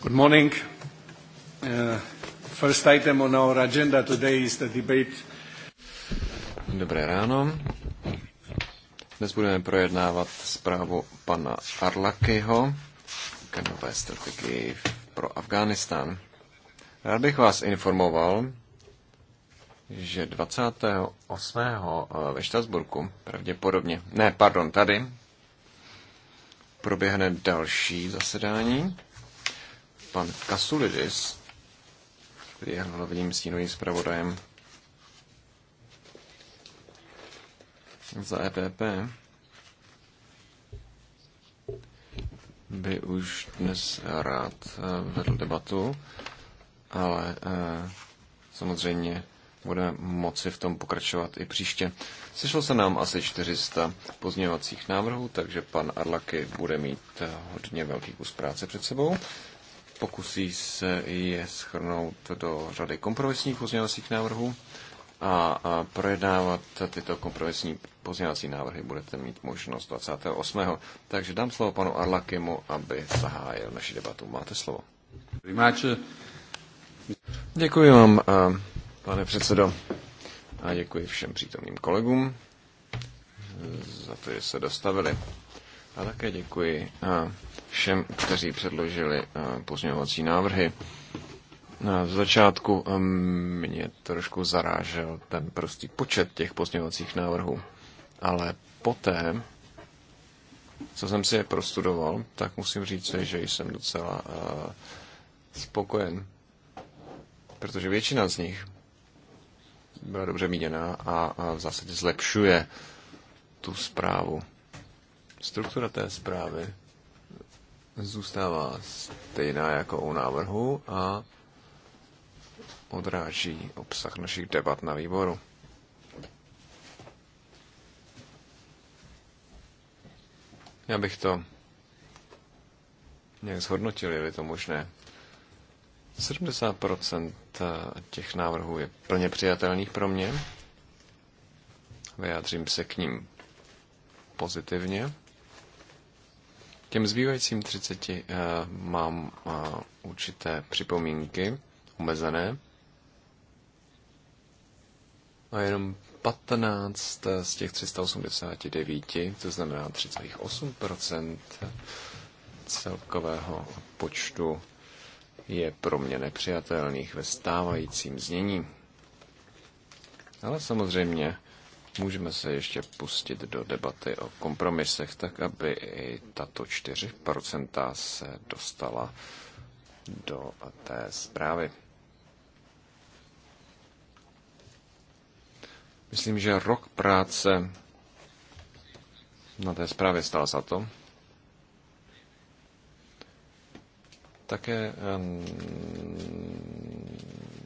Good morning. Uh, first item on our agenda today is the debate. Dobré ráno. Dnes budeme projednávat zprávu pana Arlakyho k nové strategii pro Afghánistán. Rád bych vás informoval, že 28. Eh, ve Štrasburku, pravděpodobně, ne, pardon, tady, proběhne další zasedání pan Kasulidis, který je hlavním stínovým zpravodajem za EPP, by už dnes rád eh, vedl debatu, ale eh, samozřejmě budeme moci v tom pokračovat i příště. Sešlo se nám asi 400 pozměňovacích návrhů, takže pan Arlaky bude mít eh, hodně velký kus práce před sebou pokusí se je schrnout do řady kompromisních pozměňovacích návrhů a projednávat tyto kompromisní pozměňovací návrhy budete mít možnost 28. Takže dám slovo panu Arlakimu, aby zahájil naši debatu. Máte slovo. Děkuji vám, eh, pane předsedo, a děkuji všem přítomným kolegům eh, za to, že se dostavili. A také děkuji eh, všem, kteří předložili eh, pozměňovací návrhy. Na začátku eh, mě trošku zarážel ten prostý počet těch pozměňovacích návrhů, ale poté, co jsem si je prostudoval, tak musím říct, že jsem docela eh, spokojen, protože většina z nich byla dobře míněná a v zásadě zlepšuje tu zprávu. Struktura té zprávy zůstává stejná jako u návrhu a odráží obsah našich debat na výboru. Já bych to nějak zhodnotil, je to možné. 70% těch návrhů je plně přijatelných pro mě. Vyjádřím se k ním pozitivně těm zbývajícím 30 uh, eh, mám uh, určité připomínky omezené. A jenom 15 z těch 389, to znamená 3,8 celkového počtu, je pro mě nepřijatelných ve stávajícím znění. Ale samozřejmě Můžeme se ještě pustit do debaty o kompromisech, tak aby i tato 4% se dostala do té zprávy. Myslím, že rok práce na té zprávě stál za to. Také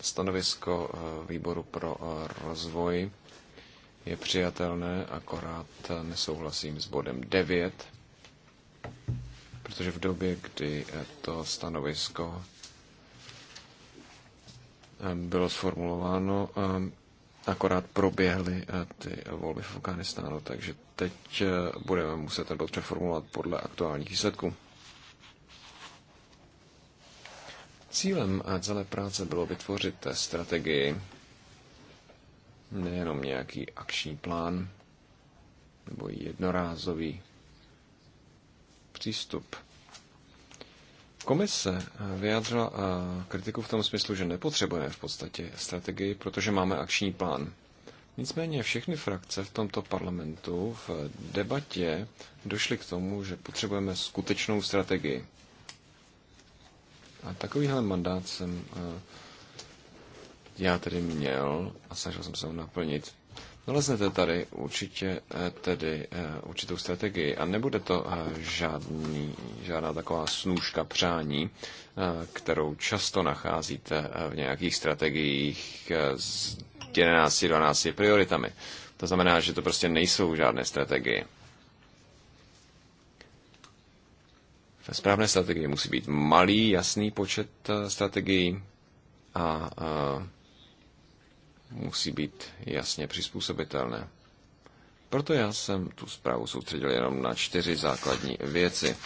stanovisko eh, výboru pro eh, rozvoj je přijatelné, akorát nesouhlasím s bodem 9, protože v době, kdy to stanovisko bylo sformulováno, akorát proběhly ty volby v Afganistánu, takže teď budeme muset ten bod přeformulovat podle aktuálních výsledků. Cílem celé práce bylo vytvořit strategii nejenom nějaký akční plán nebo jednorázový přístup. Komise vyjádřila eh, kritiku v tom smyslu, že nepotřebujeme v podstatě strategii, protože máme akční plán. Nicméně všechny frakce v tomto parlamentu v debatě došly k tomu, že potřebujeme skutečnou strategii. A takovýhle mandát jsem eh, já tedy měl a snažil jsem se ho naplnit. Naleznete tady určitě eh, tedy eh, určitou strategii a nebude to eh, žádný, žádná taková snůžka přání, kterou často nacházíte v nějakých strategiích s 11-12 prioritami. To znamená, že to prostě nejsou žádné strategie. Ve správné strategii musí být malý, jasný počet strategií a, a musí být jasně přizpůsobitelné. Proto já jsem tu zprávu soustředil jenom na čtyři základní věci.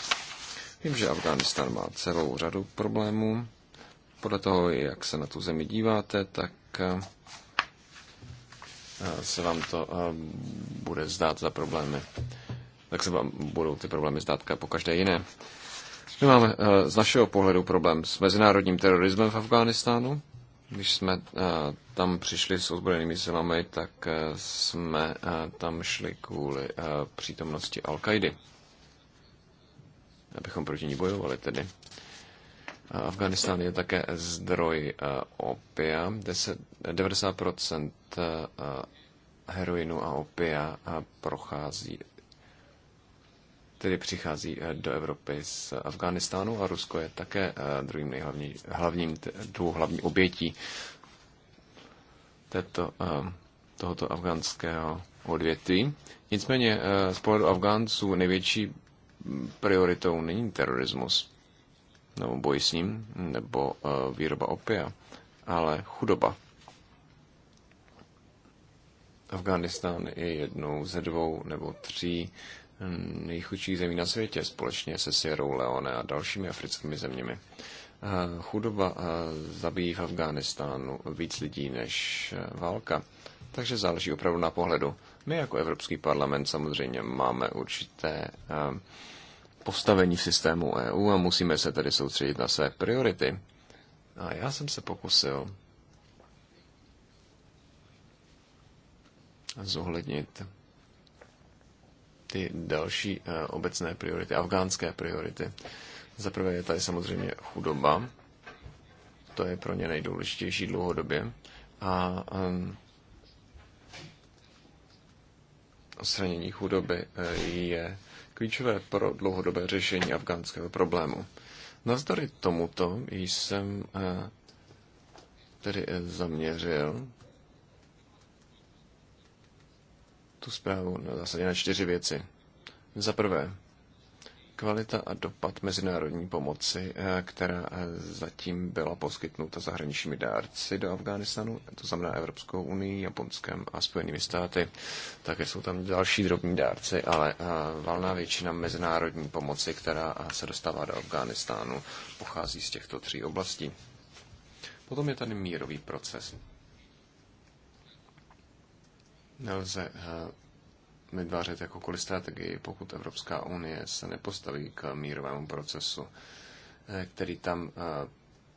Vím, že Afghánistán má celou řadu problémů. Podle toho, jak se na tu zemi díváte, tak eh, se vám to eh, bude zdát za problémy. Tak se vám budou ty problémy zdát po každé jiné. My máme eh, z našeho pohledu problém s mezinárodním terorismem v Afghánistánu. Když jsme eh, tam přišli s ozbrojenými silami, tak eh, jsme eh, tam šli kvůli přítomnosti al kaidy Abychom proti ní bojovali tedy. Afganistán je také zdroj opia. 10, 90% heroinu a opia prochází tedy přichází eh, do Evropy z Afghánistánu a Rusko je také eh, druhým nejhlavní, hlavním, druhou hlavní obětí této, eh, tohoto afgánského odvětví. Nicméně z pohledu Afgánců největší prioritou není terorismus nebo boj s ním, nebo výroba opia, ale chudoba. Afganistán je jednou ze dvou nebo tří nejchudší zemí na světě společně se Sierou Leone a dalšími africkými zeměmi. Eh, chudoba eh, zabíjí v Afghánistánu víc lidí než eh, válka, takže záleží opravdu na pohledu. My jako Evropský parlament samozřejmě máme určité postavení v systému EU a musíme se tedy soustředit na své priority. A já jsem se pokusil zohlednit ty další eh, obecné priority, afgánské priority. Za prvé je tady samozřejmě chudoba, to je pro ně nejdůležitější dlouhodobě. A um, chudoby eh, je klíčové pro dlouhodobé řešení afgánského problému. Navzdory tomuto jsem eh, tedy zaměřil tu zprávu na zásadě na čtyři věci. Za prvé, kvalita a dopad mezinárodní pomoci, eh, která eh, zatím byla poskytnuta zahraničními dárci do Afghánistánu, to znamená Evropskou unii, Japonskem a Spojenými státy. Také jsou tam další drobní dárci, ale eh, valná většina mezinárodní pomoci, která se dostává do Afghánistánu, pochází z těchto tří oblastí. Potom je tady mírový proces nelze eh, vytvářet jakoukoliv strategii, pokud Evropská unie se nepostaví k mírovému procesu, eh, který tam eh,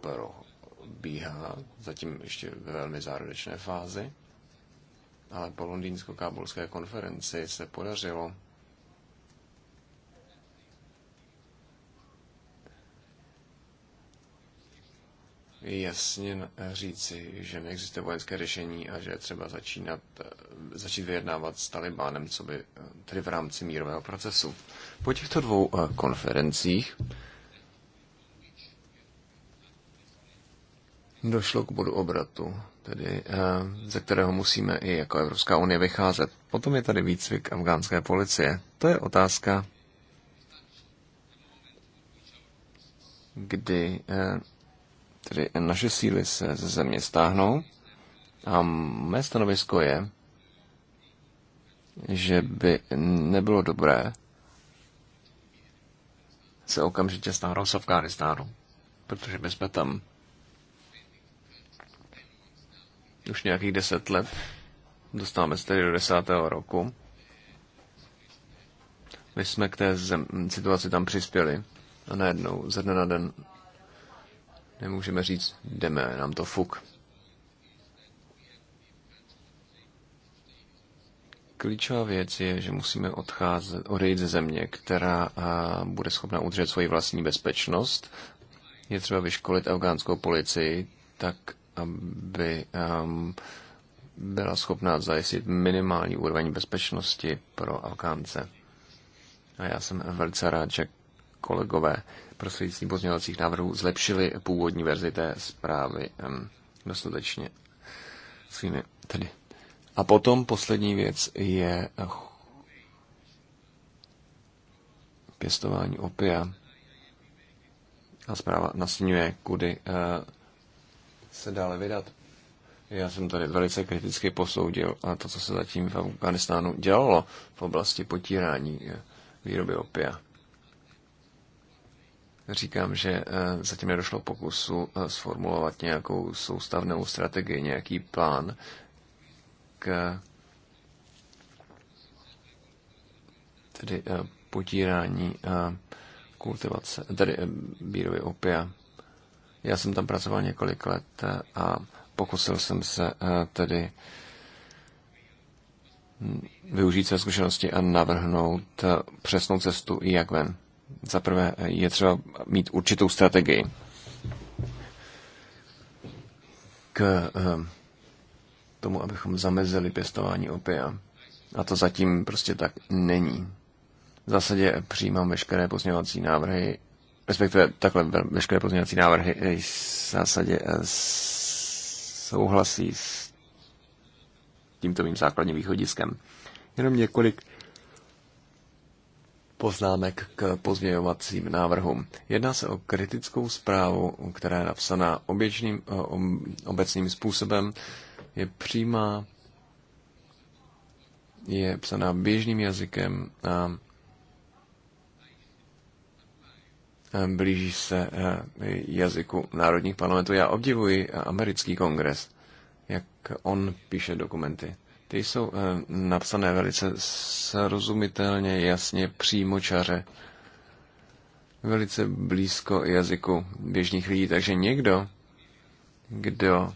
probíhá, zatím ještě ve velmi zárodečné fázi. Ale po londýnsko-kábulské konferenci se podařilo jasně říci, že neexistuje vojenské řešení a že je třeba začínat, začít vyjednávat s Talibánem, co by tedy v rámci mírového procesu. Po těchto dvou eh, konferencích došlo k bodu obratu, tedy eh, ze kterého musíme i jako Evropská unie vycházet. Potom je tady výcvik afgánské policie. To je otázka, kdy eh, Tedy naše síly se ze země stáhnou a mé stanovisko je, že by nebylo dobré se okamžitě stáhnout z Afganistánu, protože my jsme tam už nějakých deset let. Dostáváme se tedy do desátého roku. My jsme k té zem, situaci tam přispěli a najednou ze dne na den Nemůžeme říct, jdeme, nám to fuk. Klíčová věc je, že musíme odcházet, odejít ze země, která bude schopna udržet svoji vlastní bezpečnost. Je třeba vyškolit afgánskou policii tak, aby um, byla schopná zajistit minimální úroveň bezpečnosti pro Afgánce. A já jsem velice rád, že kolegové prostřednictvím pozměňovacích návrhů zlepšili původní verzi té zprávy dostatečně svými tedy. A potom poslední věc je pěstování opia. A zpráva nastínuje, kudy eh, se dále vydat. Já jsem tady velice kriticky posoudil a to, co se zatím v Afganistánu dělalo v oblasti potírání eh, výroby opia. Říkám, že eh, zatím nedošlo pokusu eh, sformulovat nějakou soustavnou strategii, nějaký plán k tedy eh, potírání kultivace, tedy bírovy opia. Já jsem tam pracoval několik let a pokusil jsem se tedy mm, využít své zkušenosti a navrhnout přesnou cestu, i jak ven. Za prvé je třeba mít určitou strategii k eh, tomu, abychom zamezili pěstování opia. A to zatím prostě tak není. V zásadě přijímám veškeré pozměňovací návrhy, respektive takhle veškeré pozměňovací návrhy v zásadě eh, souhlasí s tímto mým základním východiskem. Jenom několik poznámek k pozměňovacím návrhům. Jedná se o kritickou zprávu, která je napsaná oběčným, obecným způsobem, je přímá, je psaná běžným jazykem a blíží se e, jazyku národních parlamentů. Já obdivuji americký kongres, jak on píše dokumenty. Ty jsou eh, napsané velice srozumitelně, jasně, čaře. velice blízko jazyku běžných lidí. Takže někdo, kdo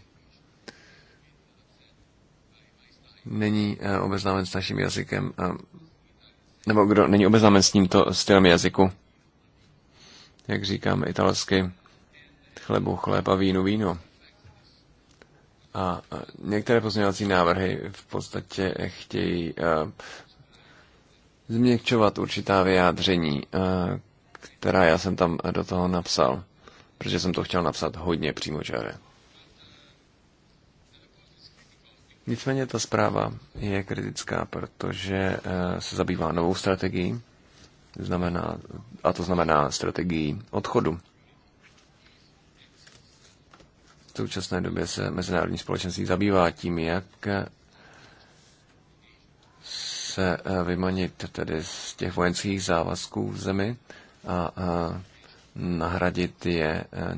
není eh, obeznámen s naším jazykem, eh, nebo kdo není obeznámen s tímto stylem jazyku, jak říkám italsky, chlebu chléb a vínu víno. A některé pozměňovací návrhy v podstatě chtějí změkčovat určitá vyjádření, která já jsem tam do toho napsal, protože jsem to chtěl napsat hodně přímočaré. Nicméně ta zpráva je kritická, protože e, se zabývá novou strategií, znamená, a to znamená strategií odchodu současné době se mezinárodní společenství zabývá tím, jak se eh, vymanit tedy z těch vojenských závazků v zemi a eh, nahradit je eh,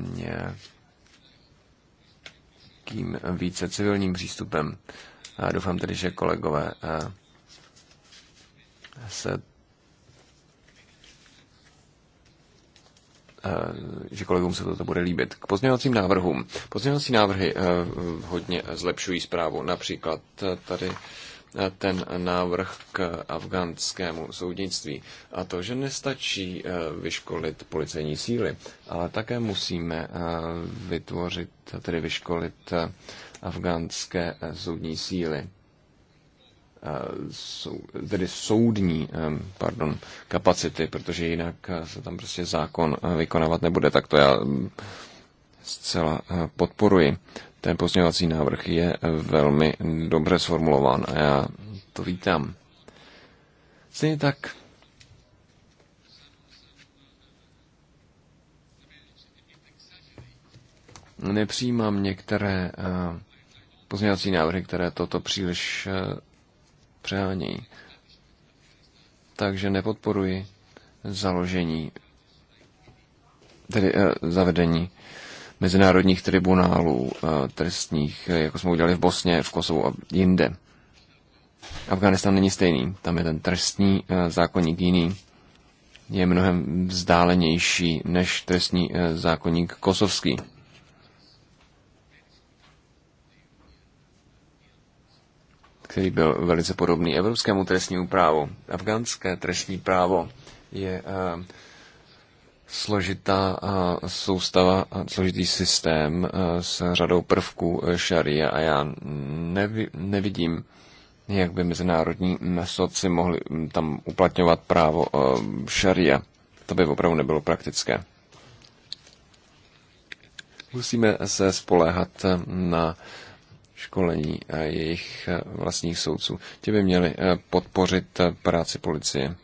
nějakým více civilním přístupem. doufám tedy, že kolegové se Eh, že kolegům se toto bude líbit. K pozměňovacím návrhům. Pozměňovací návrhy eh, hodně zlepšují zprávu. Například eh, tady ten návrh k afgánskému soudnictví. A to, že nestačí vyškolit policejní síly, ale také musíme vytvořit, tedy vyškolit afgánské soudní síly tedy soudní pardon, kapacity, protože jinak eh, se tam prostě zákon eh, vykonávat nebude. Tak to já mm, zcela eh, podporuji. Ten pozměňovací návrh je velmi dobře sformulován a já to vítám. Stejně tak nepřijímám některé pozměňovací návrhy, které toto příliš přehánějí. Takže nepodporuji založení, tedy eh, zavedení mezinárodních tribunálů eh, trestních, eh, jako jsme udělali v Bosně, v Kosovu a jinde. Afganistan není stejný, tam je ten trestní eh, zákonník jiný je mnohem vzdálenější než trestní eh, zákonník kosovský. který byl velice podobný evropskému trestnímu právu. Afgánské trestní právo je eh, složitá eh, soustava, složitý systém eh, s řadou prvků šaria a já nevi, nevidím, jak by mezinárodní soci mohli hm, tam uplatňovat právo šaria. To by opravdu nebylo praktické. Musíme se spoléhat hm, na uh, školení eh, jejich eh, vlastních soudců. Ti by měli eh, podpořit práci policie.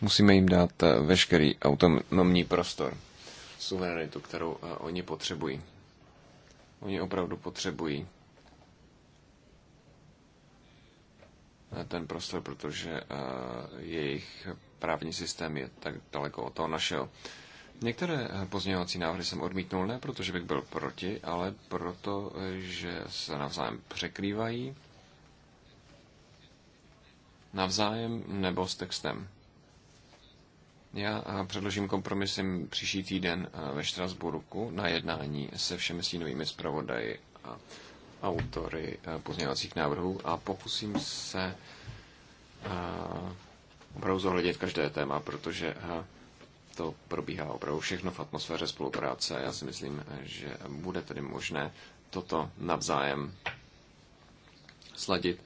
Musíme jim dát veškerý autonomní prostor, suverenitu, kterou oni potřebují. Oni opravdu potřebují ten prostor, protože jejich právní systém je tak daleko od toho našeho. Některé eh, pozměňovací návrhy jsem odmítnul ne protože bych byl proti, ale proto, že se navzájem překrývají navzájem nebo s textem. Já eh, předložím kompromisy příští týden eh, ve Štrasburku na jednání se všemi stínovými zpravodaji a autory pozměňovacích návrhů a pokusím se opravdu zohledit každé téma, protože to probíhá opravdu všechno v atmosféře spolupráce. Já si myslím, že bude tedy možné toto navzájem sladit.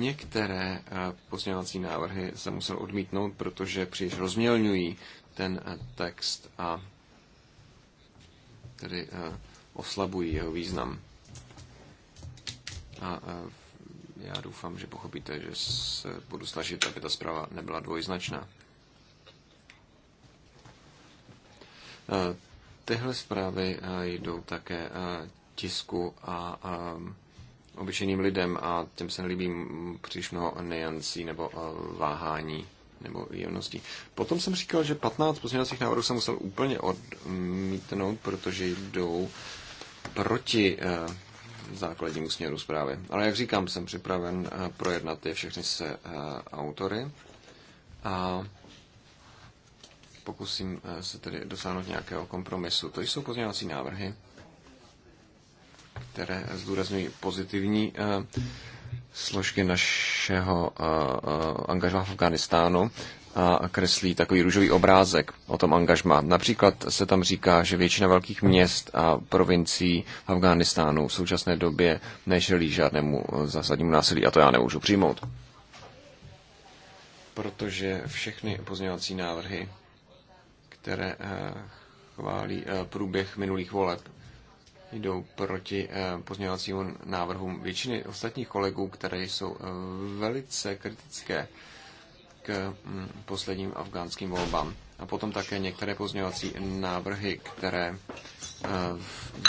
Některé eh, pozměňovací návrhy se musel odmítnout, protože příliš rozmělňují ten eh, text a tedy eh, oslabují jeho význam. A já doufám, že pochopíte, že se budu snažit, aby ta zpráva nebyla dvojznačná. Eh, tyhle zprávy eh, jdou také eh, tisku a obyčejným lidem a těm se nelíbí příliš mnoho niancí nebo váhání nebo jemností. Potom jsem říkal, že 15 pozměňovacích návrhů jsem musel úplně odmítnout, protože jdou proti základnímu směru zprávy. Ale jak říkám, jsem připraven projednat je všechny se autory a pokusím eh, se tedy dosáhnout nějakého kompromisu. To jsou pozměňovací návrhy, které zdůrazňují pozitivní eh, složky našeho eh, angažma v Afganistánu a kreslí takový růžový obrázek o tom angažmá. Například se tam říká, že většina velkých měst a provincií v Afghánistánu v současné době nežilí žádnému zásadnímu násilí a to já nemůžu přijmout. Protože všechny pozměňovací návrhy které eh, chválí eh, průběh minulých voleb. Jdou proti eh, pozměňovacímu návrhům většiny ostatních kolegů, které jsou velice kritické k mm, posledním afgánským volbám. A potom také některé pozměňovací návrhy, které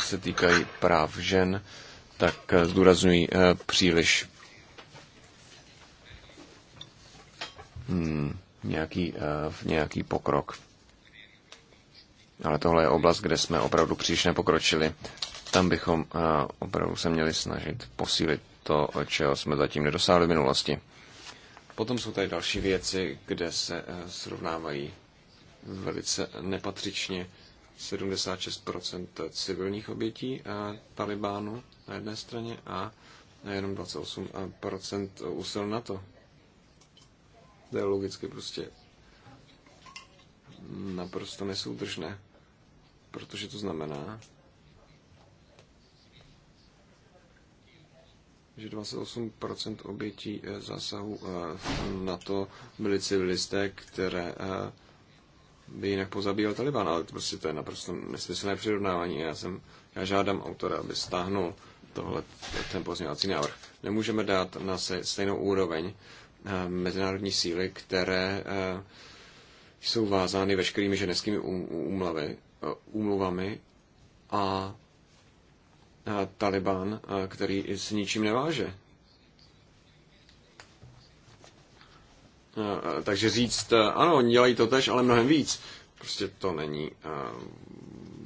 se týkají práv žen, tak zdůrazňují příliš hmm, nějaký, nějaký pokrok. Ale tohle je oblast, kde jsme opravdu příliš nepokročili. Tam bychom eh, opravdu se měli snažit posílit to, čeho jsme zatím nedosáhli v minulosti. Potom jsou tady další věci, kde se eh, srovnávají velice nepatřičně 76% civilních obětí Talibánu na jedné straně a jenom 28% úsil to. To je logicky prostě naprosto nesoudržné protože to znamená, že 28% obětí eh, zásahu eh, na to byli civilisté, které eh, by jinak pozabíjel Taliban, ale to prostě to je naprosto nesmyslné přirovnávání. Já, jsem, já žádám autora, aby stáhnul tohle, ten pozměňovací návrh. Nemůžeme dát na se, stejnou úroveň mezinárodní síly, které jsou vázány veškerými ženskými úmlavy um, um, Eh, úmluvami a Taliban, eh, který s ničím neváže. Eh, takže říct, ano, oni dělají to tež, ale mnohem víc, prostě to není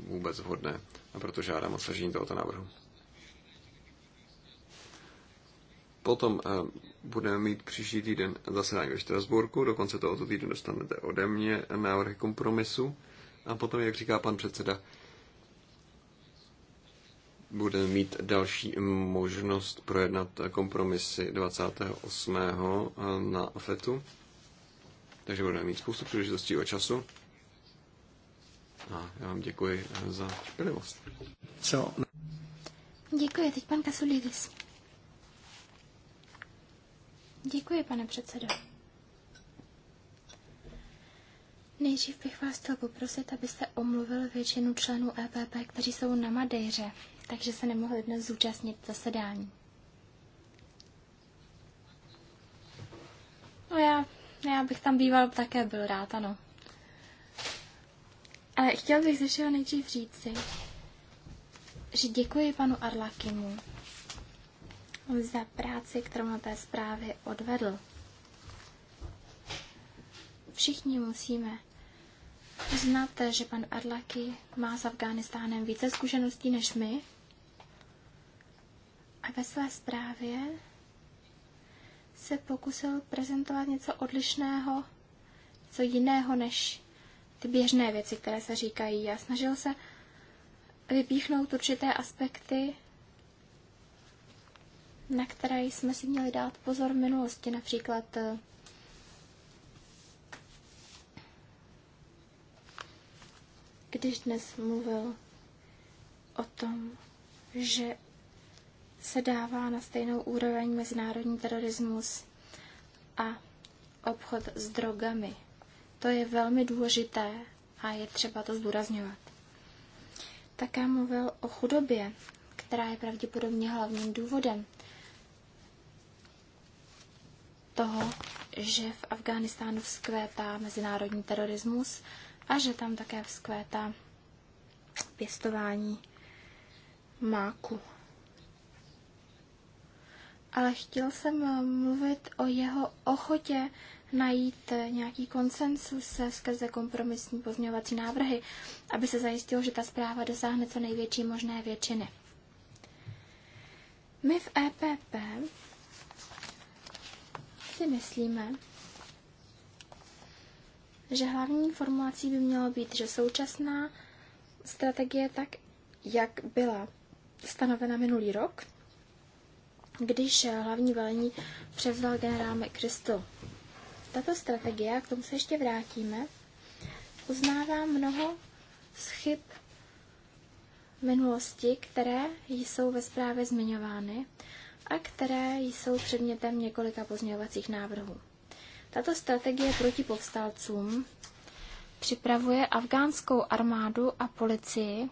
vůbec vhodné. A proto žádám o stažení tohoto návrhu. Potom budeme mít příští týden zasedání ve Štrasburku. Do tohoto týdne dostanete ode mě návrhy kompromisu. A potom, jak říká pan předseda, budeme mít další možnost projednat kompromisy 28. na FETu. Takže budeme mít spoustu příležitostí o času. A já vám děkuji za trpělivost. Co? Děkuji, teď pan Kasulidis. Děkuji, pane předsedo. Nejdřív bych vás chtěl poprosit, abyste omluvil většinu členů EPP, kteří jsou na Madejře, takže se nemohli dnes zúčastnit zasedání. No já, já bych tam býval také byl rád, ano. Ale chtěl bych ze všeho nejdřív říci, že děkuji panu Arlakimu za práci, kterou na té zprávě odvedl. Všichni musíme Znáte, že pan Arlaki má s Afghánistánem více zkušeností než my. A ve své zprávě se pokusil prezentovat něco odlišného, něco jiného než ty běžné věci, které se říkají. Já snažil se vypíchnout určité aspekty, na které jsme si měli dát pozor v minulosti, například eh, když dnes mluvil o tom, že se dává na stejnou úroveň mezinárodní terorismus a obchod s drogami. To je velmi důležité a je třeba to zdůrazňovat. Také mluvil o chudobě, která je pravděpodobně hlavním důvodem toho, že v Afghánistánu vzkvétá mezinárodní terorismus a že tam také vzkvétá pěstování máku. Ale chtěl jsem eh, mluvit o jeho ochotě najít eh, nějaký konsensus eh, skrze kompromisní pozměňovací návrhy, aby se zajistilo, že ta zpráva dosáhne co největší možné většiny. My v EPP si myslíme, že hlavní formulací by mělo být, že současná strategie tak, jak byla stanovena minulý rok, když hlavní velení převzal generál McChrystal. Tato strategie, k tomu se ještě vrátíme, uznává mnoho z chyb minulosti, které jsou ve zprávě zmiňovány a které jsou předmětem několika pozměňovacích návrhů. Tato strategie proti povstalcům připravuje afgánskou armádu a policii,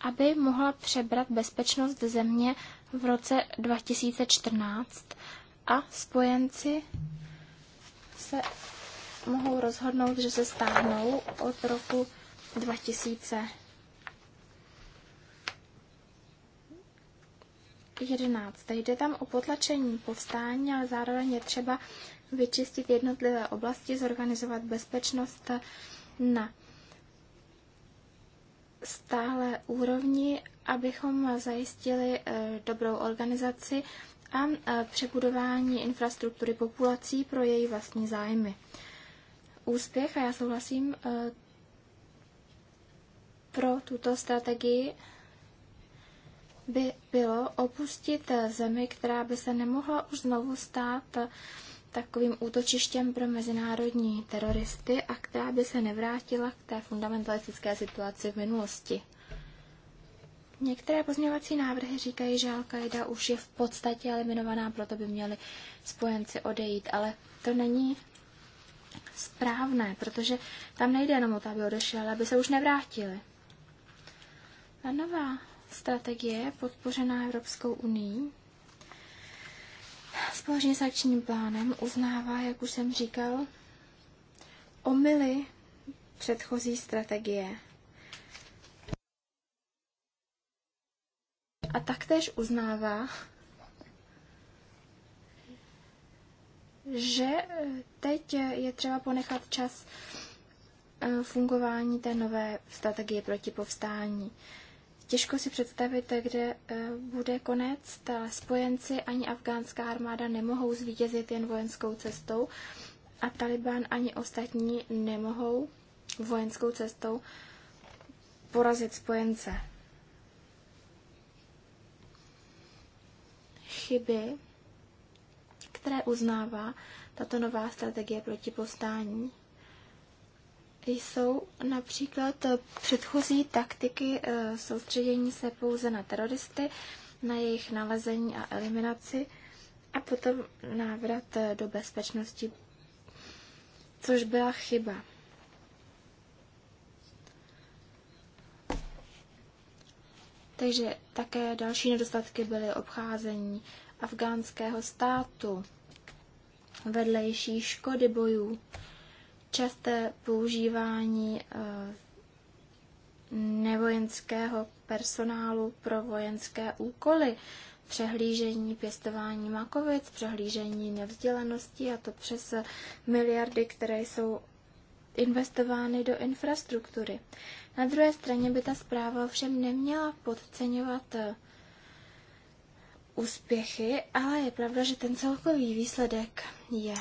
aby mohla přebrat bezpečnost země v roce 2014 a spojenci se mohou rozhodnout, že se stáhnou od roku 2011. Jde tam o potlačení povstání, ale zároveň je třeba vyčistit jednotlivé oblasti, zorganizovat bezpečnost na stále úrovni, abychom zajistili eh, dobrou organizaci a eh, přebudování infrastruktury populací pro její vlastní zájmy. Úspěch, a já souhlasím, eh, pro tuto strategii by bylo opustit zemi, která by se nemohla už znovu stát takovým útočištěm pro mezinárodní teroristy a která by se nevrátila k té fundamentalistické situaci v minulosti. Některé pozměňovací návrhy říkají, že Al-Qaida už je v podstatě eliminovaná, proto by měli spojenci odejít, ale to není správné, protože tam nejde jenom o to, aby odešli, ale aby se už nevrátili. A nová strategie podpořená Evropskou unii Společně s akčním plánem uznává, jak už jsem říkal, omily předchozí strategie. A taktéž uznává, že teď je třeba ponechat čas eh, fungování té nové strategie proti povstání. Těžko si představit, kde eh, bude konec, Ta spojenci ani afgánská armáda nemohou zvítězit jen vojenskou cestou a Taliban ani ostatní nemohou vojenskou cestou porazit spojence. Chyby, které uznává tato nová strategie proti postání, jsou například eh, předchozí taktiky eh, soustředění se pouze na teroristy, na jejich nalezení a eliminaci a potom návrat eh, do bezpečnosti, což byla chyba. Takže také další nedostatky byly obcházení afgánského státu, vedlejší škody bojů, časté používání eh, nevojenského personálu pro vojenské úkoly, přehlížení pěstování makovic, přehlížení nevzdělanosti a to přes miliardy, které jsou investovány do infrastruktury. Na druhé straně by ta zpráva ovšem neměla podceňovat eh, úspěchy, ale je pravda, že ten celkový výsledek je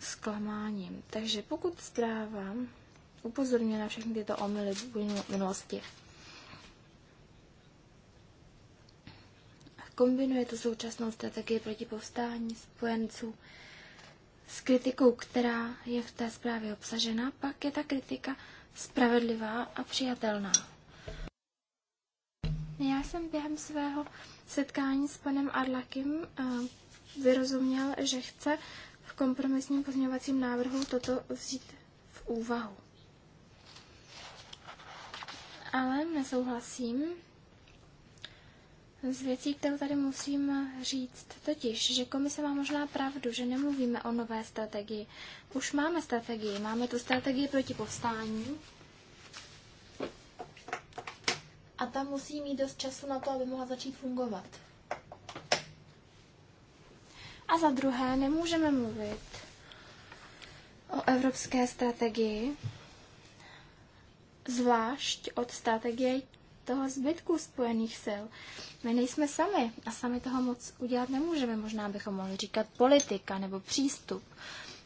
zklamáním. Takže pokud zpráva upozorňuje na všechny tyto omily v minulosti, kombinuje to současnou strategii proti povstání spojenců s kritikou, která je v té zprávě obsažena, pak je ta kritika spravedlivá a přijatelná. Já jsem během svého setkání s panem Arlakim eh, vyrozuměl, že chce v kompromisním pozměňovacím návrhu toto vzít v úvahu. Ale nesouhlasím z věcí, kterou tady musím říct, totiž, že komise má možná pravdu, že nemluvíme o nové strategii. Už máme strategii, máme tu strategii proti povstání. A ta musí mít dost času na to, aby mohla začít fungovat. A za druhé, nemůžeme mluvit o evropské strategii, zvlášť od strategie toho zbytku spojených sil. My nejsme sami a sami toho moc udělat nemůžeme. Možná bychom mohli říkat politika nebo přístup.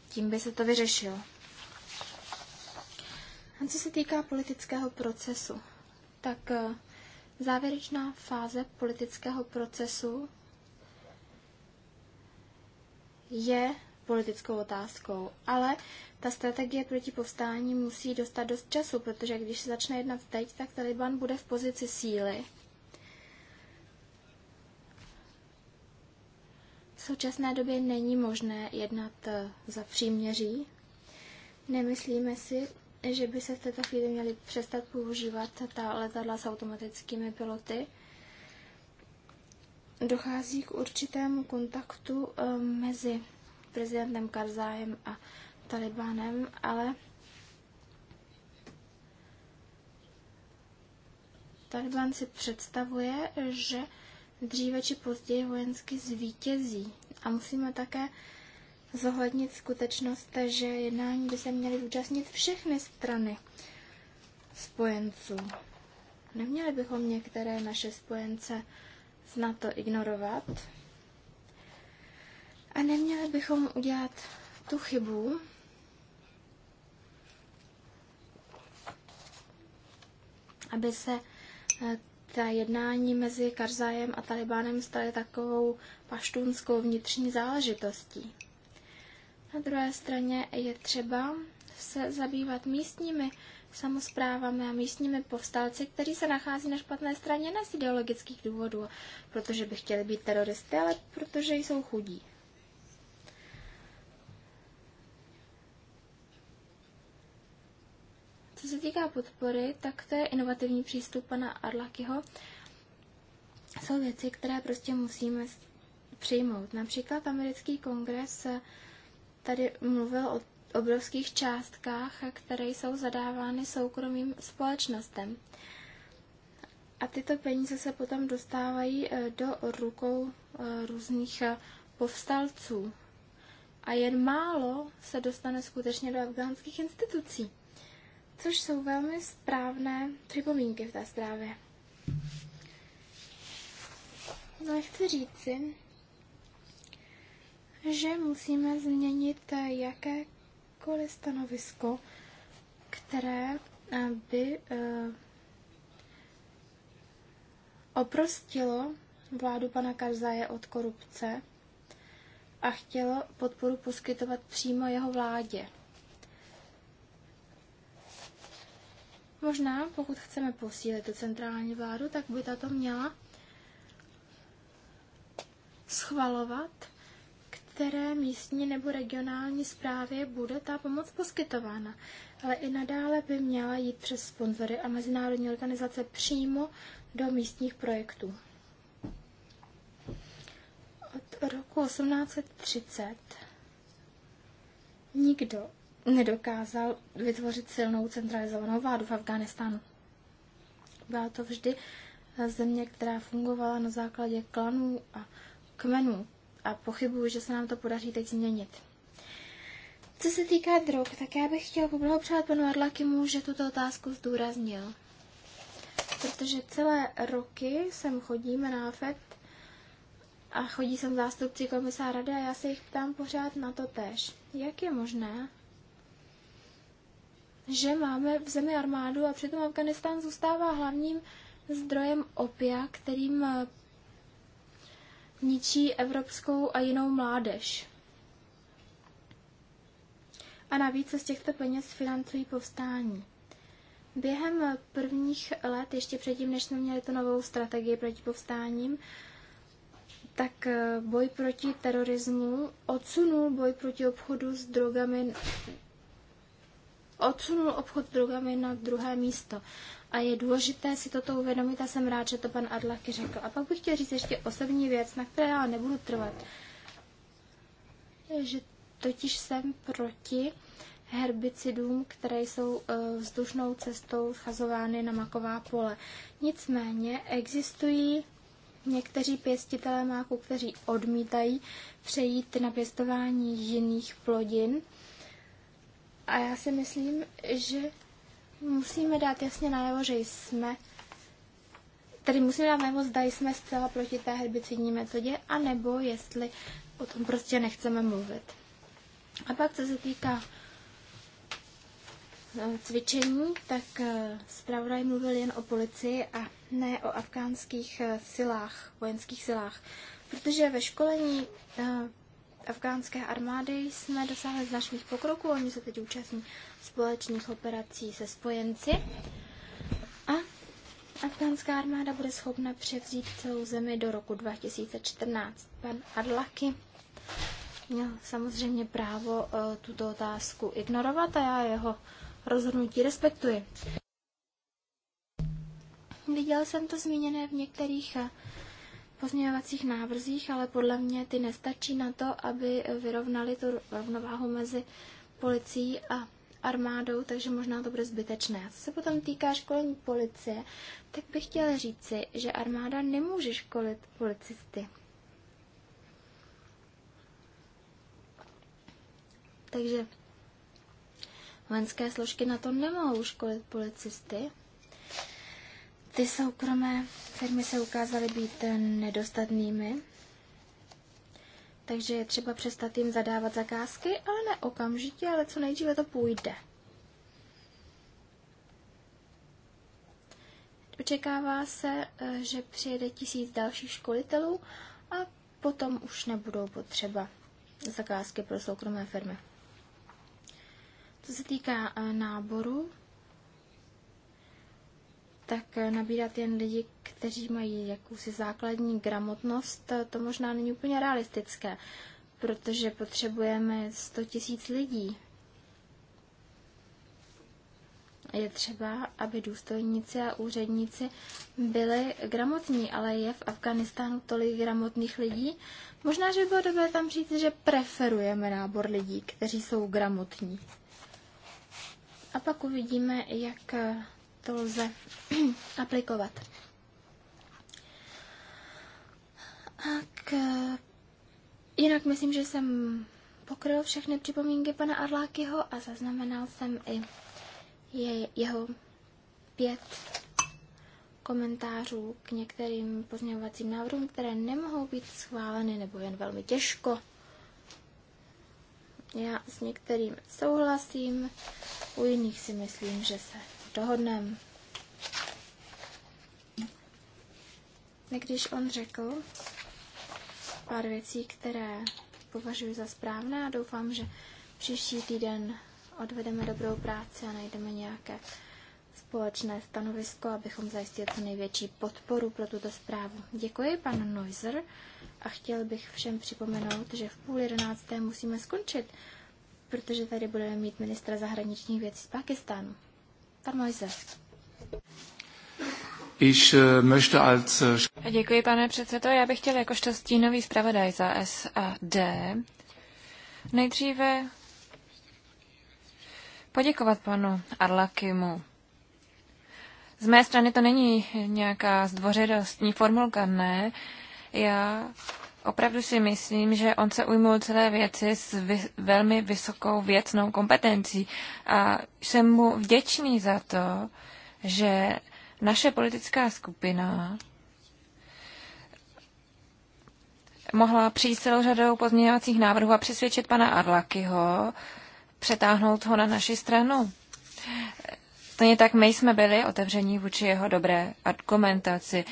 Tím by se to vyřešilo. A co se týká politického procesu, tak eh, závěrečná fáze politického procesu je politickou otázkou, ale ta strategie proti povstání musí dostat dost času, protože když se začne jednat teď, tak Taliban bude v pozici síly. V současné době není možné jednat eh, za příměří. Nemyslíme si, že by se v této chvíli měly přestat používat ta letadla s automatickými piloty dochází k určitému kontaktu eh, mezi prezidentem Karzájem a talibánem, ale Taliban si představuje, že dříve či později vojensky zvítězí. A musíme také zohlednit skutečnost, že jednání by se měly zúčastnit všechny strany spojenců. Neměli bychom některé naše spojence na to ignorovat. A neměli bychom udělat tu chybu, aby se eh, ta jednání mezi Karzajem a Talibánem staly takovou paštunskou vnitřní záležitostí. Na druhé straně je třeba se zabývat místními samozprávami a místními povstalci, kteří se nachází na špatné straně ne z ideologických důvodů, protože by chtěli být teroristy, ale protože jsou chudí. Co se týká podpory, tak to je inovativní přístup pana Arlakyho. Jsou věci, které prostě musíme přijmout. Například americký kongres tady mluvil o obrovských částkách, které jsou zadávány soukromým společnostem. A tyto peníze se potom dostávají eh, do rukou eh, různých eh, povstalců. A jen málo se dostane skutečně do afgánských institucí, což jsou velmi správné připomínky v té zprávě. No, chci říci, že musíme změnit jaké jakékoliv stanovisko, které eh, by eh, oprostilo vládu pana Karzaje od korupce a chtělo podporu poskytovat přímo jeho vládě. Možná, pokud chceme posílit tu centrální vládu, tak by tato měla schvalovat které místní nebo regionální správě bude ta pomoc poskytována, ale i nadále by měla jít přes sponzory a mezinárodní organizace přímo do místních projektů. Od roku 1830 nikdo nedokázal vytvořit silnou centralizovanou vládu v Afghánistánu. Byla to vždy země, která fungovala na základě klanů a kmenů a pochybuju, že se nám to podaří teď změnit. Co se týká drog, tak já bych chtěla poblahopřát panu Arlakimu, že tuto otázku zdůraznil. Protože celé roky sem chodíme na FED a chodí sem zástupci komisá rady a já se jich ptám pořád na to tež. Jak je možné, že máme v zemi armádu a přitom Afganistán zůstává hlavním zdrojem opia, kterým ničí evropskou a jinou mládež. A navíc se z těchto peněz financují povstání. Během prvních let, ještě předtím, než jsme měli tu novou strategii proti povstáním, tak eh, boj proti terorismu odsunul boj proti obchodu s drogami odsunul obchod s drogami na druhé místo a je důležité si toto uvědomit a jsem rád, že to pan Adlaky řekl. A pak bych chtěl říct ještě osobní věc, na které já nebudu trvat. Že totiž jsem proti herbicidům, které jsou e, vzdušnou cestou fazovány na maková pole. Nicméně existují někteří pěstitelé máku, kteří odmítají přejít na pěstování jiných plodin. A já si myslím, že musíme dát jasně najevo, že jsme Tedy musíme dát najevo, zda jsme zcela proti té herbicidní metodě, anebo jestli o tom prostě nechceme mluvit. A pak, co se týká eh, cvičení, tak eh, zpravodaj mluvil jen o policii a ne o afgánských eh, silách, vojenských silách. Protože ve školení afgánské armády jsme dosáhli značných pokroků. Oni se teď účastní společných operací se spojenci. A afgánská armáda bude schopna převzít celou zemi do roku 2014. Pan Adlaki měl samozřejmě právo e, tuto otázku ignorovat a já jeho rozhodnutí respektuji. Viděl jsem to zmíněné v některých e, pozměňovacích návrzích, ale podle mě ty nestačí na to, aby vyrovnali tu rovnováhu mezi policií a armádou, takže možná to bude zbytečné. Co se potom týká školení policie, tak bych chtěla říci, že armáda nemůže školit policisty. Takže vojenské složky na to nemohou školit policisty, ty soukromé firmy se ukázaly být nedostatnými, takže je třeba přestat jim zadávat zakázky, ale ne okamžitě, ale co nejdříve to půjde. Očekává se, eh, že přijede tisíc dalších školitelů a potom už nebudou potřeba zakázky pro soukromé firmy. Co se týká eh, náboru, tak nabírat jen lidi, kteří mají jakousi základní gramotnost, to možná není úplně realistické, protože potřebujeme 100 tisíc lidí. Je třeba, aby důstojníci a úředníci byli gramotní, ale je v Afganistánu tolik gramotných lidí. Možná, že by bylo dobré tam říct, že preferujeme nábor lidí, kteří jsou gramotní. A pak uvidíme, jak to lze aplikovat. Tak, jinak myslím, že jsem pokryl všechny připomínky pana Arlákyho a zaznamenal jsem i je, jeho pět komentářů k některým pozměňovacím návrhům, které nemohou být schváleny nebo jen velmi těžko. Já s některým souhlasím, u jiných si myslím, že se dohodneme. I když on řekl pár věcí, které považuji za správné a doufám, že příští týden odvedeme dobrou práci a najdeme nějaké společné stanovisko, abychom zajistili co největší podporu pro tuto zprávu. Děkuji, pan Noiser, a chtěl bych všem připomenout, že v půl jedenácté musíme skončit, protože tady budeme mít ministra zahraničních věcí z Pakistánu. Pan Mojze. Ich äh, möchte als... Äh, Děkuji, pane předsedo. Já bych chtěl jakožto stínový zpravodaj za SAD nejdříve poděkovat panu Arlakimu. Z mé strany to není nějaká zdvořilostní formulka, ne. Já Opravdu si myslím, že on se ujmul celé věci s vy, velmi vysokou věcnou kompetencí a jsem mu vděčný za to, že naše politická skupina mohla přijít celou řadou pozměňovacích návrhů a přesvědčit pana Arlakyho, přetáhnout ho na naši stranu. Stejně tak my jsme byli otevření vůči jeho dobré argumentaci. Uh,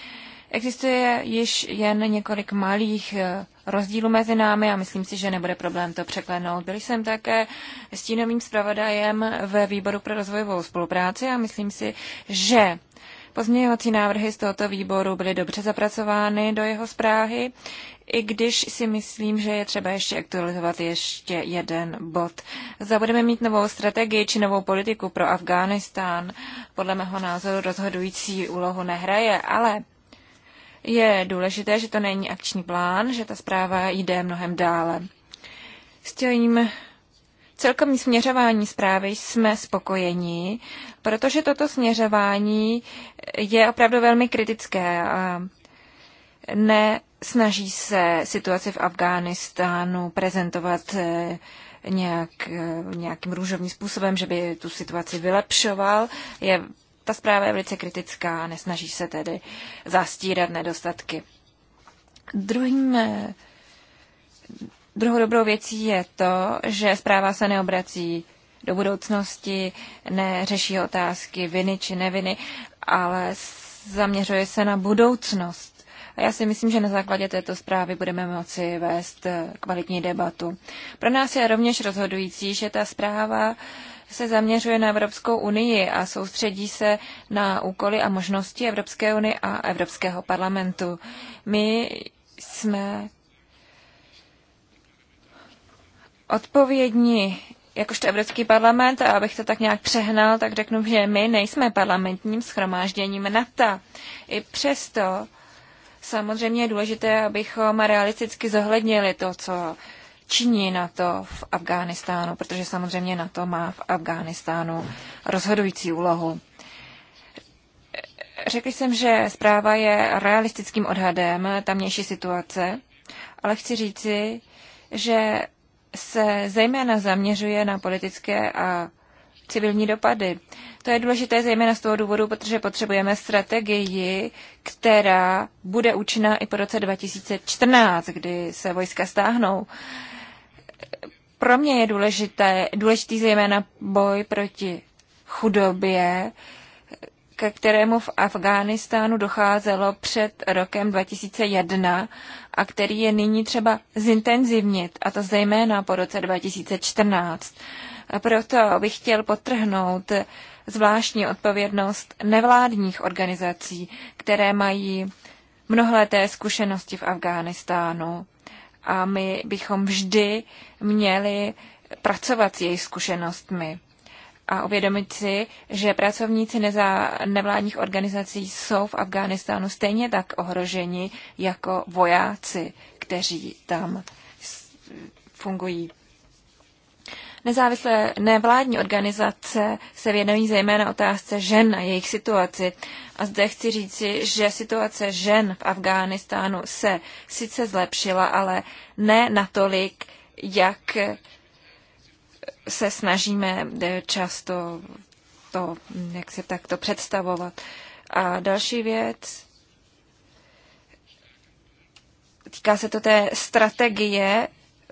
Existuje již jen několik malých eh, rozdílů mezi námi a myslím si, že nebude problém to překlenout. Byl jsem také stínovým zpravodajem ve výboru pro rozvojovou spolupráci a myslím si, že pozměňovací návrhy z tohoto výboru byly dobře zapracovány do jeho zprávy, i když si myslím, že je třeba ještě aktualizovat ještě jeden bod. Zda budeme mít novou strategii či novou politiku pro Afghánistán, podle mého názoru rozhodující úlohu nehraje, ale je důležité, že to není akční plán, že ta zpráva jde mnohem dále. S tím celkovým směřování zprávy jsme spokojeni, protože toto směřování je opravdu velmi kritické. A ne snaží se situaci v Afghánistánu prezentovat eh, nějak, eh, nějakým růžovým způsobem, že by tu situaci vylepšoval. Je ta zpráva je velice kritická a nesnaží se tedy zastírat nedostatky. Druhým eh, Druhou dobrou věcí je to, že zpráva se neobrací do budoucnosti, neřeší otázky viny či neviny, ale zaměřuje se na budoucnost. A já si myslím, že na základě této zprávy budeme moci vést eh, kvalitní debatu. Pro nás je rovněž rozhodující, že ta zpráva se zaměřuje na Evropskou unii a soustředí se na úkoly a možnosti Evropské unie a Evropského parlamentu. My jsme odpovědní jakožto Evropský parlament, a abych to tak nějak přehnal, tak řeknu, že my nejsme parlamentním schromážděním NATO. I přesto samozřejmě je důležité, abychom realisticky zohlednili to, co činí na to v Afghánistánu, protože samozřejmě na to má v Afghánistánu rozhodující úlohu. Řekl jsem, že zpráva je realistickým odhadem tamnější situace, ale chci říci, že se zejména zaměřuje na politické a civilní dopady. To je důležité zejména z toho důvodu, protože potřebujeme strategii, která bude účinná i po roce 2014, kdy se vojska stáhnou. Pro mě je důležité, důležitý zejména boj proti chudobě, ke kterému v Afghánistánu docházelo před rokem 2001 a který je nyní třeba zintenzivnit, a to zejména po roce 2014. A proto bych chtěl potrhnout zvláštní odpovědnost nevládních organizací, které mají mnohleté zkušenosti v Afghánistánu a my bychom vždy měli pracovat s její zkušenostmi a uvědomit si, že pracovníci neza, nevládních organizací jsou v Afghánistánu stejně tak ohroženi jako vojáci, kteří tam fungují. Nezávislé nevládní organizace se věnují zejména otázce žen a jejich situaci. A zde chci říci, že situace žen v Afghánistánu se sice zlepšila, ale ne natolik, jak se snažíme eh, často to, jak se takto představovat. A další věc, týká se to té strategie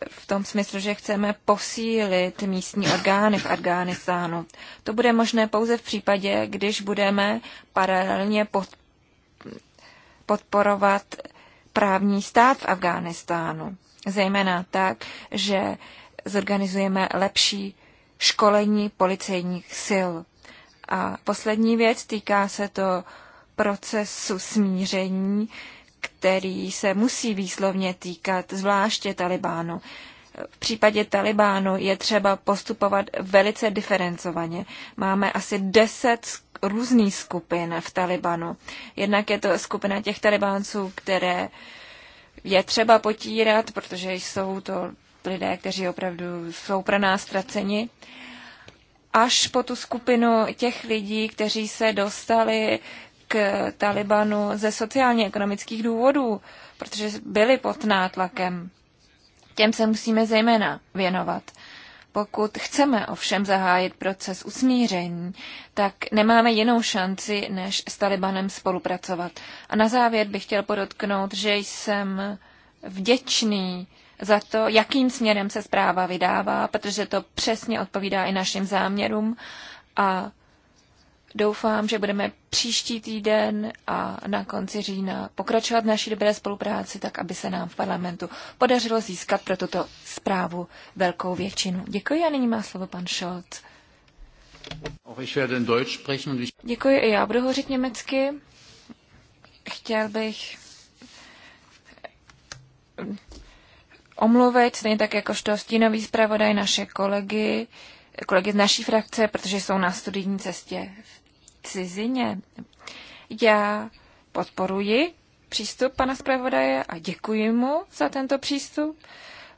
v tom smyslu, že chceme posílit místní orgány v Afghánistánu. To bude možné pouze v případě, když budeme paralelně podporovat právní stát v Afghánistánu. Zejména tak, že zorganizujeme lepší školení policejních sil. A poslední věc týká se to procesu smíření, který se musí výslovně týkat zvláště Talibánu. V případě Talibánu je třeba postupovat velice diferencovaně. Máme asi deset různých skupin v Talibanu. Jednak je to skupina těch Talibánců, které je třeba potírat, protože jsou to lidé, kteří opravdu jsou pro nás ztraceni, až po tu skupinu těch lidí, kteří se dostali k Talibanu ze sociálně-ekonomických důvodů, protože byli pod nátlakem. Těm se musíme zejména věnovat. Pokud chceme ovšem zahájit proces usmíření, tak nemáme jinou šanci, než s Talibanem spolupracovat. A na závěr bych chtěl podotknout, že jsem vděčný za to, jakým směrem se zpráva vydává, protože to přesně odpovídá i našim záměrům a Doufám, že budeme příští týden a na konci října pokračovat v naší dobré spolupráci, tak aby se nám v parlamentu podařilo získat pro tuto zprávu velkou většinu. Děkuji a nyní má slovo pan Scholz. Děkuji, i já budu hovořit německy. Chtěl bych omluvit, stejně tak jako stínový zpravodaj naše kolegy, kolegy z naší frakce, protože jsou na studijní cestě v cizině. Já podporuji přístup pana zpravodaje a děkuji mu za tento přístup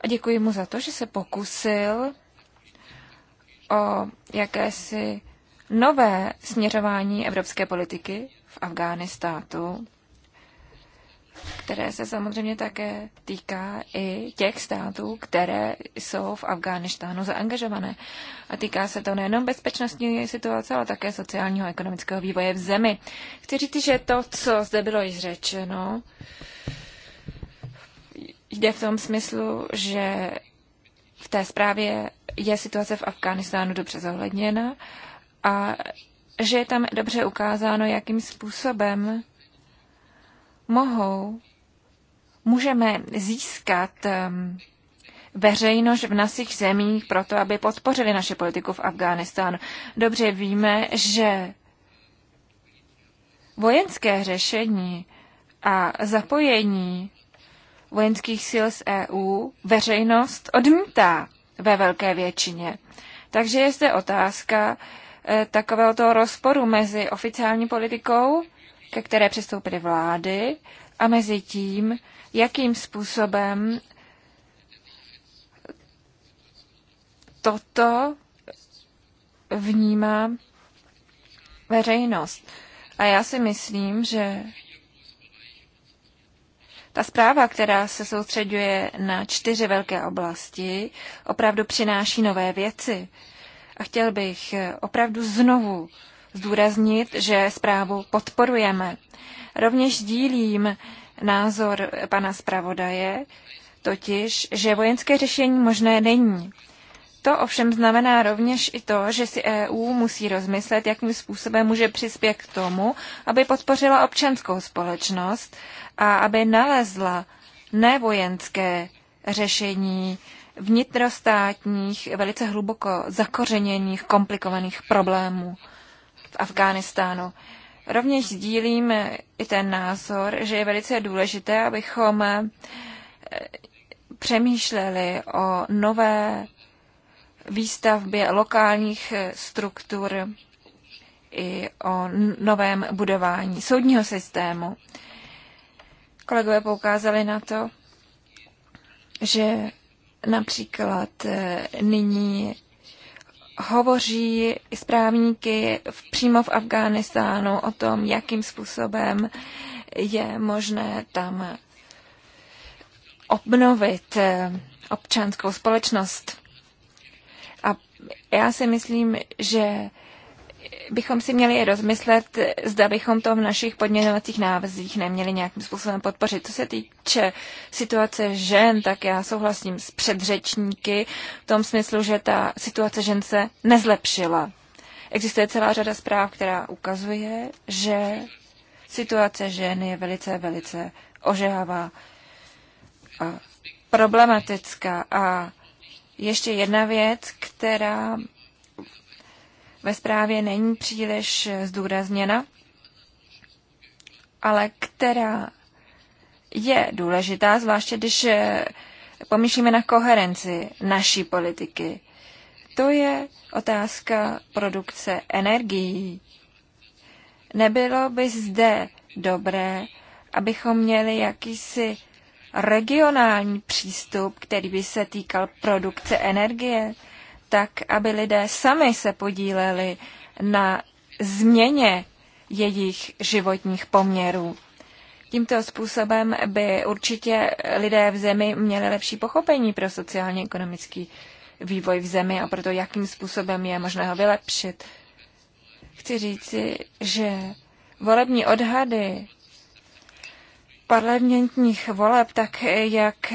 a děkuji mu za to, že se pokusil o jakési nové směřování evropské politiky v Afghánistánu které se samozřejmě také týká i těch států, které jsou v Afghánistánu zaangažované. A týká se to nejenom bezpečnostní situace, ale také sociálního a ekonomického vývoje v zemi. Chci říct, že to, co zde bylo již řečeno, jde v tom smyslu, že v té zprávě je situace v Afghánistánu dobře zohledněna a že je tam dobře ukázáno, jakým způsobem mohou, můžeme získat ehm, veřejnost v našich zemích proto, aby podpořili naše politiku v Afghánistánu. Dobře víme, že vojenské řešení a zapojení vojenských sil z EU veřejnost odmítá ve velké většině. Takže je zde otázka eh, takového toho rozporu mezi oficiální politikou ke které přistoupily vlády a mezi tím, jakým způsobem toto vnímá veřejnost. A já si myslím, že ta zpráva, která se soustředuje na čtyři velké oblasti, opravdu přináší nové věci. A chtěl bych opravdu znovu zdůraznit, že zprávu podporujeme. Rovněž sdílím názor pana zpravodaje, totiž, že vojenské řešení možné není. To ovšem znamená rovněž i to, že si EU musí rozmyslet, jakým způsobem může přispět k tomu, aby podpořila občanskou společnost a aby nalezla nevojenské řešení vnitrostátních, velice hluboko zakořeněných, komplikovaných problémů v Afghánistánu. Rovněž sdílím i ten názor, že je velice důležité, abychom eh, přemýšleli o nové výstavbě lokálních eh, struktur i o novém budování soudního systému. Kolegové poukázali na to, že například eh, nyní hovoří s právníky v, přímo v Afghánistánu o tom, jakým způsobem je možné tam obnovit eh, občanskou společnost. A já si myslím, že bychom si měli rozmyslet, zda bychom to v našich podměňovacích návrzích neměli nějakým způsobem podpořit. Co se týče situace žen, tak já souhlasím s předřečníky v tom smyslu, že ta situace žen se nezlepšila. Existuje celá řada zpráv, která ukazuje, že situace žen je velice, velice ožehavá a problematická. A ještě jedna věc, která ve zprávě není příliš zdůrazněna, ale která je důležitá, zvláště když eh, pomýšlíme na koherenci naší politiky. To je otázka produkce energií. Nebylo by zde dobré, abychom měli jakýsi regionální přístup, který by se týkal produkce energie, tak aby lidé sami se podíleli na změně jejich životních poměrů. Tímto způsobem by určitě lidé v zemi měli lepší pochopení pro sociálně-ekonomický vývoj v zemi a proto, jakým způsobem je možné ho vylepšit. Chci říci, že volební odhady parlamentních voleb, tak jak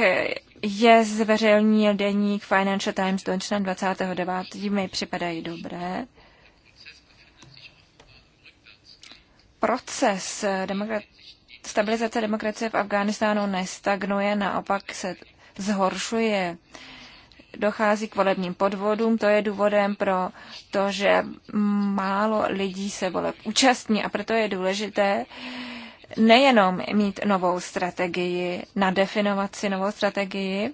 je zveřejnil deník Financial Times do 29. mi připadají dobré. Proces demokra- stabilizace demokracie v Afghánistánu nestagnuje, naopak se zhoršuje. Dochází k volebním podvodům, to je důvodem pro to, že málo lidí se voleb účastní a proto je důležité, nejenom mít novou strategii, nadefinovat si novou strategii,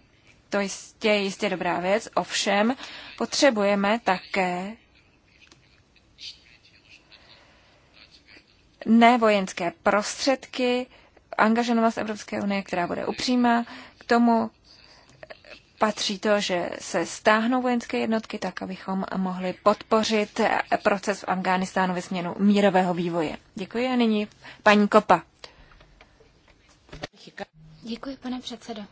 to jistě, je jistě dobrá věc, ovšem potřebujeme také nevojenské prostředky, angažovanost Evropské unie, která bude upřímá k tomu, patří to, že se stáhnou vojenské jednotky tak, abychom mohli podpořit proces v Afghánistánu ve směnu mírového vývoje. Děkuji a nyní paní Kopa. Děkuji, pane předsedo.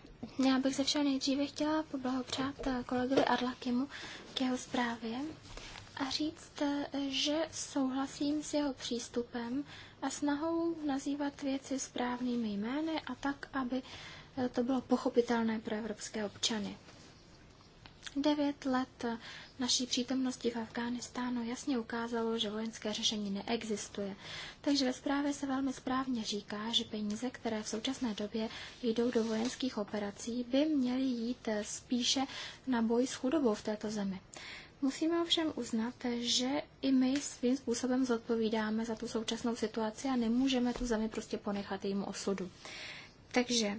Já bych se všeho nejdříve chtěla poblahopřát eh, kolegovi Arlakimu k jeho zprávě a říct, eh, že souhlasím s jeho přístupem a snahou nazývat věci správnými jmény a tak, aby Eh, to bylo pochopitelné pro evropské občany. Devět let naší přítomnosti v Afghánistánu jasně ukázalo, že vojenské řešení neexistuje. Takže ve zprávě se velmi správně říká, že peníze, které v současné době jdou do vojenských operací, by měly jít eh, spíše na boj s chudobou v této zemi. Musíme ovšem uznat, že i my svým způsobem zodpovídáme za tu současnou situaci a nemůžeme tu zemi prostě ponechat jejímu osudu. Takže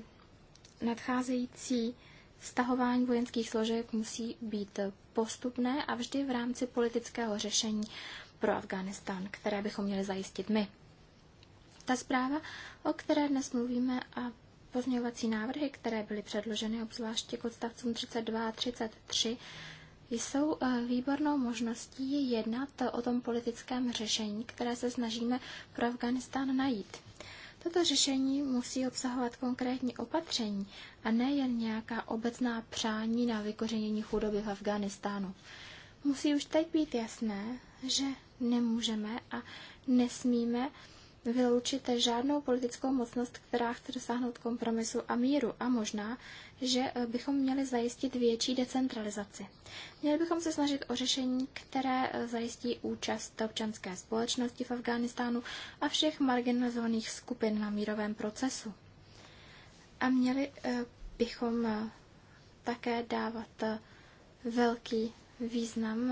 nadcházející stahování vojenských složek musí být postupné a vždy v rámci politického řešení pro Afghánistán, které bychom měli zajistit my. Ta zpráva, o které dnes mluvíme a pozměňovací návrhy, které byly předloženy obzvláště k odstavcům 32 a 33, jsou eh, výbornou možností jednat o tom politickém řešení, které se snažíme pro Afganistán najít. Toto řešení musí obsahovat konkrétní opatření a nejen nějaká obecná přání na vykořenění chudoby v Afganistánu. Musí už teď být jasné, že nemůžeme a nesmíme vyloučit žádnou politickou mocnost, která chce dosáhnout kompromisu a míru a možná, že e, bychom měli zajistit větší decentralizaci. Měli bychom se snažit o řešení, které e, zajistí účast občanské společnosti v Afghánistánu a všech marginalizovaných skupin na mírovém procesu. A měli e, bychom také dávat velký význam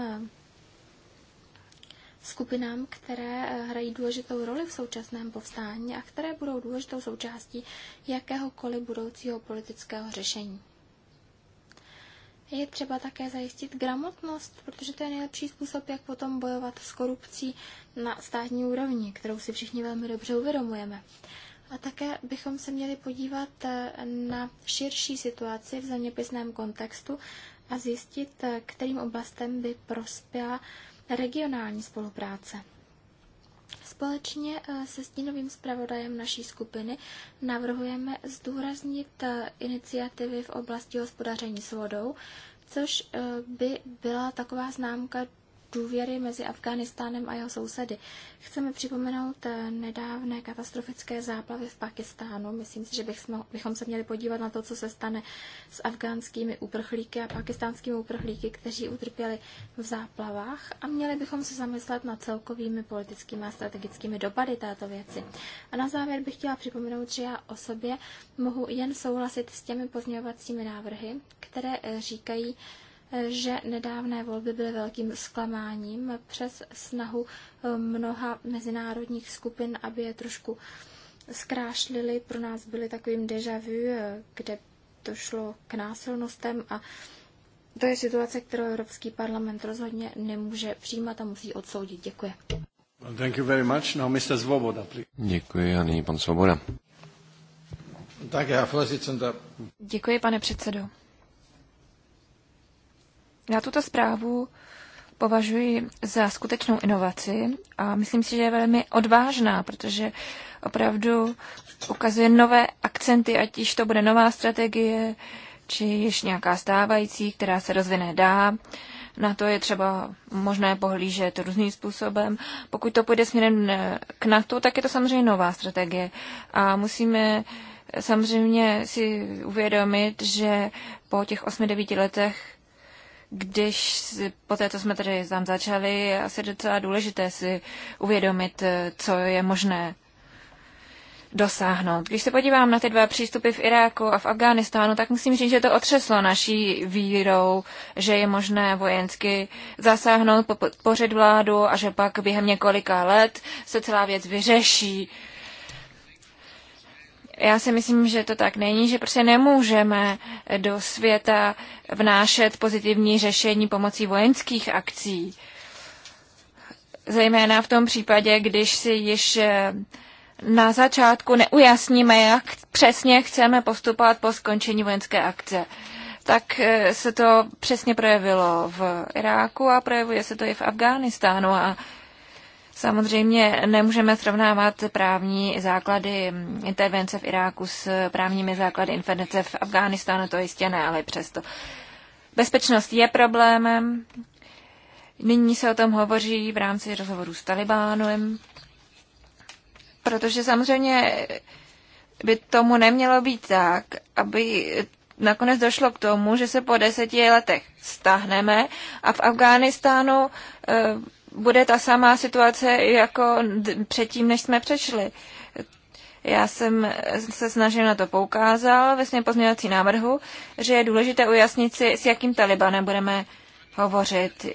skupinám, které eh, hrají důležitou roli v současném povstání a které budou důležitou součástí jakéhokoliv budoucího politického řešení. Je třeba také zajistit gramotnost, protože to je nejlepší způsob, jak potom bojovat s korupcí na státní úrovni, kterou si všichni velmi dobře uvědomujeme. A také bychom se měli podívat eh, na širší situaci v zeměpisném kontextu a zjistit, eh, kterým oblastem by prospěla regionální spolupráce. Společně eh, se stínovým zpravodajem naší skupiny navrhujeme zdůraznit eh, iniciativy v oblasti hospodaření s vodou, což eh, by byla taková známka důvěry mezi Afghánistánem a jeho sousedy. Chceme připomenout eh, nedávné katastrofické záplavy v Pakistánu. Myslím si, že bychom se měli podívat na to, co se stane s afgánskými uprchlíky a pakistánskými uprchlíky, kteří utrpěli v záplavách a měli bychom se zamyslet nad celkovými politickými a strategickými dopady této věci. A na závěr bych chtěla připomenout, že já o sobě mohu jen souhlasit s těmi pozměňovacími návrhy, které eh, říkají, že nedávné volby byly velkým zklamáním přes snahu eh, mnoha mezinárodních skupin, aby je trošku zkrášlili. Pro nás byly takovým deja vu, eh, kde to šlo k násilnostem a to je situace, kterou Evropský parlament rozhodně nemůže přijímat a musí odsoudit. Děkuji. thank you very much. Now, Mr. Svoboda, Děkuji a nyní pan Svoboda. Děkuji, pane předsedo. Já tuto zprávu považuji za skutečnou inovaci a myslím si, že je velmi odvážná, protože opravdu ukazuje nové akcenty, ať již to bude nová strategie, či již nějaká stávající, která se rozvine dá. Na to je třeba možné pohlížet různým způsobem. Pokud to půjde směrem eh, k NATO, tak je to samozřejmě nová strategie. A musíme eh, samozřejmě si uvědomit, že po těch 8-9 letech když po té, co jsme tady tam začali, je asi docela důležité si uvědomit, eh, co je možné dosáhnout. Když se podívám na ty dva přístupy v Iráku a v Afghánistánu, tak musím říct, že to otřeslo naší vírou, že je možné vojensky zasáhnout, pořed vládu a že pak během několika let se celá věc vyřeší já si myslím, že to tak není, že prostě nemůžeme do světa vnášet pozitivní řešení pomocí vojenských akcí. Zejména v tom případě, když si již eh, na začátku neujasníme, jak přesně chceme postupovat po skončení vojenské akce. Tak eh, se to přesně projevilo v Iráku a projevuje se to i v Afghánistánu a Samozřejmě nemůžeme srovnávat právní základy intervence v Iráku s právními základy intervence v Afghánistánu, to jistě ne, ale přesto. Bezpečnost je problémem. Nyní se o tom hovoří v rámci rozhovoru s Talibánem, protože samozřejmě by tomu nemělo být tak, aby nakonec došlo k tomu, že se po deseti letech stáhneme a v Afghánistánu eh, bude ta samá situace jako předtím, než jsme přešli. Já jsem se snažil na to poukázal ve svém pozměňovací návrhu, že je důležité ujasnit si, s jakým Talibanem budeme hovořit.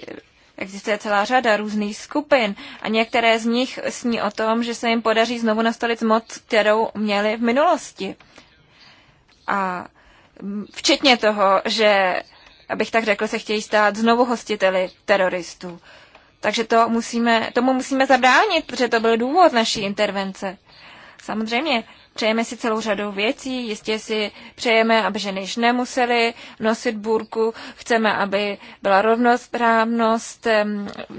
Existuje celá řada různých skupin a některé z nich sní o tom, že se jim podaří znovu nastolit moc, kterou měli v minulosti. A včetně toho, že, abych tak řekl, se chtějí stát znovu hostiteli teroristů. Takže to musíme, tomu musíme zabránit, protože to byl důvod naší intervence. Samozřejmě, přejeme si celou řadu věcí, jistě si přejeme, aby ženy již nemusely nosit burku, chceme, aby byla rovnost, právnost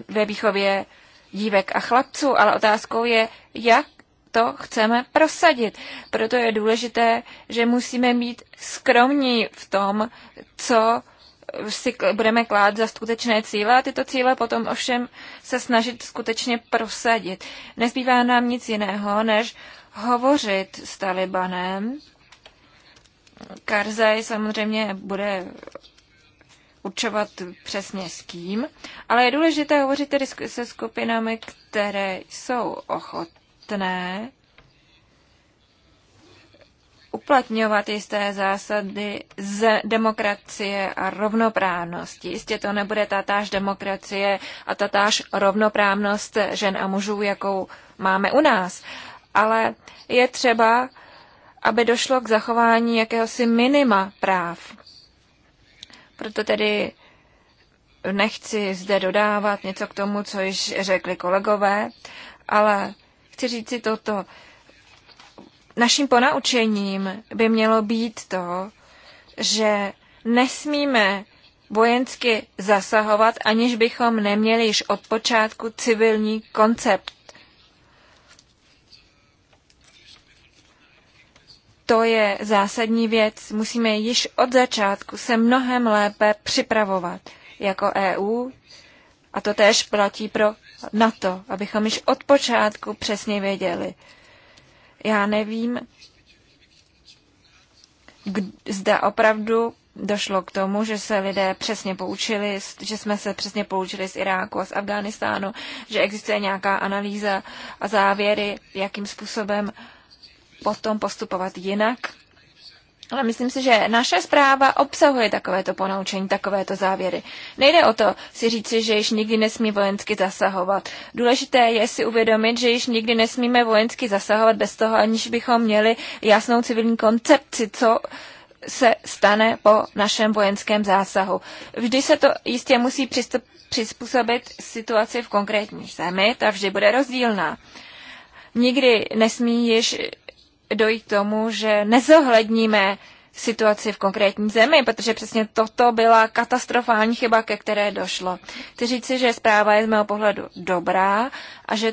ve výchově dívek a chlapců, ale otázkou je, jak to chceme prosadit. Proto je důležité, že musíme být skromní v tom, co si budeme klát za skutečné cíle a tyto cíle potom ovšem se snažit skutečně prosadit. Nezbývá nám nic jiného, než hovořit s Talibanem. Karzaj samozřejmě bude určovat přesně s kým, ale je důležité hovořit tedy se skupinami, které jsou ochotné uplatňovat jisté zásady z demokracie a rovnoprávnosti. Jistě to nebude tatáž demokracie a tatáž rovnoprávnost žen a mužů, jakou máme u nás. Ale je třeba, aby došlo k zachování jakéhosi minima práv. Proto tedy nechci zde dodávat něco k tomu, co již řekli kolegové, ale chci říci toto naším ponaučením by mělo být to, že nesmíme vojensky zasahovat, aniž bychom neměli již od počátku civilní koncept. To je zásadní věc. Musíme již od začátku se mnohem lépe připravovat jako EU a to též platí pro NATO, abychom již od počátku přesně věděli, já nevím, zda opravdu došlo k tomu, že se lidé přesně poučili, že jsme se přesně poučili z Iráku a z Afghánistánu, že existuje nějaká analýza a závěry, jakým způsobem potom postupovat jinak ale myslím si, že naše zpráva obsahuje takovéto ponaučení, takovéto závěry. Nejde o to si říci, že již nikdy nesmí vojensky zasahovat. Důležité je si uvědomit, že již nikdy nesmíme vojensky zasahovat bez toho, aniž bychom měli jasnou civilní koncepci, co se stane po našem vojenském zásahu. Vždy se to jistě musí přistup, přizpůsobit situaci v konkrétní zemi, ta vždy bude rozdílná. Nikdy nesmí již dojít k tomu, že nezohledníme situaci v konkrétní zemi, protože přesně toto byla katastrofální chyba, ke které došlo. Chci říci, že zpráva je z mého pohledu dobrá a že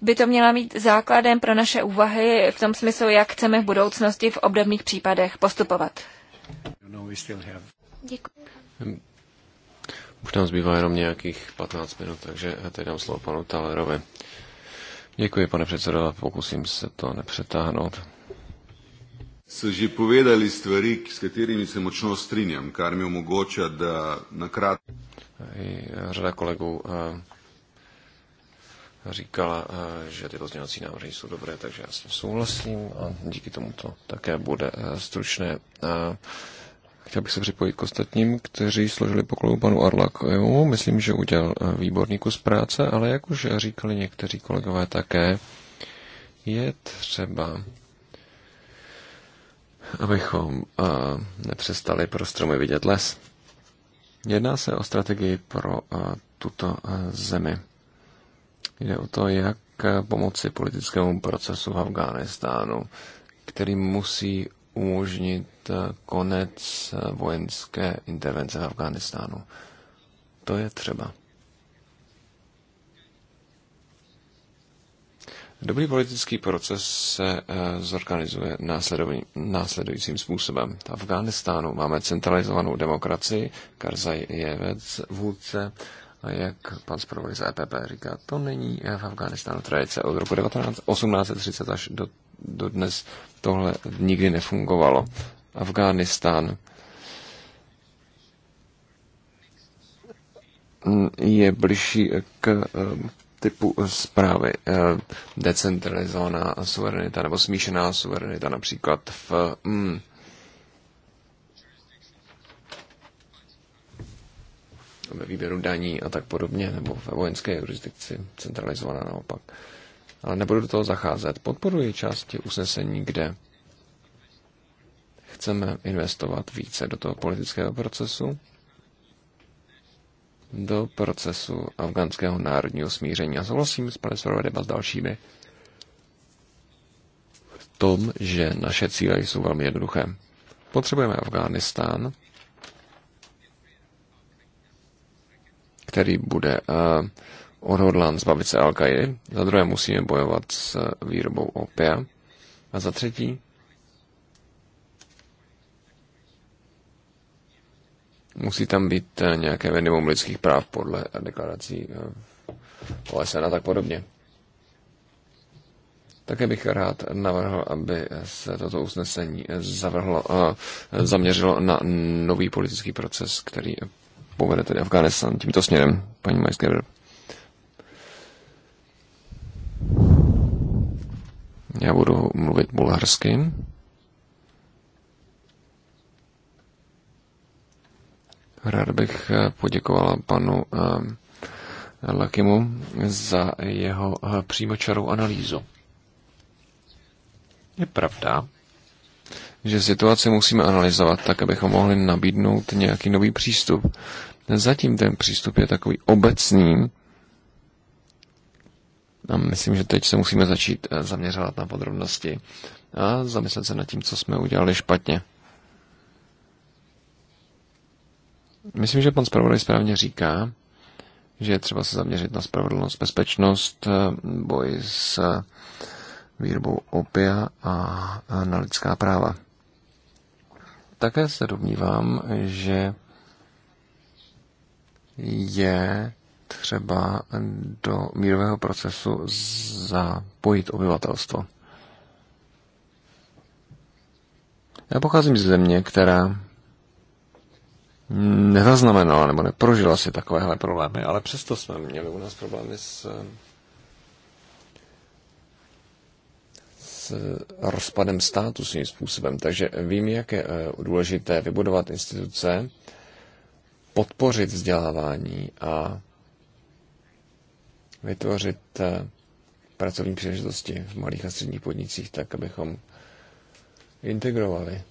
by to měla mít základem pro naše úvahy v tom smyslu, jak chceme v budoucnosti v obdobných případech postupovat. Děkuji. Už nám zbývá jenom nějakých 15 minut, takže teď dám slovo panu Talerovi. Děkuji, pane předsedo, pokusím se to nepřetáhnout. Se že povedali stvari, s kterými se močno strinjam, kar mi omogoča, da nakrát... Řada kolegů eh, říkala, eh, že ty pozměňovací návrhy jsou dobré, takže já s tím souhlasím a díky tomu to také bude eh, stručné. Chtěl bych se připojit k ostatním, kteří složili poklonu panu Arlakovému. Myslím, že udělal eh, výborný kus práce, ale jak už říkali někteří kolegové také, je třeba, abychom uh, nepřestali pro stromy vidět les. Jedná se o strategii pro uh, tuto uh, zemi. Jde o to, jak pomoci politickému procesu v Afghánistánu, který musí umožnit Eh, konec eh, vojenské intervence v Afghánistánu. To je třeba. Dobrý politický proces se eh, zorganizuje následujícím způsobem. V Afghánistánu máme centralizovanou demokracii, Karzaj je věc, vůdce, a jak pan zpravodaj z EPP říká, to není v Afghánistánu tradice. Od roku 1830 až do, do dnes tohle nikdy nefungovalo. Afghánistán je bližší k eh, typu zprávy eh, decentralizovaná suverenita nebo smíšená suverenita například v mm, ve výběru daní a tak podobně, nebo ve vojenské jurisdikci centralizovaná naopak. Ale nebudu do toho zacházet. Podporuji části usnesení, kde Chceme investovat více do toho politického procesu, do procesu afgánského národního smíření. A souhlasím s panem Sorové a s dalšími v tom, že naše cíle jsou velmi jednoduché. Potřebujeme Afghánistán, který bude uh, odhodlán zbavit se al -Qaidi. Za druhé musíme bojovat s výrobou opia. A za třetí Musí tam být eh, nějaké minimum lidských práv podle eh, deklarací eh, OSN a tak podobně. Také bych rád navrhl, aby se toto usnesení zavrhlo, zaměřilo na nový politický proces, který povede tedy Afganistan tímto směrem, paní Majskever. Já budu mluvit bulharsky. Rád bych eh, poděkoval panu eh, Lakimu za jeho eh, přímočarou analýzu. Je pravda, že situaci musíme analyzovat tak, abychom mohli nabídnout nějaký nový přístup. Zatím ten přístup je takový obecný a myslím, že teď se musíme začít zaměřovat na podrobnosti a zamyslet se nad tím, co jsme udělali špatně. Myslím, že pan zpravodaj správně říká, že je třeba se zaměřit na spravedlnost, bezpečnost, eh, boj s výrobou opia a eh, na lidská práva. Také se domnívám, že je třeba do mírového procesu zapojit obyvatelstvo. Já pocházím z země, která nezaznamenala nebo neprožila si takovéhle problémy, ale přesto jsme měli u nás problémy s, s rozpadem státu svým způsobem. Takže vím, jak je eh, důležité vybudovat instituce, podpořit vzdělávání a vytvořit eh, pracovní příležitosti v malých a středních podnicích tak, abychom integrovali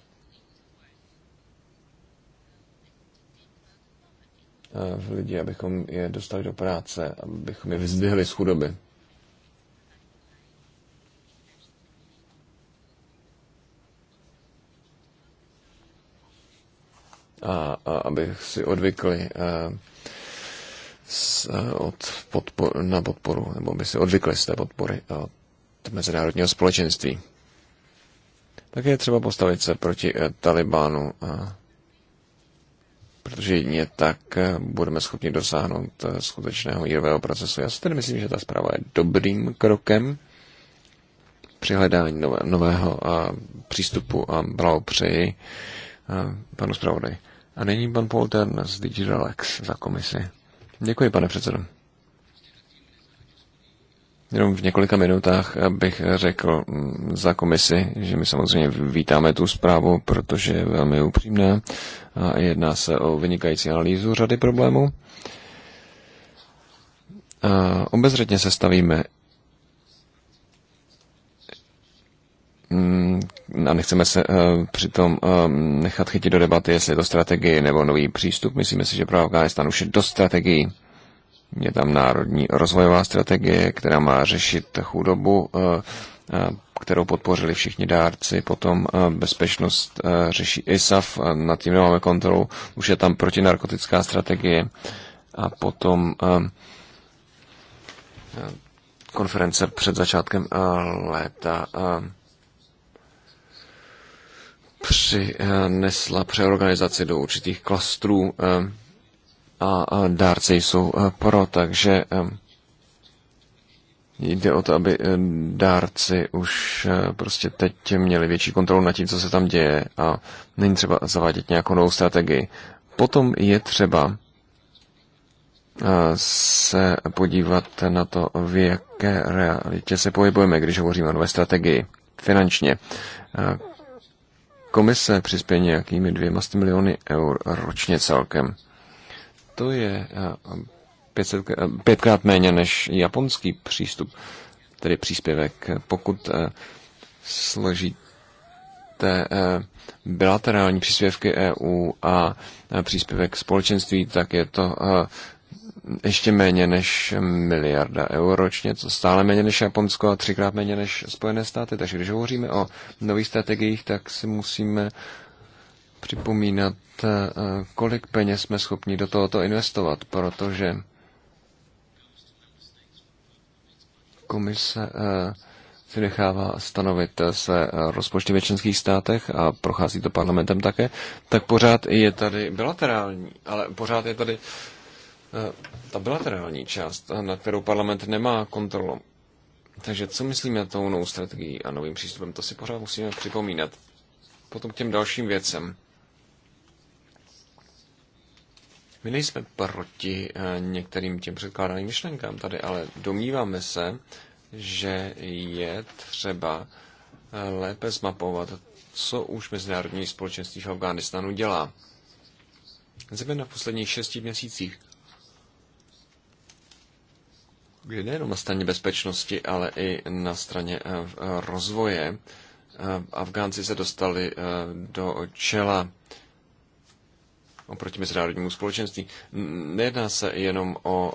Eh, v lidi, abychom je dostali do práce, abychom je vyzdvihli z chudoby. A, a aby si odvykli z, eh, eh, od podpor, na podporu, nebo by si odvykli z té podpory od mezinárodního společenství. Také je třeba postavit se proti Talibánu. A, protože jedině tak eh, budeme schopni dosáhnout eh, skutečného mírového procesu. Já si tedy myslím, že ta zpráva je dobrým krokem při hledání nové, nového a, eh, přístupu a blahopřeji panu zpravodaj. A nyní pan Polter z DigiRelax za komisi. Děkuji, pane předsedo. Jenom v několika minutách bych řekl mm, za komisi, že my samozřejmě vítáme tu zprávu, protože je velmi upřímná a jedná se o vynikající analýzu řady problémů. A obezřetně se stavíme mm, a nechceme se uh, přitom uh, nechat chytit do debaty, jestli je to strategie nebo nový přístup. Myslíme si, že pro Afganistan už je dost strategií je tam národní rozvojová strategie, která má řešit chudobu, eh, eh, kterou podpořili všichni dárci. Potom eh, bezpečnost řeší ISAF, nad tím nemáme kontrolu. Už je tam protinarkotická strategie. A potom konference před začátkem léta přinesla přeorganizaci do určitých klastrů a dárci jsou e, pro, takže e, jde o to, aby e, dárci už prostě teď měli větší kontrolu nad tím, co se tam děje a není třeba zavádět nějakou novou strategii. Potom je třeba se podívat na to, v jaké realitě se pohybujeme, když hovoříme o nové strategii finančně. Komise přispěje nějakými dvěma miliony eur ročně celkem to je eh, eh, pětkrát méně než japonský přístup, tedy příspěvek. Pokud eh, složíte bilaterální příspěvky EU a příspěvek společenství, tak je to ještě méně než miliarda euro ročně, co stále méně než Japonsko a třikrát méně než Spojené státy. Takže když hovoříme o nových strategiích, tak si musíme uh, připomínat, eh, kolik peněz jsme schopni do tohoto investovat, protože komise eh, si nechává stanovit eh, své rozpočty ve členských státech a prochází to parlamentem také, tak pořád je tady bilaterální, ale pořád je tady ta bilaterální část, na kterou parlament nemá kontrolu. Takže co myslíme tou novou strategií a novým přístupem, to si pořád musíme připomínat. Potom k těm dalším věcem. My nejsme proti eh, některým těm předkládaným myšlenkám tady, ale domníváme se, že je třeba eh, lépe zmapovat, co už mezinárodní společenství v Afganistánu dělá. Zejména v posledních šesti měsících kdy nejenom na straně bezpečnosti, ale i na straně eh, rozvoje Afgánci se dostali do čela oproti mezinárodnímu společenství. Nejedná se jenom o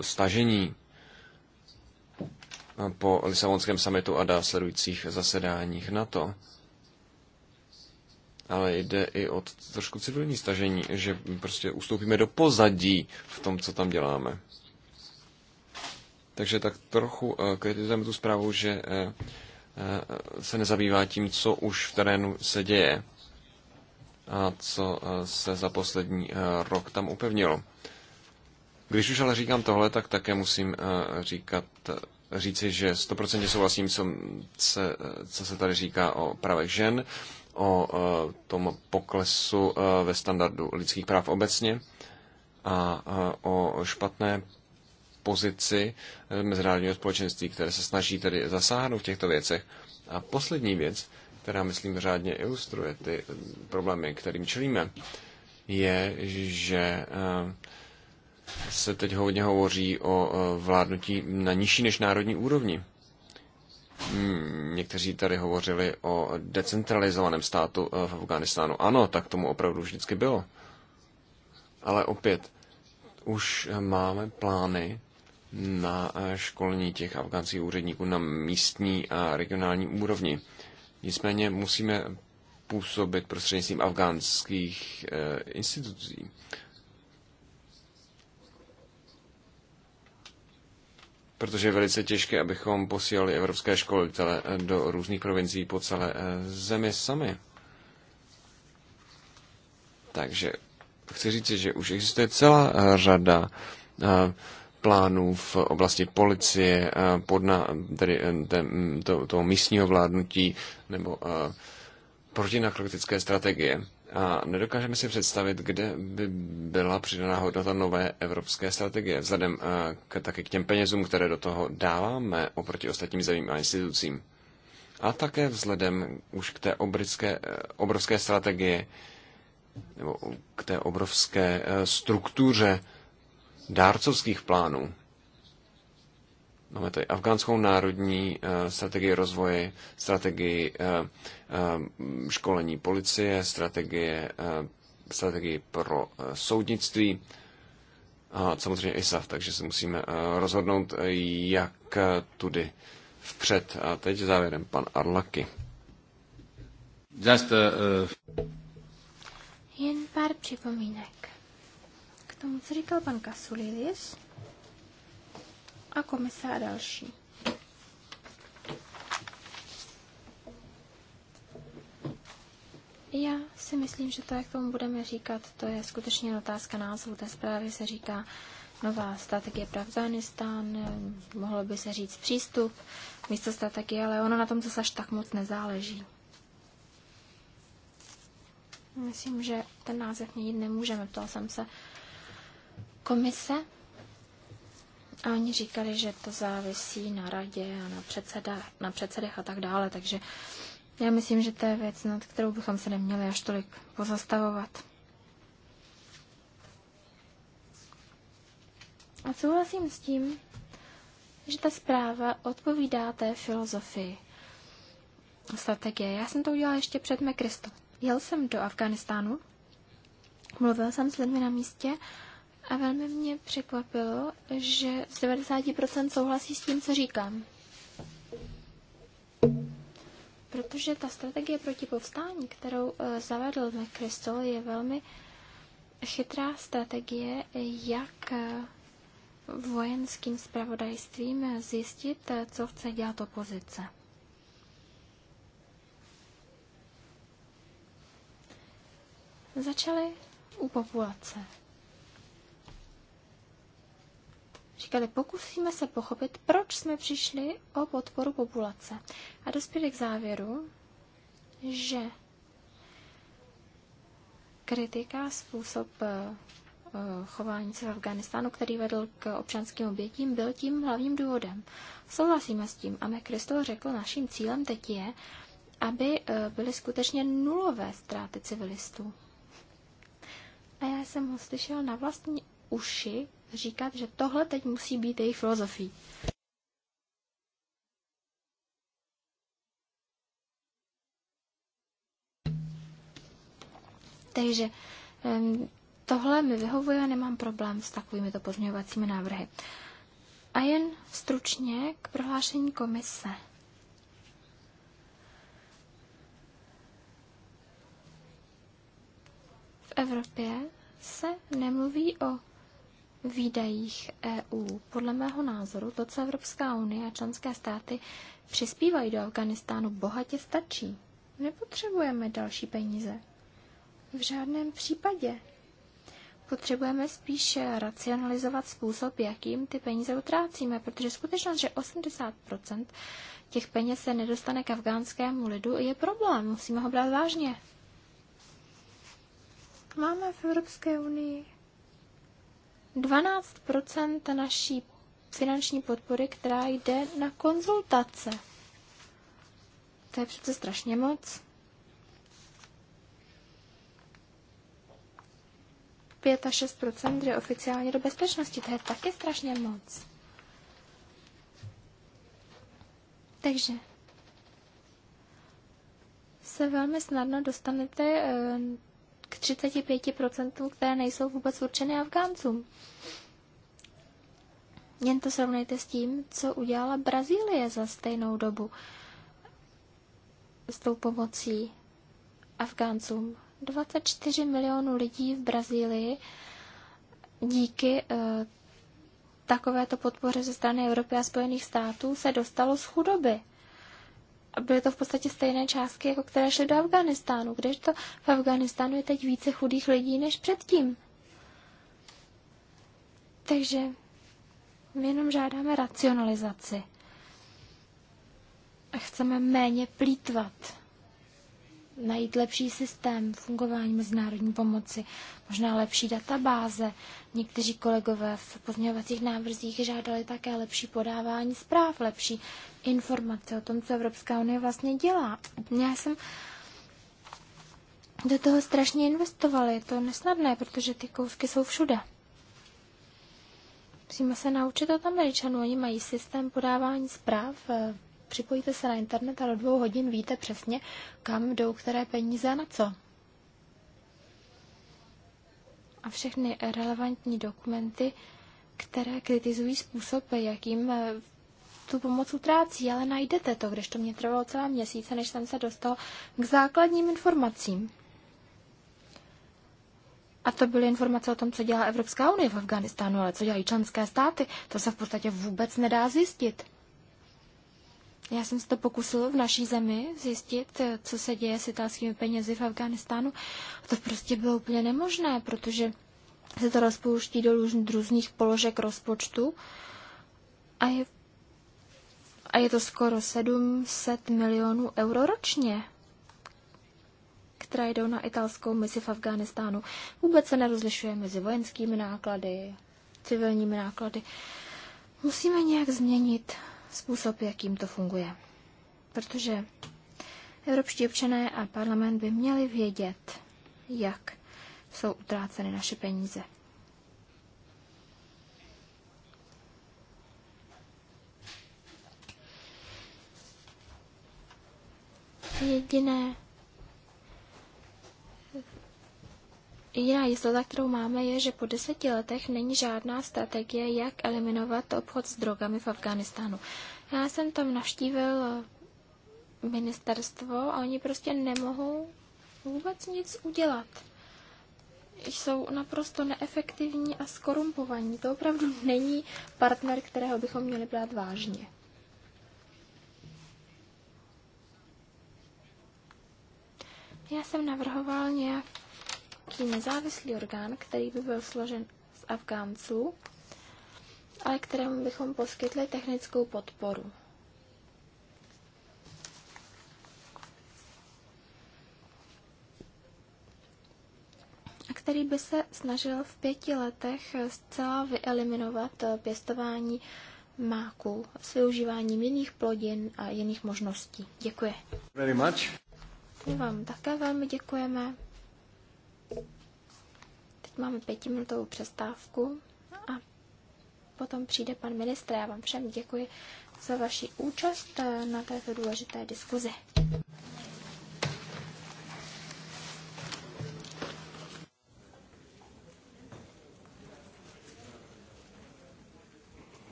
stažení po Lisabonském samitu a následujících zasedáních NATO, ale jde i o trošku civilní stažení, že prostě ustoupíme do pozadí v tom, co tam děláme. Takže tak trochu eh, kritizujeme tu zprávu, že eh, eh, se nezabývá tím, co už v terénu se děje a co e, se za poslední e, rok tam upevnilo. Když už ale říkám tohle, tak také musím e, říkat, říci, že 100% souhlasím, co se, co se tady říká o pravech žen, o tom poklesu ve standardu lidských práv obecně a o špatné pozici mezinárodního společenství, které se snaží tedy zasáhnout v těchto věcech. A poslední věc, která, myslím, řádně ilustruje ty problémy, kterým čelíme, je, že eh, se teď hodně hovoří o eh, vládnutí na nižší než národní úrovni. Někteří tady hovořili o decentralizovaném státu eh, v Afganistánu. Ano, tak tomu opravdu vždycky bylo. Ale opět, už máme plány na školní těch afgánských úředníků na místní a regionální úrovni. Nicméně musíme působit prostřednictvím afgánských eh, institucí. protože je velice těžké, abychom posílali evropské školitele eh, do různých provincií po celé eh, zemi sami. Takže chci říct, že už existuje celá řada plánů v oblasti policie, eh, podna, tedy eh, to, toho místního vládnutí nebo eh, protinarkotické strategie. A nedokážeme si představit, kde by byla přidaná hodnota nové evropské strategie, vzhledem k, taky k těm penězům, které do toho dáváme oproti ostatním zemím a institucím. A také vzhledem už k té obrické, obrovské strategii, nebo k té obrovské struktuře dárcovských plánů. Máme tady afgánskou národní eh, strategii rozvoje, strategii eh, eh, školení policie, strategie, strategii pro soudnictví a samozřejmě ISAF, takže se musíme rozhodnout, jak tudy vpřed. A teď závěrem pan Arlaky. Just, uh, Jen pár připomínek tomu, co říkal pan Kasulidis a komise a další. Já si myslím, že to, jak tomu budeme říkat, to je skutečně otázka názvu té zprávy. Se říká nová strategie pro Afganistán, mohlo by se říct přístup, místo strategie, ale ono na tom zase až tak moc nezáleží. Myslím, že ten název měnit nemůžeme, ptal jsem se komise. A oni říkali, že to závisí na radě a na, předseda, na předsedech a tak dále, takže já myslím, že to je věc, nad kterou bychom se neměli až tolik pozastavovat. A souhlasím s tím, že ta zpráva odpovídá té filozofii strategie. Já jsem to udělala ještě před Mekristo. Jel jsem do Afganistánu, mluvil jsem s lidmi na místě a velmi mě překvapilo, že z 90% souhlasí s tím, co říkám. Protože ta strategie proti povstání, kterou eh, zavedl McChrystal, je velmi chytrá strategie, jak eh, vojenským spravodajstvím eh, zjistit, co chce dělat opozice. Začali u populace. Říkali, pokusíme se pochopit, proč jsme přišli o podporu populace. A dospěli k závěru, že kritika, způsob eh, eh, chování se v Afganistánu, který vedl k občanským obětím, byl tím hlavním důvodem. Souhlasíme s tím a McChrystal řekl, naším cílem teď je, aby eh, byly skutečně nulové ztráty civilistů. A já jsem ho slyšel na vlastní uši říkat, že tohle teď musí být jejich filozofií. Takže tohle mi vyhovuje nemám problém s takovými to pozměňovacími návrhy. A jen stručně k prohlášení komise. V Evropě se nemluví o výdajích EU. Podle mého názoru to, co Evropská unie a členské státy přispívají do Afganistánu, bohatě stačí. Nepotřebujeme další peníze. V žádném případě. Potřebujeme spíše racionalizovat způsob, jakým ty peníze utrácíme, protože skutečnost, že 80% těch peněz se nedostane k afgánskému lidu, je problém. Musíme ho brát vážně. Máme v Evropské unii 12 naší finanční podpory, která jde na konzultace. To je přece strašně moc. 5 a 6 jde oficiálně do bezpečnosti. To je taky strašně moc. Takže se velmi snadno dostanete eh, 35%, které nejsou vůbec určené Afgáncům. Jen to srovnejte s tím, co udělala Brazílie za stejnou dobu s tou pomocí Afgáncům. 24 milionů lidí v Brazílii díky e, takovéto podpoře ze strany Evropy a Spojených států se dostalo z chudoby byly to v podstatě stejné částky, jako které šly do Afganistánu, kdežto v Afganistánu je teď více chudých lidí než předtím. Takže my jenom žádáme racionalizaci. A chceme méně plítvat najít lepší systém fungování mezinárodní pomoci, možná lepší databáze. Někteří kolegové v pozměňovacích návrzích žádali také lepší podávání zpráv, lepší informace o tom, co Evropská unie vlastně dělá. Já jsem do toho strašně investovala. Je to nesnadné, protože ty kousky jsou všude. Musíme se naučit od Američanů. Oni mají systém podávání zpráv, eh, připojíte se na internet a do dvou hodin víte přesně, kam jdou které peníze a na co. A všechny relevantní dokumenty, které kritizují způsob, jakým eh, tu pomoc utrácí, ale najdete to, když to mě trvalo celá měsíce, než jsem se dostal k základním informacím. A to byly informace o tom, co dělá Evropská unie v Afganistánu, ale co dělají členské státy, to se v podstatě vůbec nedá zjistit. Já jsem se to pokusil v naší zemi zjistit, eh, co se děje s italskými penězi v Afganistánu. A to prostě bylo úplně nemožné, protože se to rozpouští do různých položek rozpočtu a je, a je to skoro 700 milionů euro ročně, které jdou na italskou misi v Afghánistánu. Vůbec se nerozlišuje mezi vojenskými náklady, civilními náklady. Musíme nějak změnit způsob, jakým to funguje. Protože evropští občané a parlament by měli vědět, jak jsou utráceny naše peníze. Jediné Jiná jistota, kterou máme, je, že po deseti letech není žádná strategie, jak eliminovat obchod s drogami v Afganistánu. Já jsem tam navštívil eh, ministerstvo a oni prostě nemohou vůbec nic udělat. Jsou naprosto neefektivní a skorumpovaní. To opravdu není partner, kterého bychom měli brát vážně. Já jsem navrhoval nějak nějaký nezávislý orgán, který by byl složen z Afgánců, ale kterému bychom poskytli technickou podporu. A který by se snažil v pěti letech zcela vyeliminovat pěstování máku s využíváním jiných plodin a jiných možností. Děkuji. Very much. My vám také velmi děkujeme máme pětiminutovou přestávku a potom přijde pan ministr. Já vám všem děkuji za vaši účast eh, na této důležité diskuzi.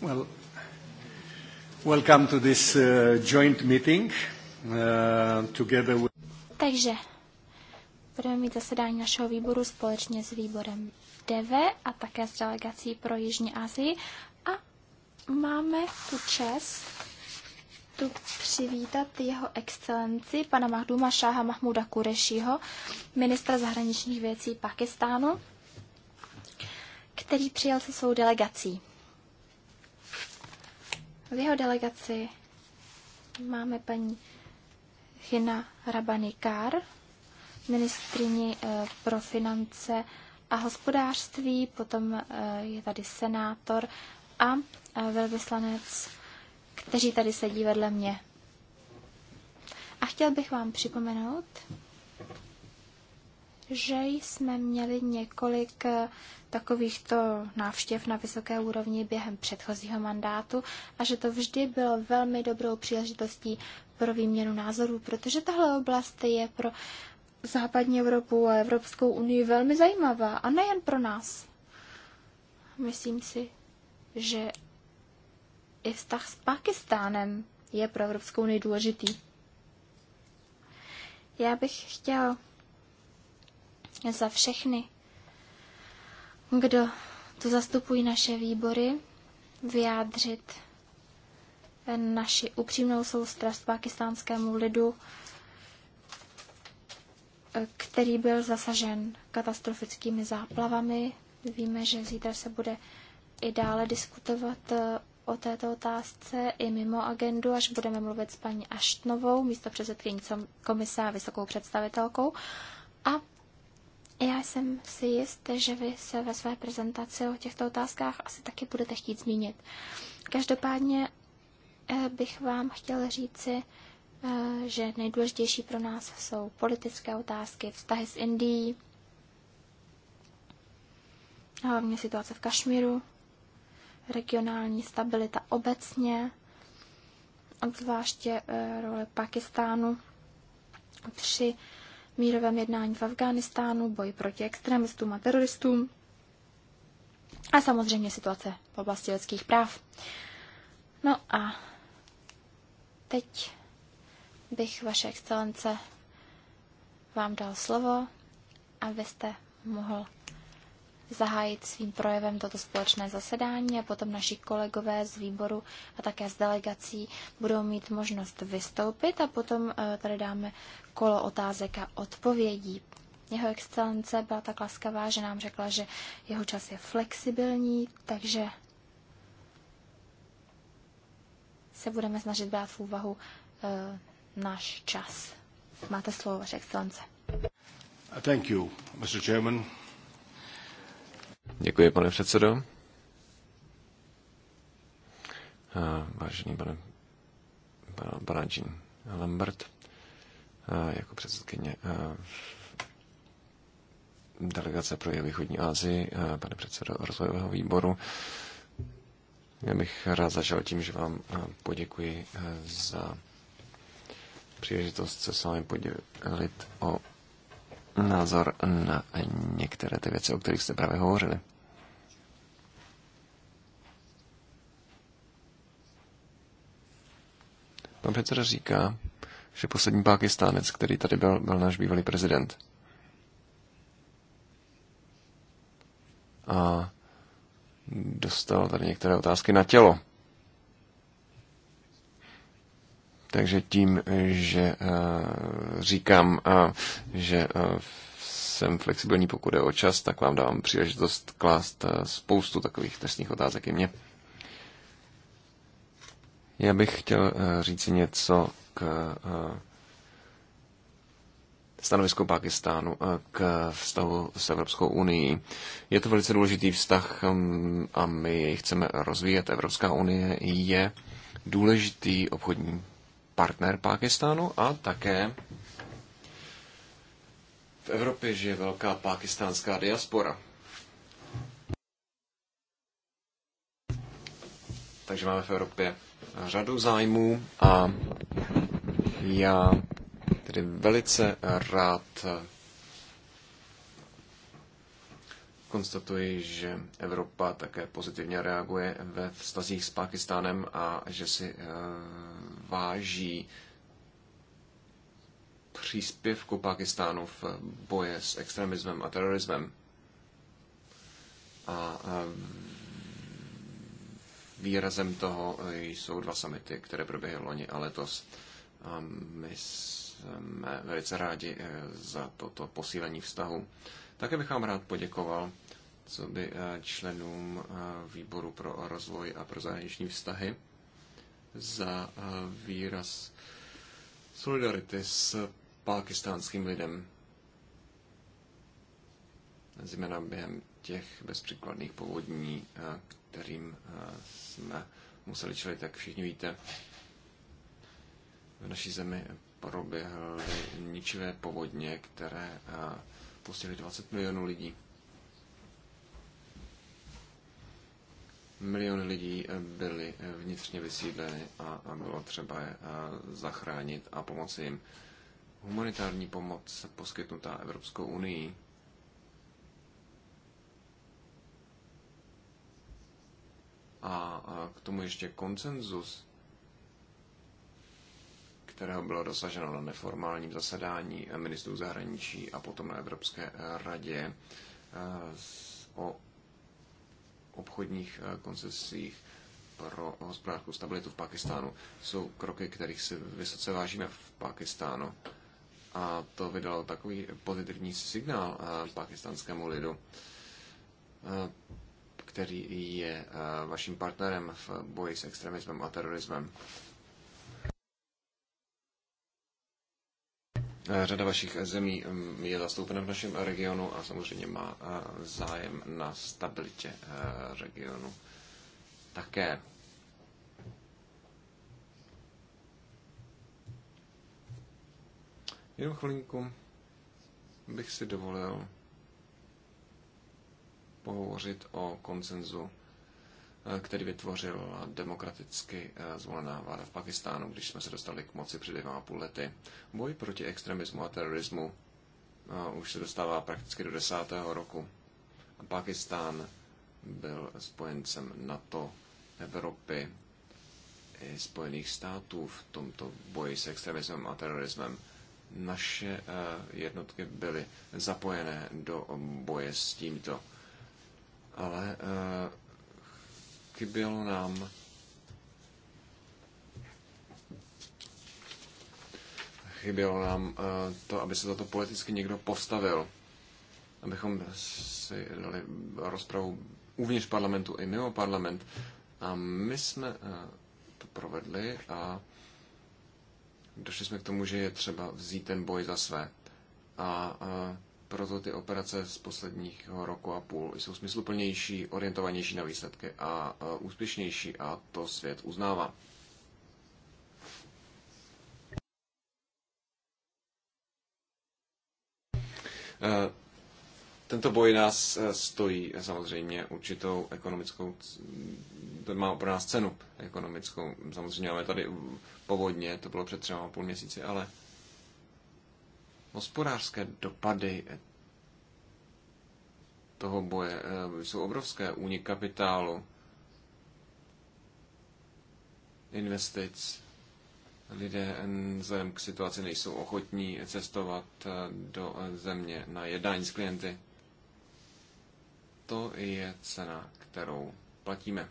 Well, welcome to this uh, joint meeting uh, together with... Takže budeme mít zasedání našeho výboru společně s výborem DV a také s delegací pro Jižní Asii a máme tu čest tu přivítat jeho excelenci, pana Mahduma Šáha Mahmuda Kurešího, ministra zahraničních věcí Pakistánu, který přijel se svou delegací. V jeho delegaci máme paní Hina Rabanikár, ministrině eh, pro finance a hospodářství, potom eh, je tady senátor a eh, velvyslanec, kteří tady sedí vedle mě. A chtěl bych vám připomenout, že jsme měli několik eh, takovýchto návštěv na vysoké úrovni během předchozího mandátu a že to vždy bylo velmi dobrou příležitostí pro výměnu názorů, protože tahle oblast je pro západní Evropu a Evropskou unii velmi zajímavá a nejen pro nás. Myslím si, že i vztah s Pakistánem je pro Evropskou unii důležitý. Já bych chtěla za všechny, kdo tu zastupují naše výbory, vyjádřit naši upřímnou soustrast pakistánskému lidu, který byl zasažen katastrofickými záplavami. Víme, že zítra se bude i dále diskutovat eh, o této otázce i mimo agendu, až budeme mluvit s paní Aštnovou, místo předsedkyní komise a vysokou představitelkou. A já jsem si jist, že vy se ve své prezentaci o těchto otázkách asi taky budete chtít zmínit. Každopádně eh, bych vám chtěl říci, eh, že nejdůležitější pro nás jsou politické otázky, vztahy s Indií, hlavně situace v Kašmíru, regionální stabilita obecně, obzvláště eh, role Pakistánu při mírovém jednání v Afghánistánu, boji proti extremistům a teroristům a samozřejmě situace v oblasti lidských práv. No a teď bych, vaše excelence, vám dal slovo, abyste mohl zahájit svým projevem toto společné zasedání a potom naši kolegové z výboru a také z delegací budou mít možnost vystoupit a potom eh, tady dáme kolo otázek a odpovědí. Jeho excelence byla tak laskavá, že nám řekla, že jeho čas je flexibilní, takže se budeme snažit brát v úvahu uh, náš čas. Máte slovo, vaše excelence. Thank you, Mr. Chairman. Děkuji, pane předsedo. Vážený pane Barančín Lambert, jako předsedkyně delegace pro východní Asii, pane předsedo rozvojového výboru, já bych rád začal tím, že vám poděkuji za příležitost se s vámi podělit o názor na některé ty věci, o kterých jste právě hovořili. Pan předseda říká, že poslední pákistánec, který tady byl, byl náš bývalý prezident. A dostal tady některé otázky na tělo. Takže tím, že eh, říkám, eh, že eh, jsem flexibilní, pokud je o čas, tak vám dávám příležitost klást spoustu takových trestních otázek i mě. Já bych chtěl říct něco k stanovisku Pakistánu k vztahu s Evropskou unii. Je to velice důležitý vztah hm, a my jej chceme rozvíjet. Evropská unie je důležitý obchodní partner Pákistánu a také v Evropě žije velká pákistánská diaspora. Takže máme v Evropě řadu zájmů a já tedy velice rád konstatuji, že Evropa také pozitivně reaguje ve vztazích s Pakistánem a že si eh, váží příspěvku Pakistánu v boji s extremismem a terorismem. A eh, výrazem toho jsou dva samity, které proběhly loni a letos. A my jsme velice rádi eh, za toto posílení vztahu také bych vám rád poděkoval co by eh, členům eh, výboru pro rozvoj a pro zahraniční vztahy za eh, výraz solidarity s pakistánským lidem. Zejména během těch bezpříkladných povodní, kterým jsme museli čelit, jak všichni víte. V naší zemi proběhly ničivé povodně, které postihly 20 milionů lidí. Miliony lidí byly vnitřně vysídleny a bylo třeba je zachránit a pomoci jim. Humanitární pomoc poskytnutá Evropskou unii a k tomu ještě koncenzus kterého bylo dosaženo na neformálním zasedání ministrů zahraničí a potom na Evropské eh, radě eh, o obchodních eh, koncesích pro hospodářskou stabilitu v Pakistánu. Jsou kroky, kterých si vysoce vážíme v Pakistánu. A to vydalo takový pozitivní signál pakistánskému lidu, který je vaším partnerem v boji s extremismem a terorismem. Řada vašich zemí mm, je zastoupena v našem regionu a samozřejmě má zájem na stabilitě e, regionu také. Jenom chvilinku bych si dovolil pohovořit o koncenzu Eh, který vytvořil demokraticky eh, zvolená vláda v Pakistánu, když jsme se dostali k moci před dvěma půl lety. Boj proti extremismu a terorismu eh, už se dostává prakticky do desátého roku. Pakistán byl spojencem NATO, Evropy i Spojených států v tomto boji s extremismem a terorismem. Naše jednotky byly zapojené do boje s tímto. Ale chyběl nám. Chybělo nám eh, to, aby se za to politicky někdo postavil. Abychom si dali rozpravu uvnitř parlamentu i mimo parlament. A my jsme eh, to provedli a došli jsme k tomu, že je třeba vzít ten boj za své. A, a eh, proto ty operace z posledního roku a půl jsou smysluplnější, orientovanější na výsledky a úspěšnější a to svět uznává. Eh, tento boj nás eh, stojí samozřejmě určitou ekonomickou, to má pro nás cenu ekonomickou. Samozřejmě máme tady povodně, to bylo před třema půl měsíci, ale Hospodářské dopady toho boje eh, jsou obrovské. Únik kapitálu, investic, lidé vzhledem k situaci nejsou ochotní cestovat eh, do eh, země na jednání s klienty. To je cena, kterou platíme.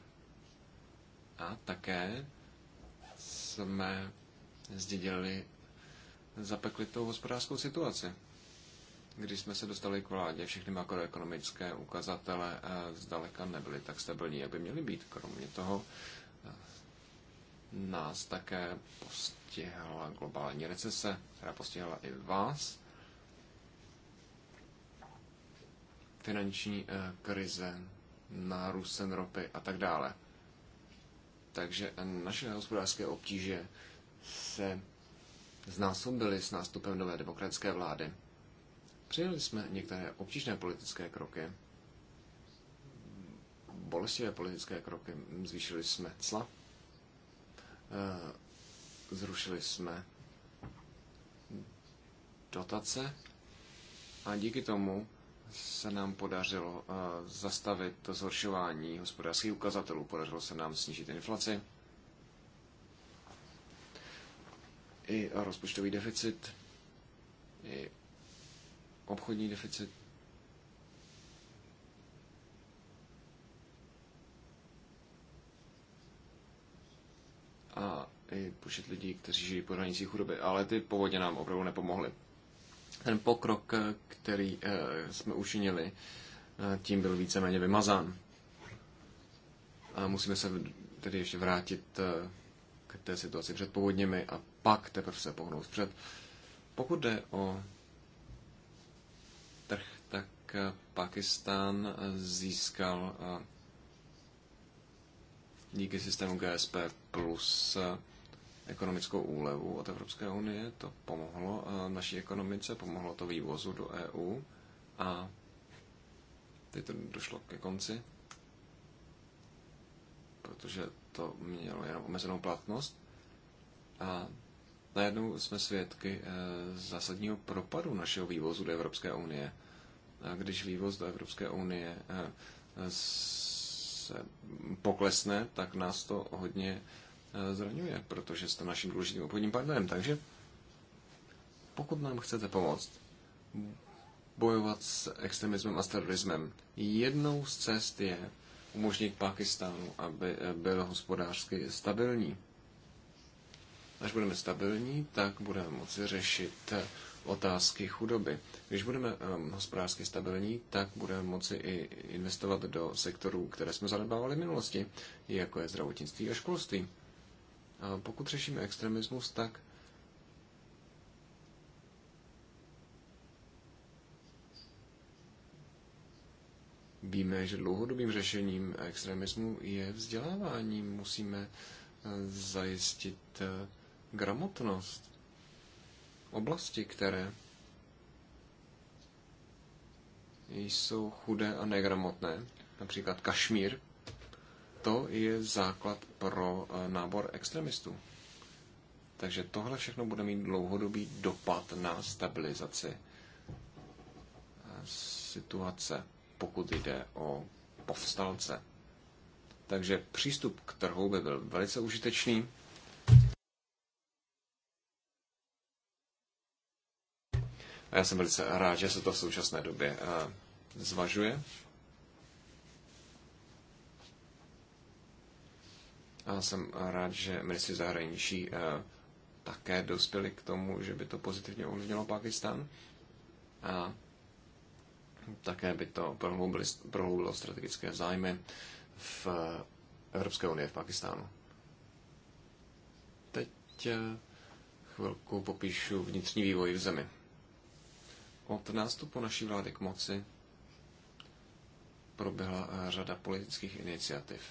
A také jsme zdědili zapeklitou hospodářskou situaci. Když jsme se dostali k vládě, všechny makroekonomické ukazatele eh, zdaleka nebyly tak stabilní, jak by měly být. Kromě toho eh, nás také postihla globální recese, která postihla i vás. Finanční eh, krize, nárůst cen ropy a tak dále. Takže naše hospodářské obtíže se znásobili s nástupem nové demokratické vlády. Přijeli jsme některé obtížné politické kroky, bolestivé politické kroky. Zvýšili jsme cla, eh, zrušili jsme dotace a díky tomu se nám podařilo eh, zastavit to zhoršování hospodářských ukazatelů. Podařilo se nám snížit inflaci i rozpočtový deficit, i obchodní deficit. A i počet lidí, kteří žijí pod hranicí chudoby. Ale ty povodně nám opravdu nepomohly. Ten pokrok, který eh, jsme učinili, eh, tím byl víceméně vymazán. A musíme se tedy ještě vrátit eh, k té situaci před povodněmi a pak teprve se pohnout vpřed. Pokud jde o trh, tak eh, Pakistán eh, získal eh, díky systému GSP plus ekonomickou úlevu od Evropské unie. To pomohlo naší ekonomice, pomohlo to vývozu do EU a teď to došlo ke konci, protože to mělo jenom omezenou platnost a Najednou jsme svědky eh, zásadního propadu našeho vývozu do Evropské unie. A když vývoz do Evropské unie eh, se poklesne, tak nás to hodně eh, zraňuje, protože jste naším důležitým obchodním partnerem. Takže pokud nám chcete pomoct bojovat s extremismem a s terorismem, jednou z cest je umožnit Pakistánu, aby byl hospodářsky stabilní. Až budeme stabilní, tak budeme moci řešit eh, otázky chudoby. Když budeme um, hospodářsky stabilní, tak budeme moci i investovat do sektorů, které jsme zanedbávali v minulosti, jako je zdravotnictví a školství. A pokud řešíme extremismus, tak víme, že dlouhodobým řešením extremismu je vzdělávání. Musíme eh, zajistit eh, gramotnost, oblasti, které jsou chudé a negramotné, například Kašmír, to je základ pro eh, nábor extremistů. Takže tohle všechno bude mít dlouhodobý dopad na stabilizaci eh, situace, pokud jde o povstalce. Takže přístup k trhu by byl velice užitečný. já jsem velice rád, že se to v současné době eh, zvažuje. A jsem rád, že ministři zahraničí eh, také dospěli k tomu, že by to pozitivně ovlivnilo Pakistan. A také by to prohloubilo strategické zájmy v eh, Evropské unii v Pakistánu. Teď chvilku popíšu vnitřní vývoj v zemi. Od nástupu naší vlády k moci proběhla eh, řada politických iniciativ.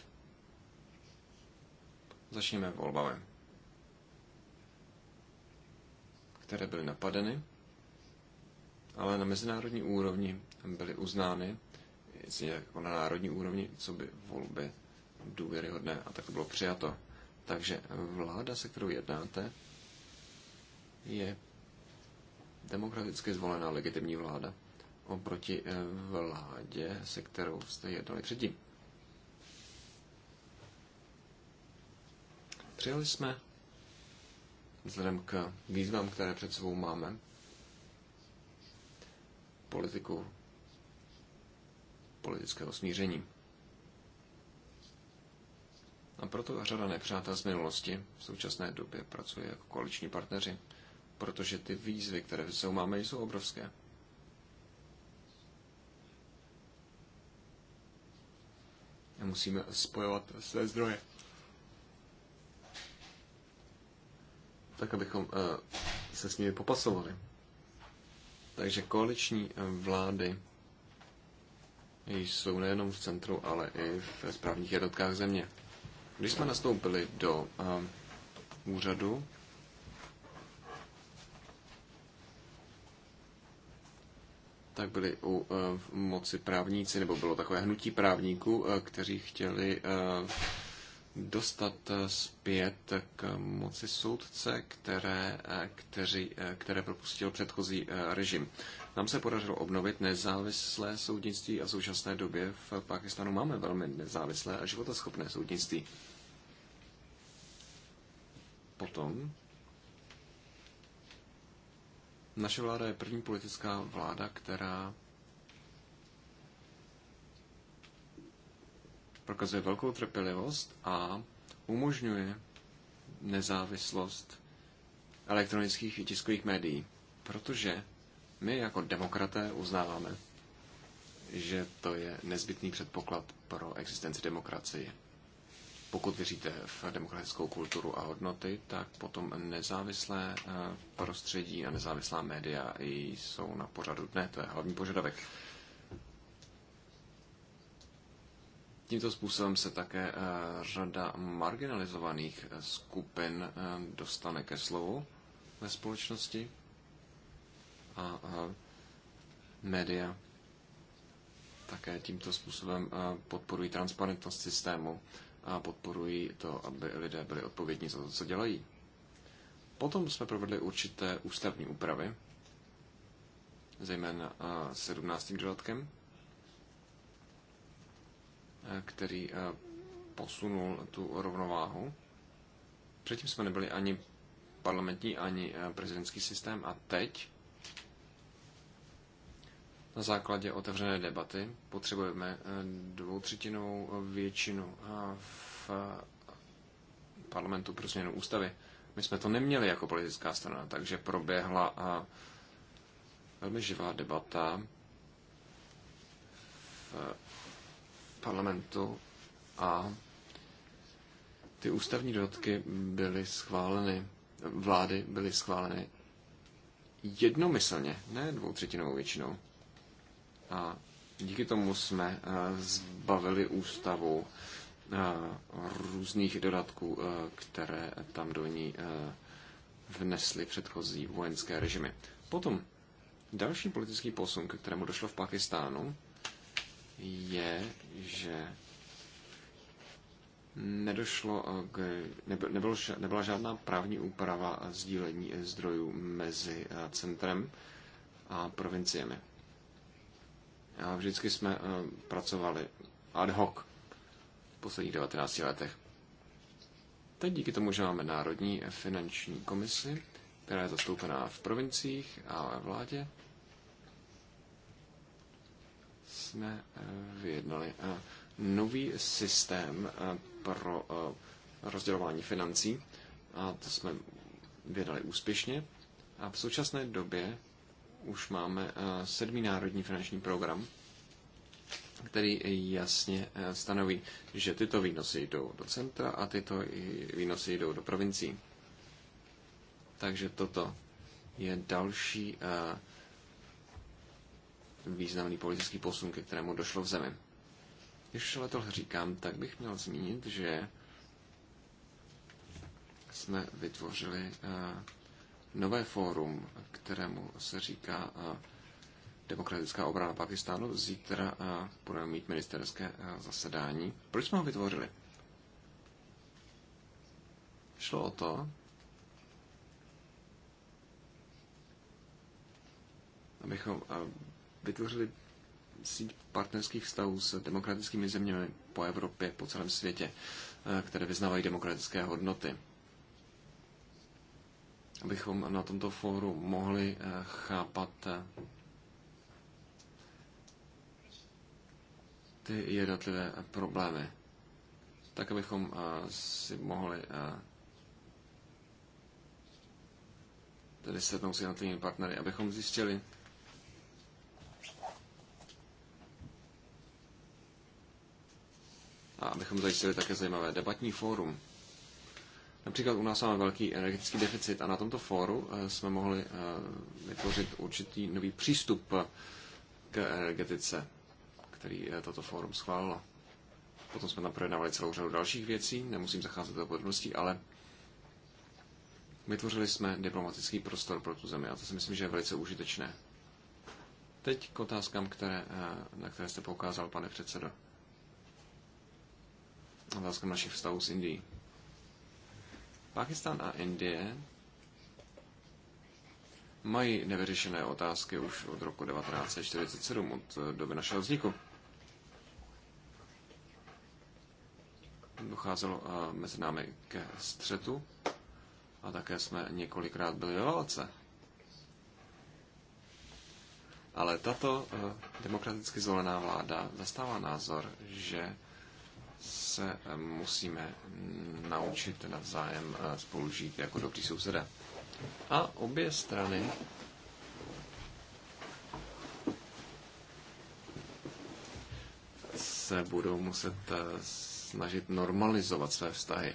Začněme volbami, které byly napadeny, ale na mezinárodní úrovni byly uznány, jako na národní úrovni, co by volby důvěryhodné a tak to bylo přijato. Takže vláda, se kterou jednáte, je demokraticky zvolená legitimní vláda oproti eh, vládě, se kterou jste jednali předtím. Přijali jsme, vzhledem k výzvám, které před sebou máme, politiku politického smíření. A proto řada nepřátel z minulosti v současné době pracuje jako koaliční partneři protože ty výzvy, které jsou, máme, jsou obrovské. A musíme spojovat své zdroje. Tak, abychom uh, se s nimi popasovali. Takže koaliční eh, vlády jsou nejenom v centru, ale i v správních jednotkách země. Když jsme nastoupili do uh, úřadu, tak byli u eh, moci právníci, nebo bylo takové hnutí právníků, eh, kteří chtěli eh, dostat zpět k moci soudce, které, kteři, které propustil předchozí režim. Nám se podařilo obnovit nezávislé soudnictví a v současné době v Pakistanu máme velmi nezávislé a životaschopné soudnictví. Potom naše vláda je první politická vláda, která prokazuje velkou trpělivost a umožňuje nezávislost elektronických i tiskových médií, protože my jako demokraté uznáváme, že to je nezbytný předpoklad pro existenci demokracie pokud věříte v demokratickou kulturu a hodnoty, tak potom nezávislé eh, prostředí a nezávislá média jsou na pořadu dne. To je hlavní požadavek. Tímto způsobem se také eh, řada marginalizovaných eh, skupin dostane ke slovu ve společnosti a média také tímto způsobem podporují transparentnost systému a podporuji to, aby lidé byli odpovědní za to, co dělají. Potom jsme provedli určité ústavní úpravy, zejména 17. dodatkem, který posunul tu rovnováhu. Předtím jsme nebyli ani parlamentní, ani prezidentský systém a teď na základě otevřené debaty. Potřebujeme eh, dvoutřetinovou eh, většinu eh, v parlamentu pro změnu ústavy. My jsme to neměli jako politická strana, takže proběhla velmi živá debata v parlamentu a ty ústavní dodatky byly schváleny, vlády byly schváleny jednomyslně, ne dvoutřetinovou většinou. A díky tomu jsme eh, zbavili ústavu eh, různých dodatků, eh, které tam do ní vnesly předchozí vojenské režimy. Potom další politický posun, k kterému došlo v Pakistánu, je, že nedošlo k, nebyl, nebyla žádná právní úprava sdílení zdrojů mezi centrem a provinciemi a vždycky jsme eh, pracovali ad hoc v posledních 19 letech. Teď díky tomu, že máme Národní finanční komisi, která je zastoupená v provinciích a ve vládě, jsme eh, vyjednali eh, nový systém pro rozdělování financí a to jsme vyjednali úspěšně. A v současné době už máme eh, sedmý národní finanční program, který jasně eh, stanoví, že tyto výnosy jdou do centra a tyto výnosy jdou do provincií. Takže toto je další eh, významný politický posun, ke kterému došlo v zemi. Když ale tohle říkám, tak bych měl zmínit, že jsme vytvořili nové fórum, kterému se říká eh, Demokratická obrana Pakistánu. Zítra eh, budeme mít ministerské eh, zasedání. Proč jsme ho vytvořili? Šlo o to, abychom vytvořili síť partnerských vztahů s demokratickými zeměmi po Evropě, po celém světě, které vyznávají demokratické hodnoty abychom na tomto fóru mohli eh, chápat eh, ty jednotlivé problémy, tak abychom eh, si mohli tedy sednout s jednotlivými partnery, abychom zjistili, a abychom zajistili také zajímavé debatní fórum. Například u nás máme velký energetický deficit a na tomto fóru eh, jsme mohli eh, vytvořit určitý nový přístup eh, k energetice, který toto fórum schválilo. Potom jsme tam projednávali celou řadu dalších věcí, nemusím zacházet do podrobností, ale vytvořili jsme diplomatický prostor pro tu zemi a to si myslím, že je velice užitečné. Teď k otázkám, které, na které jste poukázal, pane předsedo. Otázkám našich vztahů s Indií. Pakistan a Indie mají nevyřešené otázky už od roku 1947, od eh, doby našeho vzniku. Docházelo eh, mezi námi ke střetu a také jsme několikrát byli ve válce. Ale tato eh, demokraticky zvolená vláda zastává názor, že se musíme naučit navzájem eh, spolužít jako dobrý sousedé. A obě strany se budou muset eh, snažit normalizovat své vztahy.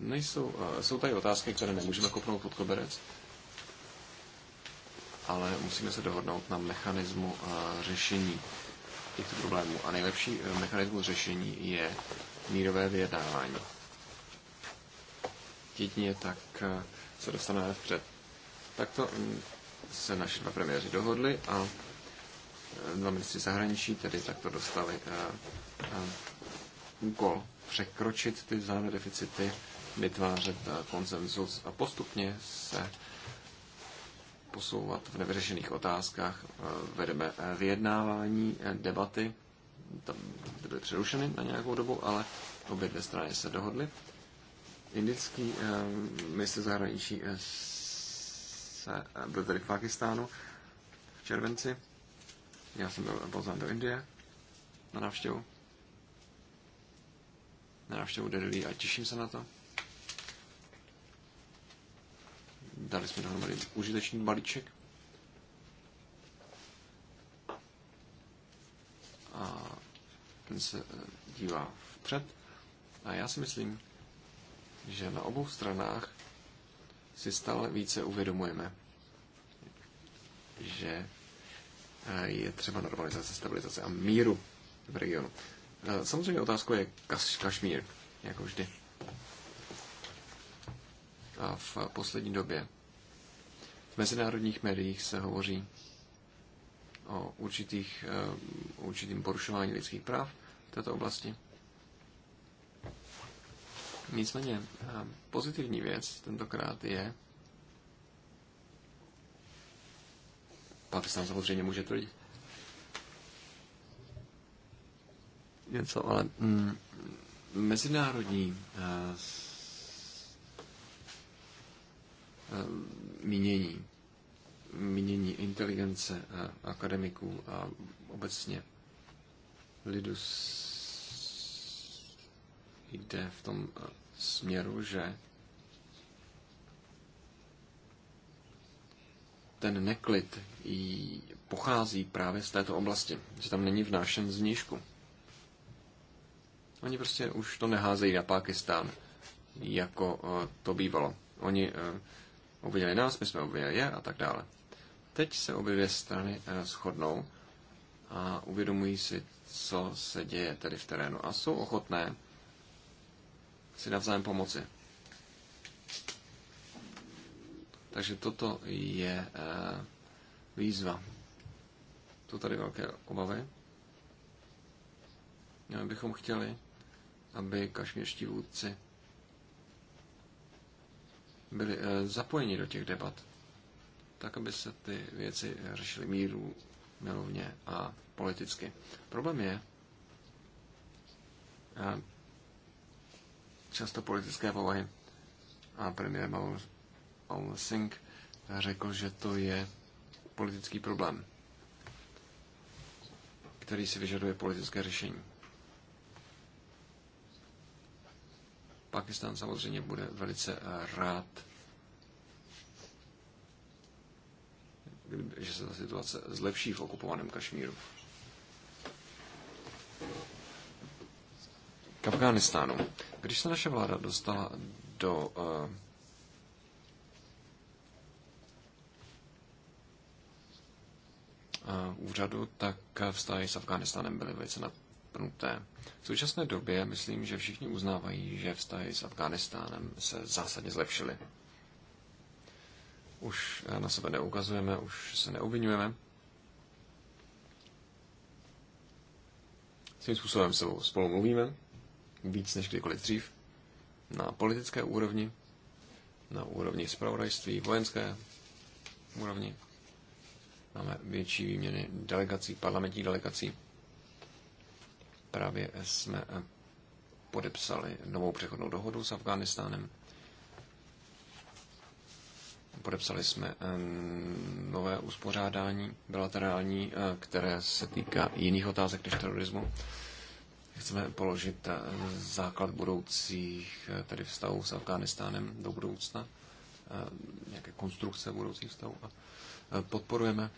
Nejsou, eh, jsou tady otázky, které nemůžeme kopnout pod koberec, ale musíme se dohodnout na mechanismu řešení těchto problémů. A nejlepší eh, mechanismus řešení je mírové vyjednávání. Jedině tak eh, se dostaneme vpřed. Takto mm, se naši dva premiéři dohodli a eh, dva ministři zahraničí tedy takto dostali úkol překročit ty vzájemné deficity, vytvářet konsenzus a postupně se posouvat v nevyřešených otázkách. Eh, vedeme eh, vyjednávání, eh, debaty, tam byly přerušeny na nějakou dobu, ale obě dvě strany se dohodly. Indický minister zahraničí se, byl tady v Pakistánu v červenci. Já jsem byl pozván do Indie na návštěvu. Na návštěvu Delhi a těším se na to. Dali jsme dohromady užitečný balíček. A ten se eh, dívá vpřed. A já si myslím, že na obou stranách si stále více uvědomujeme, že eh, je třeba normalizace, stabilizace a míru v regionu. Eh, samozřejmě otázkou je Kaš- Kašmír, jako vždy v poslední době. V mezinárodních médiích se hovoří o určitých, eh, určitým porušování lidských práv v této oblasti. Nicméně eh, pozitivní věc tentokrát je, Pakistán samozřejmě může tvrdit něco, ale mm, mezinárodní eh, Eh, mínění, mínění inteligence eh, akademiků a obecně lidu jde v tom eh, směru, že ten neklid pochází právě z této oblasti, že tam není vnášen znížku. Oni prostě už to neházejí na Pákistán, jako to bývalo. Oni obvinili nás, my jsme obvinili je a tak dále. Teď se obě dvě strany eh, shodnou a uvědomují si, co se děje tedy v terénu a jsou ochotné si navzájem pomoci. Takže toto je eh, výzva. Jsou tady velké obavy. My bychom chtěli, aby kašměrští vůdci byli eh, zapojeni do těch debat, tak aby se ty věci řešily míru, milovně a politicky. Problém je, eh, často politické povahy a premiér Maul Singh řekl, že to je politický problém, který si vyžaduje politické řešení. Pakistán samozřejmě bude velice eh, rád, že se ta situace zlepší v okupovaném Kašmíru. K Afganistánu. Když se naše vláda dostala do eh, eh, úřadu, tak vztahy s Afganistánem byly velice zapnuté. V současné době myslím, že všichni uznávají, že vztahy s Afghánistánem se zásadně zlepšily. Už eh, na sebe neukazujeme, už se neobvinujeme. Tím způsobem se spolu mluvíme, víc než kdykoliv dřív, na politické úrovni, na úrovni zpravodajství, vojenské úrovni. Máme větší výměny delegací, parlamentních delegací. Právě jsme eh, podepsali novou přechodnou dohodu s Afghánistánem. Podepsali jsme eh, nové uspořádání bilaterální, eh, které se týká jiných otázek než terorismu. Chceme položit základ budoucích tedy vztahů s Afghánistánem do budoucna, nějaké konstrukce budoucích vztahů. Podporujeme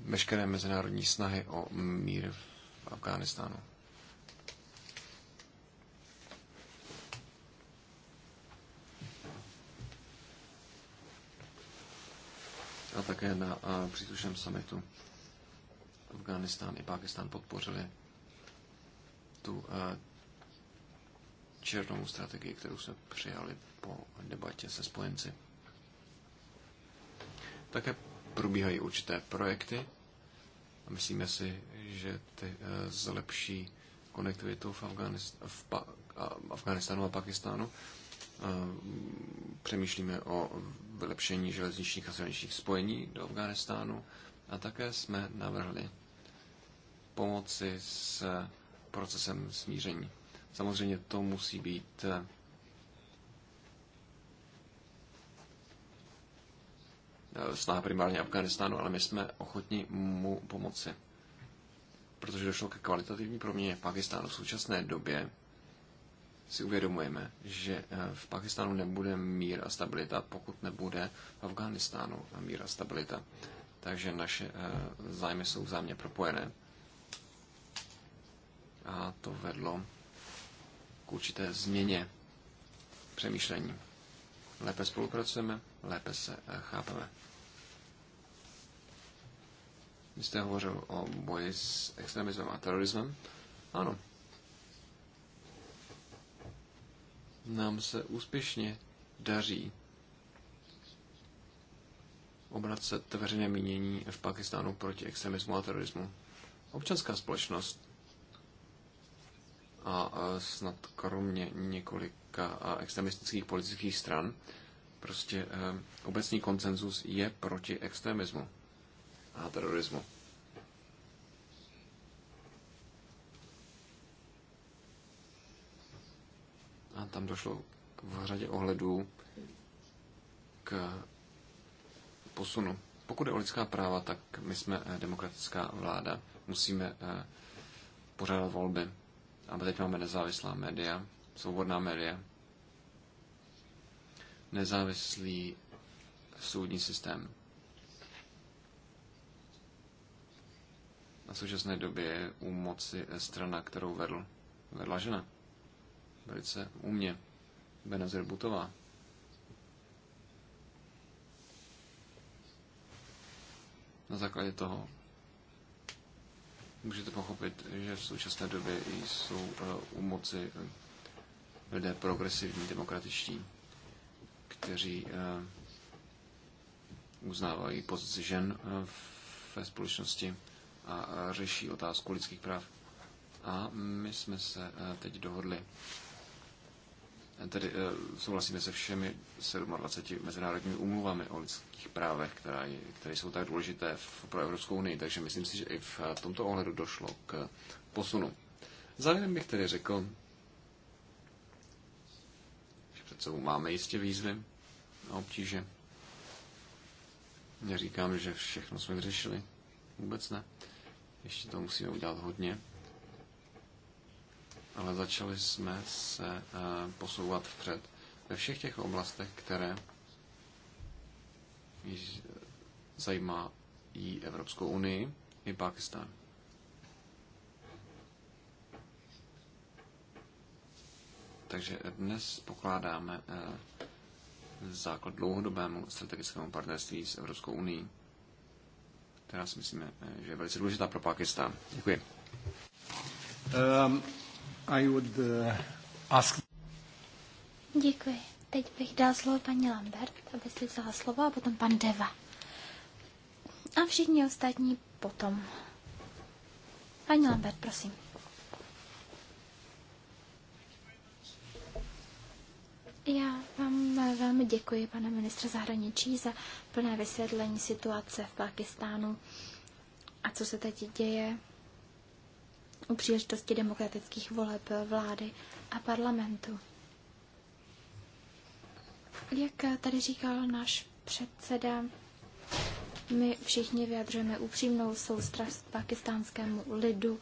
veškeré mezinárodní snahy o mír v v A také na příslušném summitu Afghánistán i Pakistán podpořili tu černou strategii, kterou jsme přijali po debatě se spojenci. Také probíhají určité projekty a myslíme si, že ty eh, zlepší konektivitu v, Afganist- v pa- Afganistánu a Pakistánu. Eh, přemýšlíme o vylepšení železničních a silničních spojení do Afganistánu a také jsme navrhli pomoci s procesem smíření. Samozřejmě to musí být eh, Eh, snaha primárně Afganistánu, ale my jsme ochotni mu pomoci. Protože došlo ke kvalitativní proměně Pakistánu v současné době, si uvědomujeme, že eh, v Pakistánu nebude mír a stabilita, pokud nebude v Afganistánu mír a stabilita. Takže naše eh, zájmy jsou vzájemně propojené. A to vedlo k určité změně přemýšlení lépe spolupracujeme, lépe se eh, chápeme. Vy jste hovořil o boji s extremismem a terorismem. Ano. Nám se úspěšně daří obracet veřejné mínění v Pakistánu proti extremismu a terorismu. Občanská společnost a snad kromě několika extremistických politických stran, prostě e, obecný konsenzus je proti extremismu a terorismu. A tam došlo v řadě ohledů k posunu. Pokud je o lidská práva, tak my jsme e, demokratická vláda. Musíme e, pořádat volby a teď máme nezávislá média, svobodná média, nezávislý soudní systém. Na současné době je u moci strana, kterou vedl, vedla žena. Velice umě. Benazir Butová. Na základě toho můžete pochopit, že v současné době jsou eh, u moci eh, lidé progresivní, demokratičtí, kteří eh, uznávají pozici žen ve společnosti a řeší otázku lidských práv. A my jsme se teď dohodli tedy eh, souhlasíme se všemi 27 mezinárodními umluvami o lidských právech, které, které jsou tak důležité v, pro Evropskou unii, takže myslím si, že i v eh, tomto ohledu došlo k posunu. Závěrem bych tedy řekl, že před sebou máme jistě výzvy a obtíže. Neříkám, že všechno jsme vyřešili. Vůbec ne. Ještě to musíme udělat hodně ale začali jsme se eh, posouvat vpřed ve všech těch oblastech, které zajímá i Evropskou unii, i Pakistán. Takže dnes pokládáme eh, základ dlouhodobému strategickému partnerství s Evropskou unii, která si myslíme, eh, že je velice důležitá pro Pakistán. Děkuji. Um. I would uh, ask... Děkuji. Teď bych dal slovo paní Lambert, aby si vzala slovo a potom pan Deva. A všichni ostatní potom. Paní Lambert, prosím. Já vám velmi děkuji, pane ministře zahraničí, za plné vysvětlení situace v Pakistánu a co se teď děje u příležitosti demokratických voleb vlády a parlamentu. Jak tady říkal náš předseda, my všichni vyjadřujeme upřímnou soustrast pakistánskému lidu,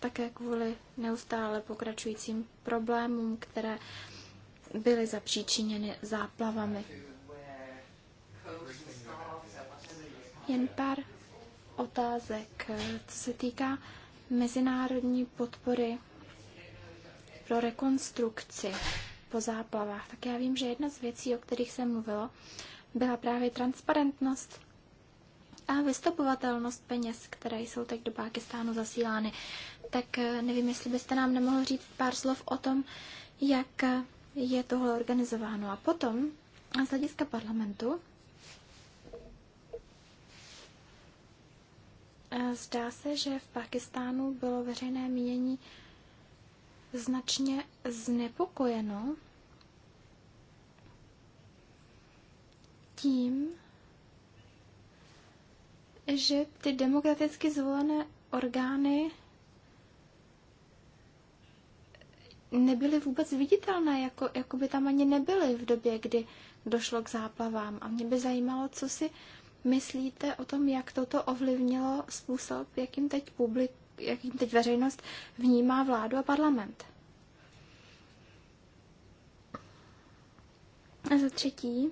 také kvůli neustále pokračujícím problémům, které byly zapříčiněny záplavami. Jen pár otázek, co se týká mezinárodní podpory pro rekonstrukci po záplavách. Tak já vím, že jedna z věcí, o kterých jsem mluvilo, byla právě transparentnost a vystupovatelnost peněz, které jsou teď do Pákistánu zasílány. Tak eh, nevím, jestli byste nám nemohl říct pár slov o tom, jak je tohle organizováno. A potom, z hlediska parlamentu, Zdá se, že v Pakistánu bylo veřejné mínění značně znepokojeno tím, že ty demokraticky zvolené orgány nebyly vůbec viditelné, jako, jako by tam ani nebyly v době, kdy došlo k záplavám. A mě by zajímalo, co si myslíte o tom, jak toto ovlivnilo způsob, jakým teď, publik, jakým teď veřejnost vnímá vládu a parlament? A za třetí,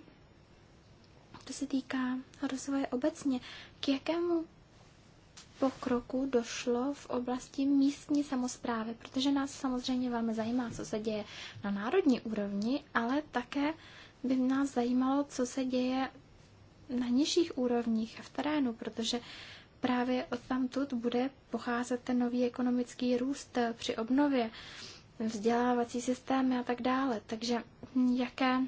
to se týká rozvoje obecně, k jakému pokroku došlo v oblasti místní samozprávy, protože nás samozřejmě velmi zajímá, co se děje na národní úrovni, ale také by nás zajímalo, co se děje na nižších úrovních a v terénu, protože právě od tamtud bude pocházet ten nový ekonomický růst při obnově, vzdělávací systémy a tak dále. Takže jaké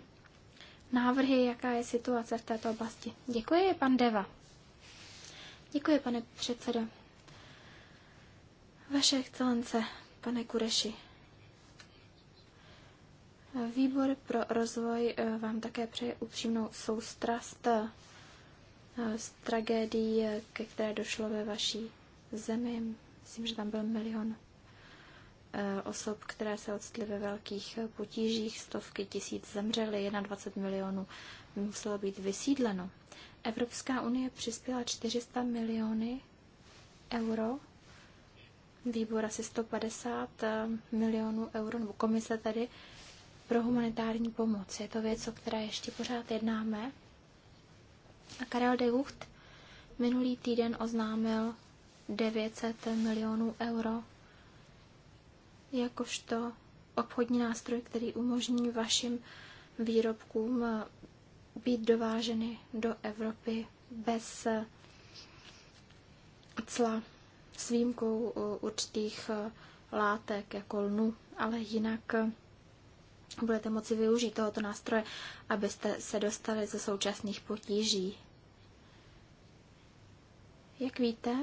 návrhy, jaká je situace v této oblasti? Děkuji, pan Deva. Děkuji, pane předsedo. Vaše excelence, pane Kureši. Výbor pro rozvoj eh, vám také přeje upřímnou soustrast Eh, z tragédií, eh, ke které došlo ve vaší zemi. Myslím, že tam byl milion eh, osob, které se odstly ve velkých potížích, stovky tisíc zemřely, 21 milionů muselo být vysídleno. Evropská unie přispěla 400 miliony euro, výbor asi 150 milionů euro, nebo komise tady, pro humanitární pomoc. Je to věc, o které ještě pořád jednáme a Karel de Hucht minulý týden oznámil 900 milionů euro jakožto obchodní nástroj, který umožní vašim výrobkům eh, být dováženy do Evropy bez eh, cla s výjimkou eh, určitých látek jako lnu, ale jinak budete moci využít tohoto nástroje, abyste se dostali ze současných potíží. Jak víte,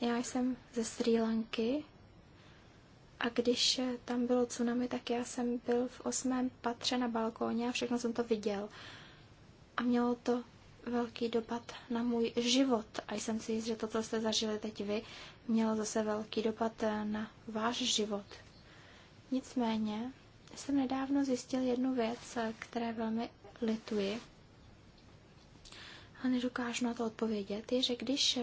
já jsem ze Sri Lanky a když tam bylo tsunami, tak já jsem byl v osmém patře na balkóně a všechno jsem to viděl. A mělo to velký dopad na můj život. A jsem si jist, že to, co jste zažili teď vy, mělo zase velký dopad na váš život. Nicméně jsem nedávno zjistil jednu věc, které velmi lituji a nedokážu na to odpovědět, je, že když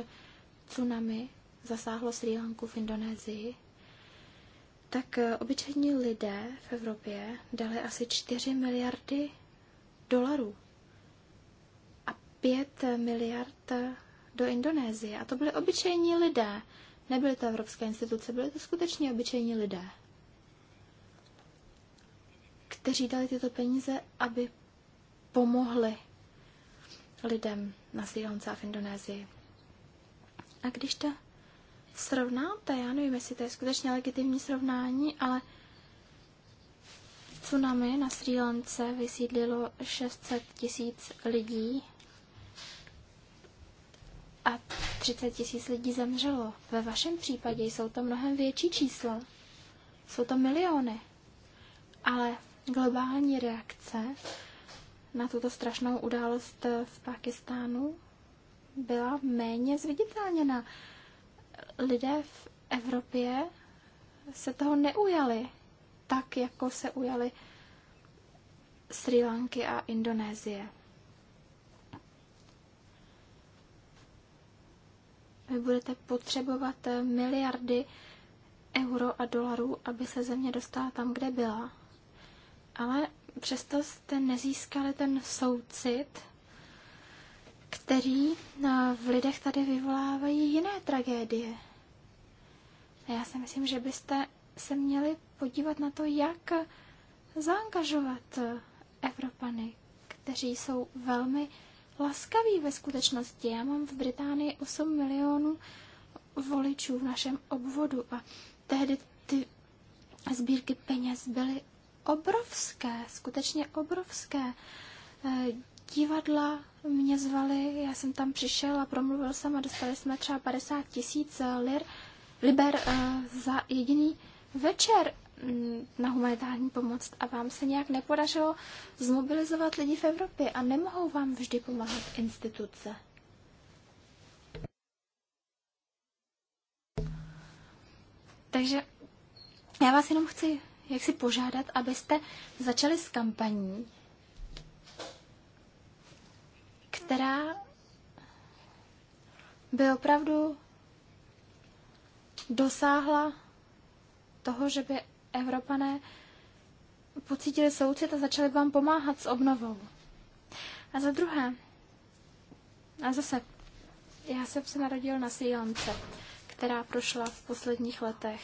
tsunami zasáhlo Sri Lanku v Indonésii, tak eh, obyčejní lidé v Evropě dali asi 4 miliardy dolarů a 5 miliard eh, do Indonésie. A to byly obyčejní lidé. Nebyly to evropské instituce, byly to skutečně obyčejní lidé kteří dali tyto peníze, aby pomohli lidem na Sri Lance a v Indonésii. A když to srovnáte, já nevím, jestli to je skutečně legitimní srovnání, ale tsunami na Sri Lance vysídlilo 600 tisíc lidí a 30 tisíc lidí zemřelo. Ve vašem případě jsou to mnohem větší čísla. Jsou to miliony. Ale globální reakce na tuto strašnou událost v Pakistánu byla méně zviditelněna. Lidé v Evropě se toho neujali tak, jako se ujali Sri Lanky a Indonésie. Vy budete potřebovat miliardy euro a dolarů, aby se země dostala tam, kde byla ale přesto jste nezískali ten soucit, který eh, v lidech tady vyvolávají jiné tragédie. A já si myslím, že byste se měli podívat na to, jak zaangažovat eh, Evropany, kteří jsou velmi laskaví ve skutečnosti. Já mám v Británii 8 milionů voličů v našem obvodu a tehdy ty sbírky peněz byly obrovské, skutečně obrovské. Eh, divadla mě zvali, já jsem tam přišel a promluvil jsem a dostali jsme třeba 50 tisíc eh, lir, liber eh, za jediný večer mm, na humanitární pomoc a vám se nějak nepodařilo zmobilizovat lidi v Evropě a nemohou vám vždy pomáhat instituce. Takže já vás jenom chci jak si požádat, abyste začali s kampaní, která by opravdu dosáhla toho, že by Evropané pocítili soucit a začali vám pomáhat s obnovou. A za druhé, a zase, já jsem se narodil na Sýlance, která prošla v posledních letech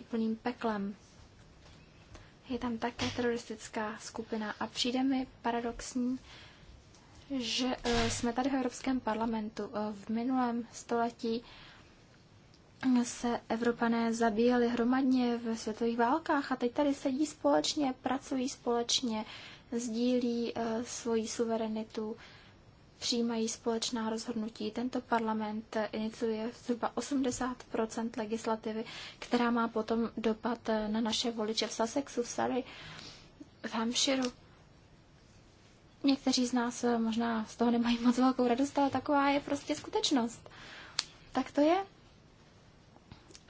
úplným peklem je tam také teroristická skupina. A přijde mi paradoxní, že e, jsme tady v Evropském parlamentu. E, v minulém století se Evropané zabíjeli hromadně v světových válkách a teď tady sedí společně, pracují společně, sdílí e, svoji suverenitu, přijímají společná rozhodnutí. Tento parlament iniciuje zhruba 80 legislativy, která má potom dopad na naše voliče v Sussexu, v Surrey, v Hampshireu. Někteří z nás možná z toho nemají moc velkou radost, ale taková je prostě skutečnost. Tak to je.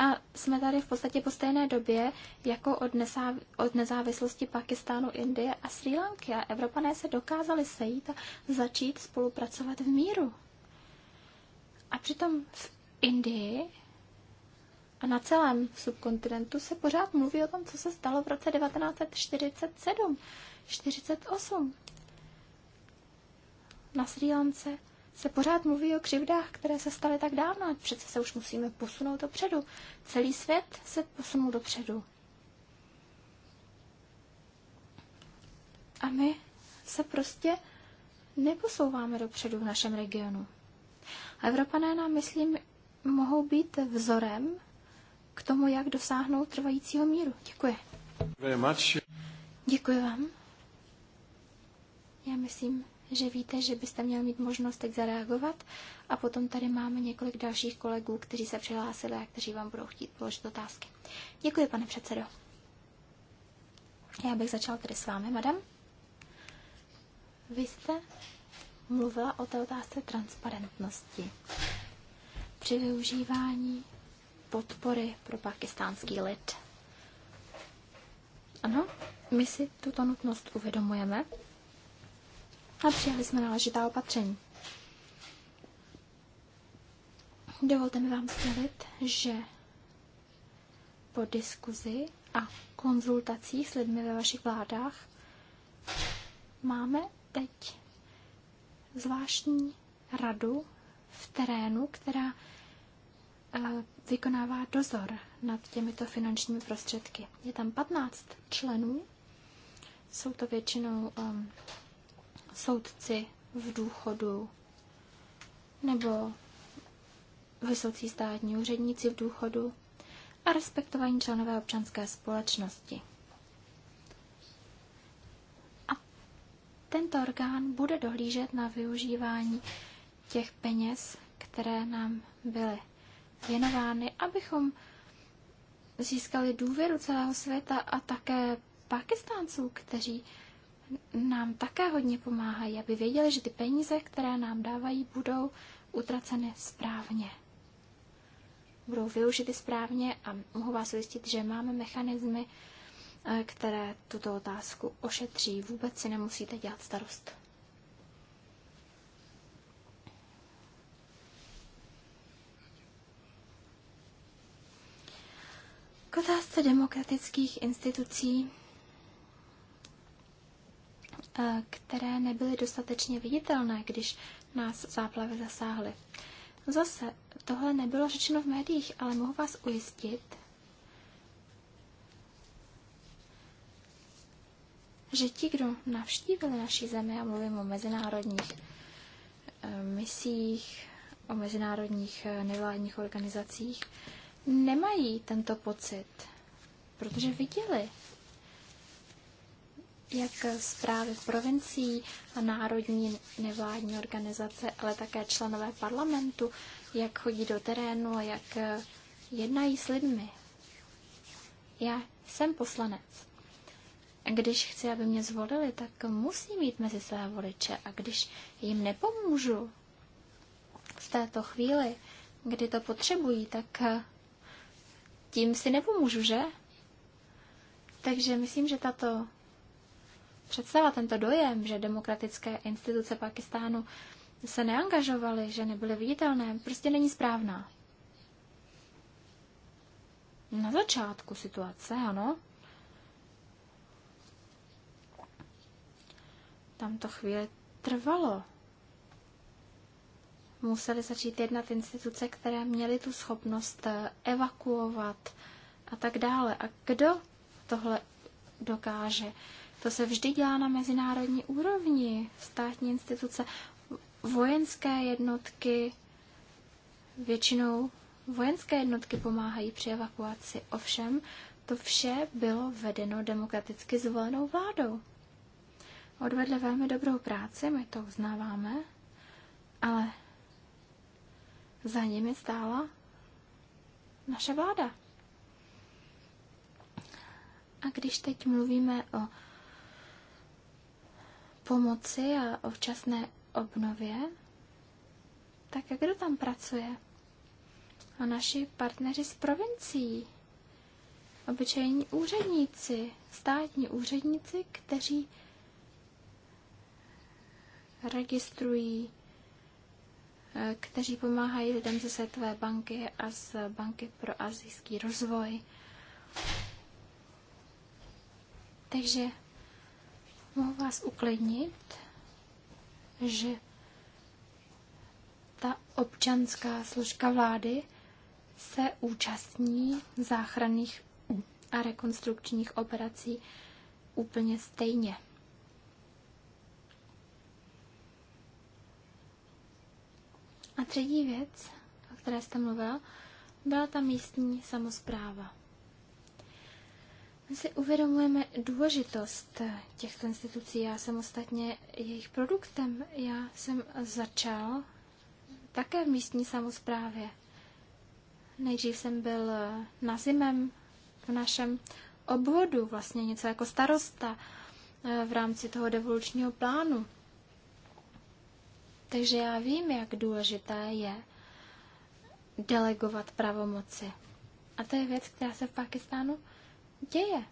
A jsme tady v podstatě po stejné době, jako od, nesá, od nezávislosti Pakistánu, Indie a Sri Lanky. A Evropané se dokázali sejít a začít spolupracovat v míru. A přitom v Indii a na celém subkontinentu se pořád mluví o tom, co se stalo v roce 1947, 48. Na Sri Lance se pořád mluví o křivdách, které se staly tak dávno, ať přece se už musíme posunout dopředu. Celý svět se posunul dopředu. A my se prostě neposouváme dopředu v našem regionu. A Evropané nám, myslím, mohou být vzorem k tomu, jak dosáhnout trvajícího míru. Děkuji. Very much. Děkuji vám. Já myslím, že víte, že byste měl mít možnost teď zareagovat. A potom tady máme několik dalších kolegů, kteří se přihlásili a kteří vám budou chtít položit otázky. Děkuji, pane předsedo. Já bych začal tedy s vámi, madam. Vy jste mluvila o té otázce transparentnosti při využívání podpory pro pakistánský lid. Ano, my si tuto nutnost uvědomujeme a přijali jsme náležitá opatření. Dovolte mi vám sdělit, že po diskuzi a konzultacích s lidmi ve vašich vládách máme teď zvláštní radu v terénu, která eh, vykonává dozor nad těmito finančními prostředky. Je tam 15 členů, jsou to většinou um, soudci v důchodu nebo vysocí státní úředníci v důchodu a respektovaní členové občanské společnosti. A tento orgán bude dohlížet na využívání těch peněz, které nám byly věnovány, abychom získali důvěru celého světa a také Pakistánců, kteří nám také hodně pomáhají, aby věděli, že ty peníze, které nám dávají, budou utraceny správně. Budou využity správně a mohu vás ujistit, že máme mechanismy, eh, které tuto otázku ošetří. Vůbec si nemusíte dělat starost. K otázce demokratických institucí které nebyly dostatečně viditelné, když nás záplavy zasáhly. Zase, tohle nebylo řečeno v médiích, ale mohu vás ujistit, že ti, kdo navštívili naší zemi, a mluvím o mezinárodních e, misích, o mezinárodních e, nevládních organizacích, nemají tento pocit, protože viděli, jak zprávy provincií a národní nevládní organizace, ale také členové parlamentu, jak chodí do terénu a jak eh, jednají s lidmi. Já jsem poslanec. Když chci, aby mě zvolili, tak musím mít mezi své voliče. A když jim nepomůžu v této chvíli, kdy to potřebují, tak eh, tím si nepomůžu, že? Takže myslím, že tato představa, tento dojem, že demokratické instituce Pakistánu se neangažovaly, že nebyly viditelné, prostě není správná. Na začátku situace, ano, tam to chvíli trvalo. Museli začít jednat instituce, které měly tu schopnost eh, evakuovat a tak dále. A kdo tohle dokáže? To se vždy dělá na mezinárodní úrovni. Státní instituce, vojenské jednotky, většinou vojenské jednotky pomáhají při evakuaci. Ovšem, to vše bylo vedeno demokraticky zvolenou vládou. Odvedli velmi dobrou práci, my to uznáváme, ale za nimi stála naše vláda. A když teď mluvíme o pomoci a o včasné obnově, tak kdo tam pracuje? A naši partneři z provincií, obyčejní úředníci, státní úředníci, kteří registrují, eh, kteří pomáhají lidem ze Světové banky a z Banky pro azijský rozvoj. Takže mohu vás uklidnit, že ta občanská složka vlády se účastní záchranných a rekonstrukčních operací úplně stejně. A třetí věc, o které jste mluvila, byla ta místní samozpráva si uvědomujeme důležitost těchto institucí. Já jsem ostatně jejich produktem. Já jsem začal také v místní samozprávě. Nejdřív jsem byl nazimem v našem obvodu, vlastně něco jako starosta eh, v rámci toho devolučního plánu. Takže já vím, jak důležité je delegovat pravomoci. A to je věc, která se v Pakistánu děje.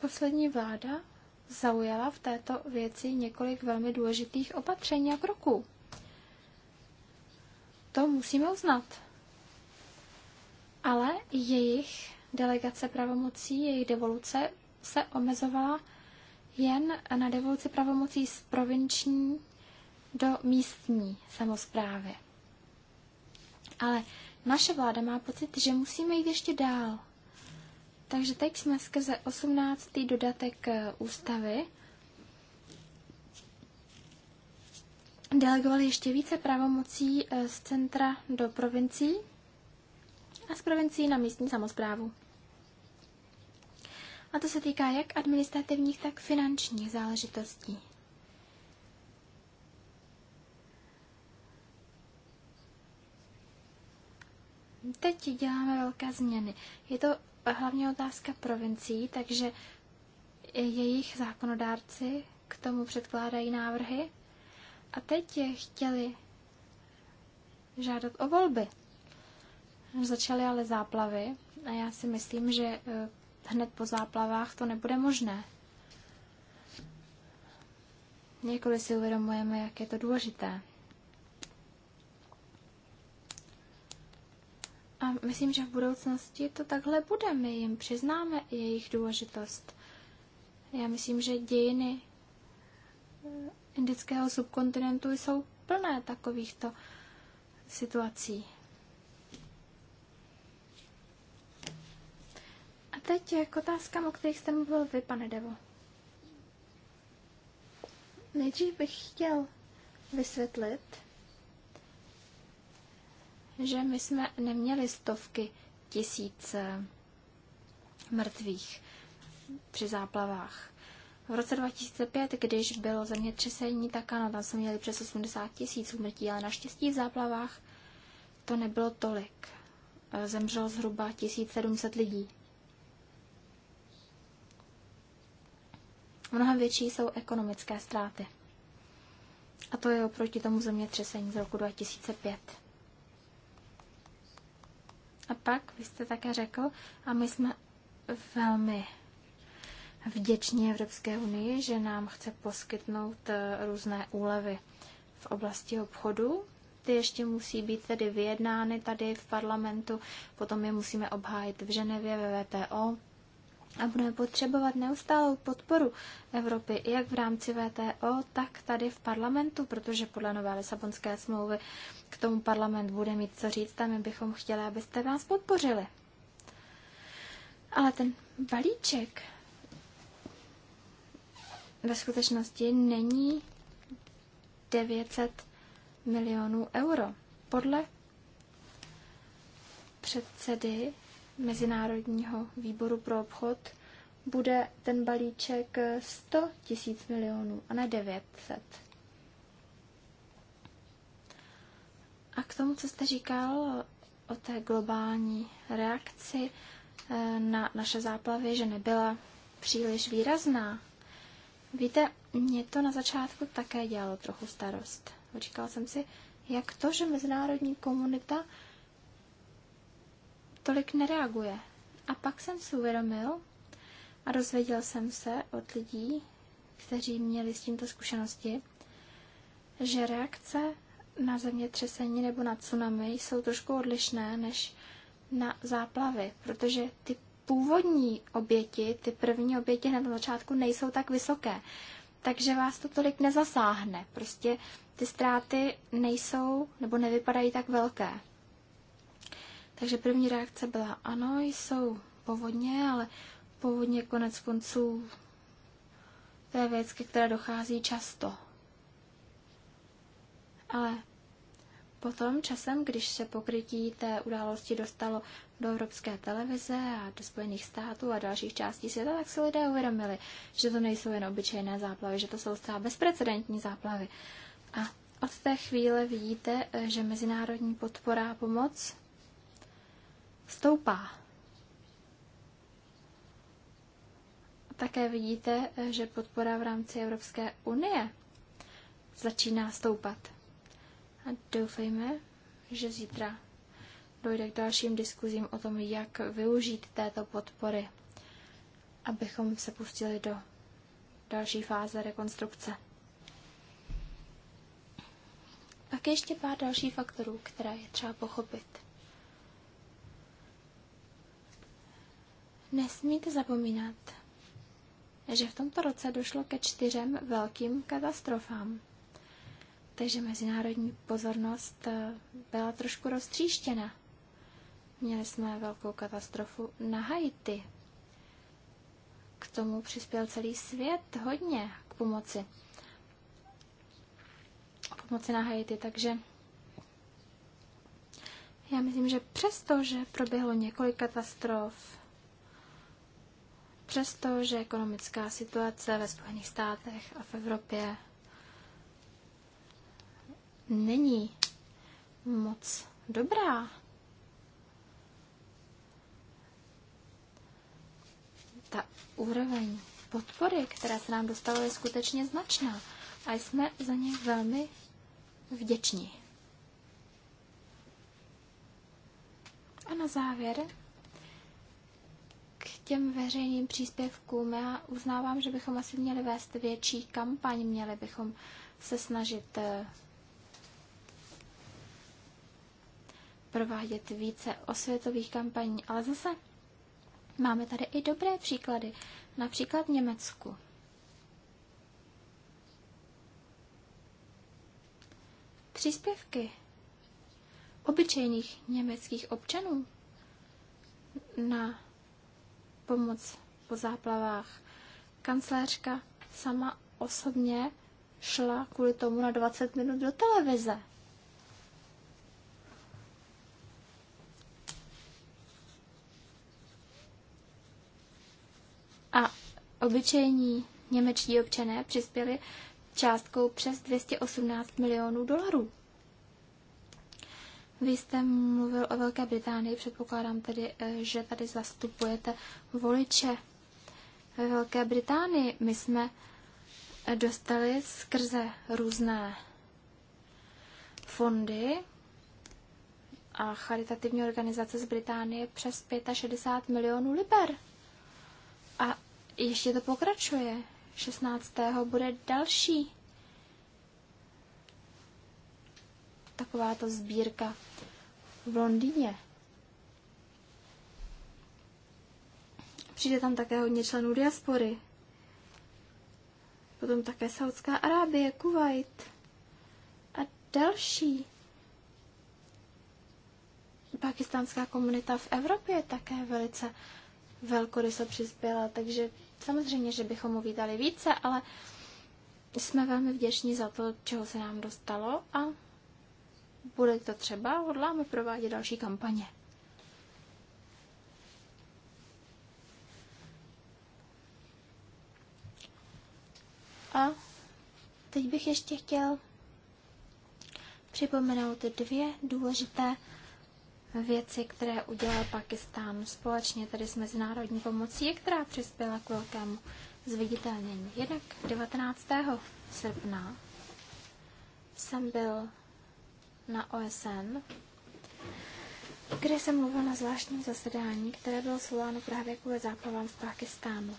Poslední vláda zaujala v této věci několik velmi důležitých opatření a kroků. To musíme uznat. Ale jejich delegace pravomocí, jejich devoluce se omezovala jen na devoluci pravomocí z provinční do místní samozprávy. Ale naše vláda má pocit, že musíme jít ještě dál. Takže teď jsme skrze 18. dodatek eh, ústavy delegovali ještě více pravomocí eh, z centra do provincií a z provincií na místní samozprávu. A to se týká jak administrativních, tak finančních záležitostí. teď děláme velké změny. Je to hlavně otázka provincií, takže jejich zákonodárci k tomu předkládají návrhy a teď je chtěli žádat o volby. Začaly ale záplavy a já si myslím, že eh, hned po záplavách to nebude možné. Několik si uvědomujeme, jak je to důležité. A myslím, že v budoucnosti to takhle bude. My jim přiznáme jejich důležitost. Já myslím, že dějiny eh, indického subkontinentu jsou plné takovýchto situací. A teď k otázkám, o kterých jste mluvil vy, pane Devo. Nejdřív bych chtěl vysvětlit, že my jsme neměli stovky tisíc eh, mrtvých při záplavách. V roce 2005, když bylo zemětřesení, tak ano, tam jsme měli přes 80 tisíc umrtí, ale naštěstí v záplavách to nebylo tolik. Eh, zemřelo zhruba 1700 lidí. Mnohem větší jsou ekonomické ztráty. A to je oproti tomu zemětřesení z roku 2005. A pak vy jste také řekl, a my jsme velmi vděční Evropské unii, že nám chce poskytnout eh, různé úlevy v oblasti obchodu. Ty ještě musí být tedy vyjednány tady v parlamentu, potom je musíme obhájit v Ženevě, ve VTO a budeme potřebovat neustálou podporu Evropy, jak v rámci VTO, tak tady v parlamentu, protože podle nové Lisabonské smlouvy k tomu parlament bude mít co říct a my bychom chtěli, abyste vás podpořili. Ale ten balíček ve skutečnosti není 900 milionů euro. Podle předsedy Mezinárodního výboru pro obchod bude ten balíček 100 tisíc milionů a ne 900. A k tomu, co jste říkal o té globální reakci eh, na naše záplavy, že nebyla příliš výrazná. Víte, mě to na začátku také dělalo trochu starost. Očekal jsem si, jak to, že mezinárodní komunita tolik nereaguje. A pak jsem si uvědomil a rozvěděl jsem se od lidí, kteří měli s tímto zkušenosti, že reakce na zemětřesení nebo na tsunami jsou trošku odlišné než na záplavy, protože ty původní oběti, ty první oběti hned na začátku nejsou tak vysoké. Takže vás to tolik nezasáhne. Prostě ty ztráty nejsou nebo nevypadají tak velké. Takže první reakce byla ano, jsou povodně, ale povodně konec konců to je věc, ke které dochází často. Ale potom časem, když se pokrytí té události dostalo do evropské televize a do Spojených států a dalších částí světa, tak si lidé uvědomili, že to nejsou jen obyčejné záplavy, že to jsou zcela bezprecedentní záplavy. A od té chvíle vidíte, že mezinárodní podpora a pomoc stoupá. Také vidíte, že podpora v rámci Evropské unie začíná stoupat. A doufejme, že zítra dojde k dalším diskuzím o tom, jak využít této podpory, abychom se pustili do další fáze rekonstrukce. Pak ještě pár dalších faktorů, které je třeba pochopit. Nesmíte zapomínat, že v tomto roce došlo ke čtyřem velkým katastrofám. Takže mezinárodní pozornost eh, byla trošku roztříštěna. Měli jsme velkou katastrofu na Haiti. K tomu přispěl celý svět hodně k pomoci. K pomoci na Haiti, takže já myslím, že přesto, že proběhlo několik katastrof, Přesto, že ekonomická situace ve Spojených státech a v Evropě není moc dobrá, ta úroveň podpory, která se nám dostala, je skutečně značná a jsme za ně velmi vděční. A na závěr těm veřejným příspěvkům. Já uznávám, že bychom asi měli vést větší kampaň, měli bychom se snažit eh, provádět více osvětových kampaní, ale zase máme tady i dobré příklady, například v Německu. Příspěvky obyčejných německých občanů na pomoc po záplavách. Kancelářka sama osobně šla kvůli tomu na 20 minut do televize. A obyčejní němečtí občané přispěli částkou přes 218 milionů dolarů. Vy jste mluvil o Velké Británii, předpokládám tedy, eh, že tady zastupujete voliče ve Velké Británii. My jsme dostali skrze různé fondy a charitativní organizace z Británie přes 65 milionů liber. A ještě to pokračuje. 16. bude další taková ta sbírka v Londýně. Přijde tam také hodně členů diaspory. Potom také Saudská Arábie, Kuwait a další. Pakistánská komunita v Evropě je také velice velkoryso přispěla, takže samozřejmě, že bychom uvítali více, ale jsme velmi vděční za to, čeho se nám dostalo a bude to třeba, hodláme provádět další kampaně. A teď bych ještě chtěl připomenout dvě důležité věci, které udělal Pakistán společně tady s mezinárodní pomocí, která přispěla k velkému zviditelnění. Jednak 19. srpna jsem byl na OSN, kde jsem mluvil na zvláštním zasedání, které bylo svoláno právě kvůli záplavám v Pakistánu.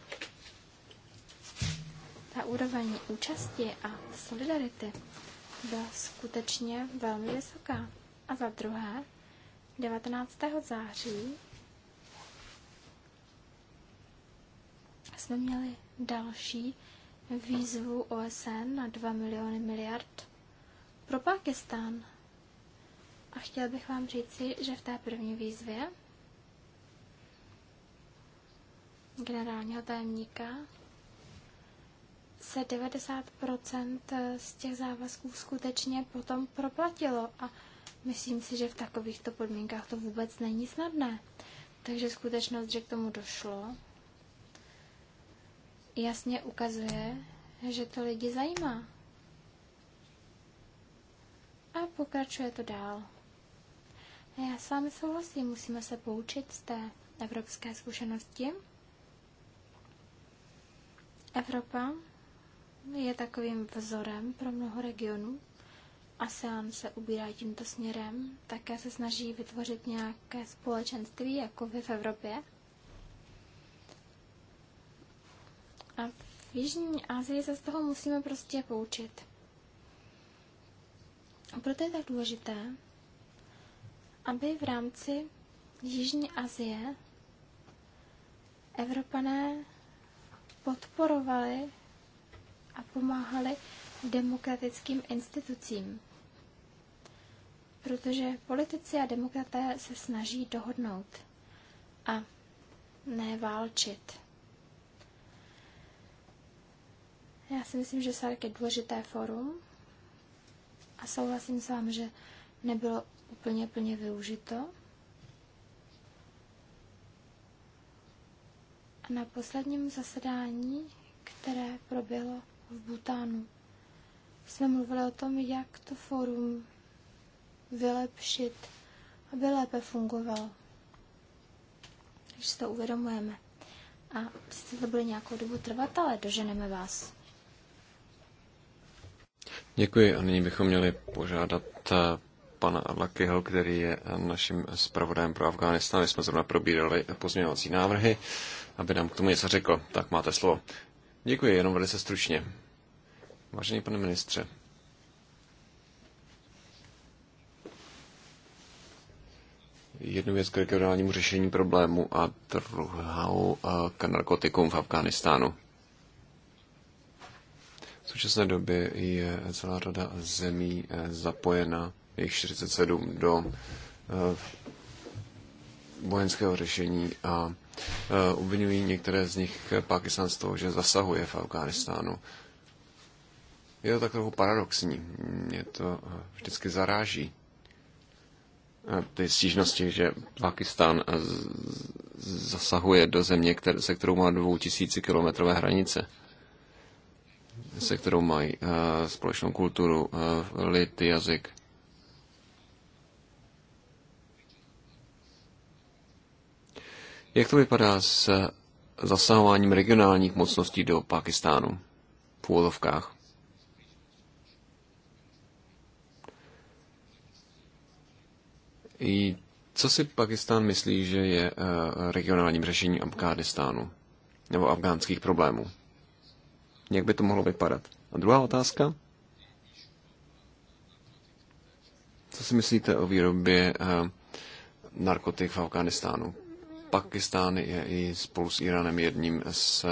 Ta úroveň účasti a solidarity byla skutečně velmi vysoká. A za druhé, 19. září jsme měli další výzvu OSN na 2 miliony miliard pro Pakistán. A chtěla bych vám říci, že v té první výzvě generálního tajemníka se 90% z těch závazků skutečně potom proplatilo a myslím si, že v takovýchto podmínkách to vůbec není snadné. Takže skutečnost, že k tomu došlo, jasně ukazuje, že to lidi zajímá. A pokračuje to dál. Já s vámi souhlasím, musíme se poučit z té evropské zkušenosti. Evropa je takovým vzorem pro mnoho regionů. ASEAN se ubírá tímto směrem, také se snaží vytvořit nějaké společenství, jako vy v Evropě. A v Jižní Asii se z toho musíme prostě poučit. A proto je tak důležité, aby v rámci Jižní Asie Evropané podporovali a pomáhali demokratickým institucím. Protože politici a demokraté se snaží dohodnout a ne Já si myslím, že SARC je důležité forum a souhlasím s vámi, že nebylo úplně plně využito. A na posledním zasedání, které proběhlo v Butánu, jsme mluvili o tom, jak to forum vylepšit, aby lépe fungovalo. Takže si to uvědomujeme. A jestli to bude nějakou dobu trvat, ale doženeme vás. Děkuji a nyní bychom měli požádat eh, pana Lakyho, který je naším zpravodajem pro Afghánistán. My jsme zrovna probírali pozměňovací návrhy, aby nám k tomu něco řekl. Tak máte slovo. Děkuji, jenom velice stručně. Vážený pane ministře. Jednu věc k regionálnímu řešení problému a druhou eh, k narkotikům v Afghánistánu. V současné době je celá řada zemí eh, zapojena jejich 47 do eh, vojenského řešení a eh, obvinují některé z nich Pakistan z toho, že zasahuje v Afghánistánu. Je to tak trochu paradoxní. Mě to eh, vždycky zaráží. Ty stížnosti, že Pakistan zasahuje do země, se kterou má 2000 kilometrové hranice se kterou mají společnou kulturu, lid, jazyk. Jak to vypadá s zasahováním regionálních mocností do Pakistánu v úvodovkách? I co si Pakistán myslí, že je eh, regionálním řešením Afghánistánu nebo afgánských problémů? Jak by to mohlo vypadat? A druhá otázka. Co si myslíte o výrobě eh, narkotik v Afganistánu? Pakistán je i spolu s Iránem jedním z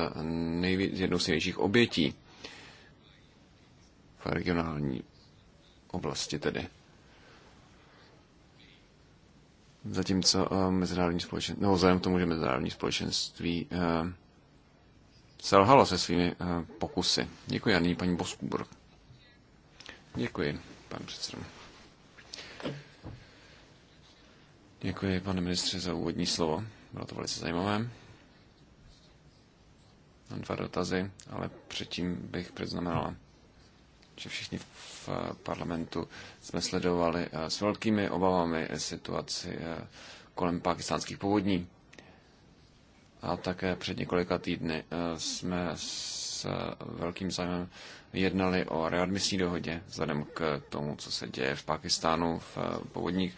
nejvě- jednou z největších obětí v regionální oblasti tedy. Zatímco uh, mezinárodní společenství, nebo vzhledem k tomu, že mezinárodní společenství uh, selhalo se svými uh, pokusy. Děkuji, a nyní paní Boskubor. Děkuji, pane předsedo. Děkuji, pane ministře, za úvodní slovo. Bylo to velice zajímavé. Mám dva dotazy, ale předtím bych předznamenala, že všichni v parlamentu jsme sledovali eh, s velkými obavami situaci eh, kolem pakistánských povodní. A také před několika týdny eh, jsme s velkým zájmem jednali o readmisní dohodě, vzhledem k tomu, co se děje v Pakistánu v povodních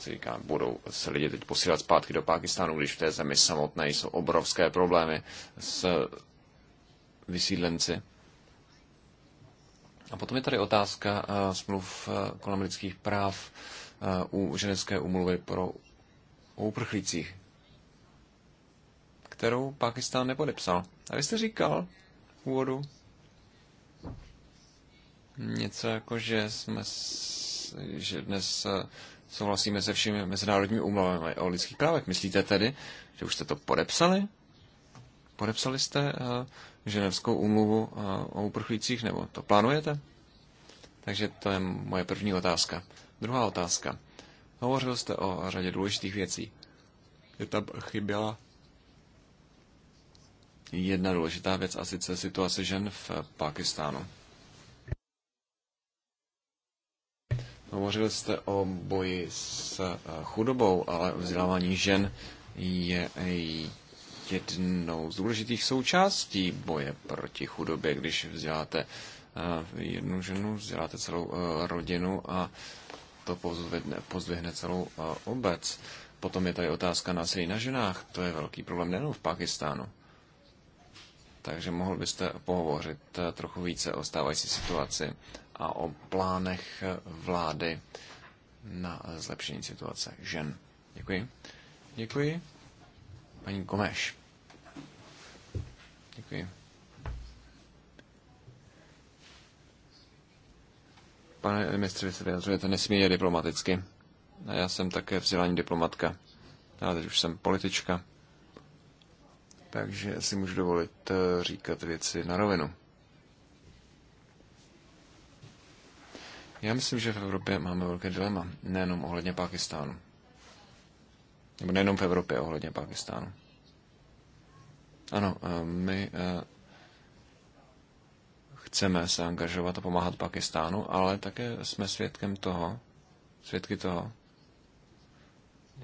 si říká, budou se lidi teď posílat zpátky do Pákistánu, když v té zemi samotné jsou obrovské problémy s vysídlenci. A potom je tady otázka eh, smluv eh, kolem lidských práv eh, u ženevské umluvy pro uprchlících, kterou Pákistán nepodepsal. A vy jste říkal v úvodu něco jako, že jsme že dnes Souhlasíme se všemi mezinárodními úmluvami o lidských právech. Myslíte tedy, že už jste to podepsali? Podepsali jste uh, ženevskou úmluvu uh, o uprchlících, nebo to plánujete? Takže to je moje první otázka. Druhá otázka. Hovořil jste o řadě důležitých věcí. Je tam chyběla jedna důležitá věc, a sice situace žen v Pakistánu. Hovořil jste o boji s eh, chudobou, ale vzdělávání žen je jednou z důležitých součástí boje proti chudobě. Když vzděláte eh, jednu ženu, vzděláte celou eh, rodinu a to pozvedne, celou obec. Potom je tady otázka násilí na ženách. To je velký problém nejen v Pakistánu. Takže mohl byste pohovořit trochu více o stávající situaci a o plánech vlády na zlepšení situace žen. Děkuji. Děkuji. Paní Komeš. Děkuji. Pane ministře, vy se vyjadřujete nesmírně diplomaticky. A já jsem také vzdělání diplomatka. Já teď už jsem politička. Takže si můžu dovolit eh, říkat věci na rovinu. Já myslím, že v Evropě máme velké dilema, nejenom ohledně Pakistánu. Nebo nejenom v Evropě ohledně Pakistánu. Ano, eh, my eh, chceme se angažovat a pomáhat Pakistánu, ale také jsme svědkem toho, svědky toho,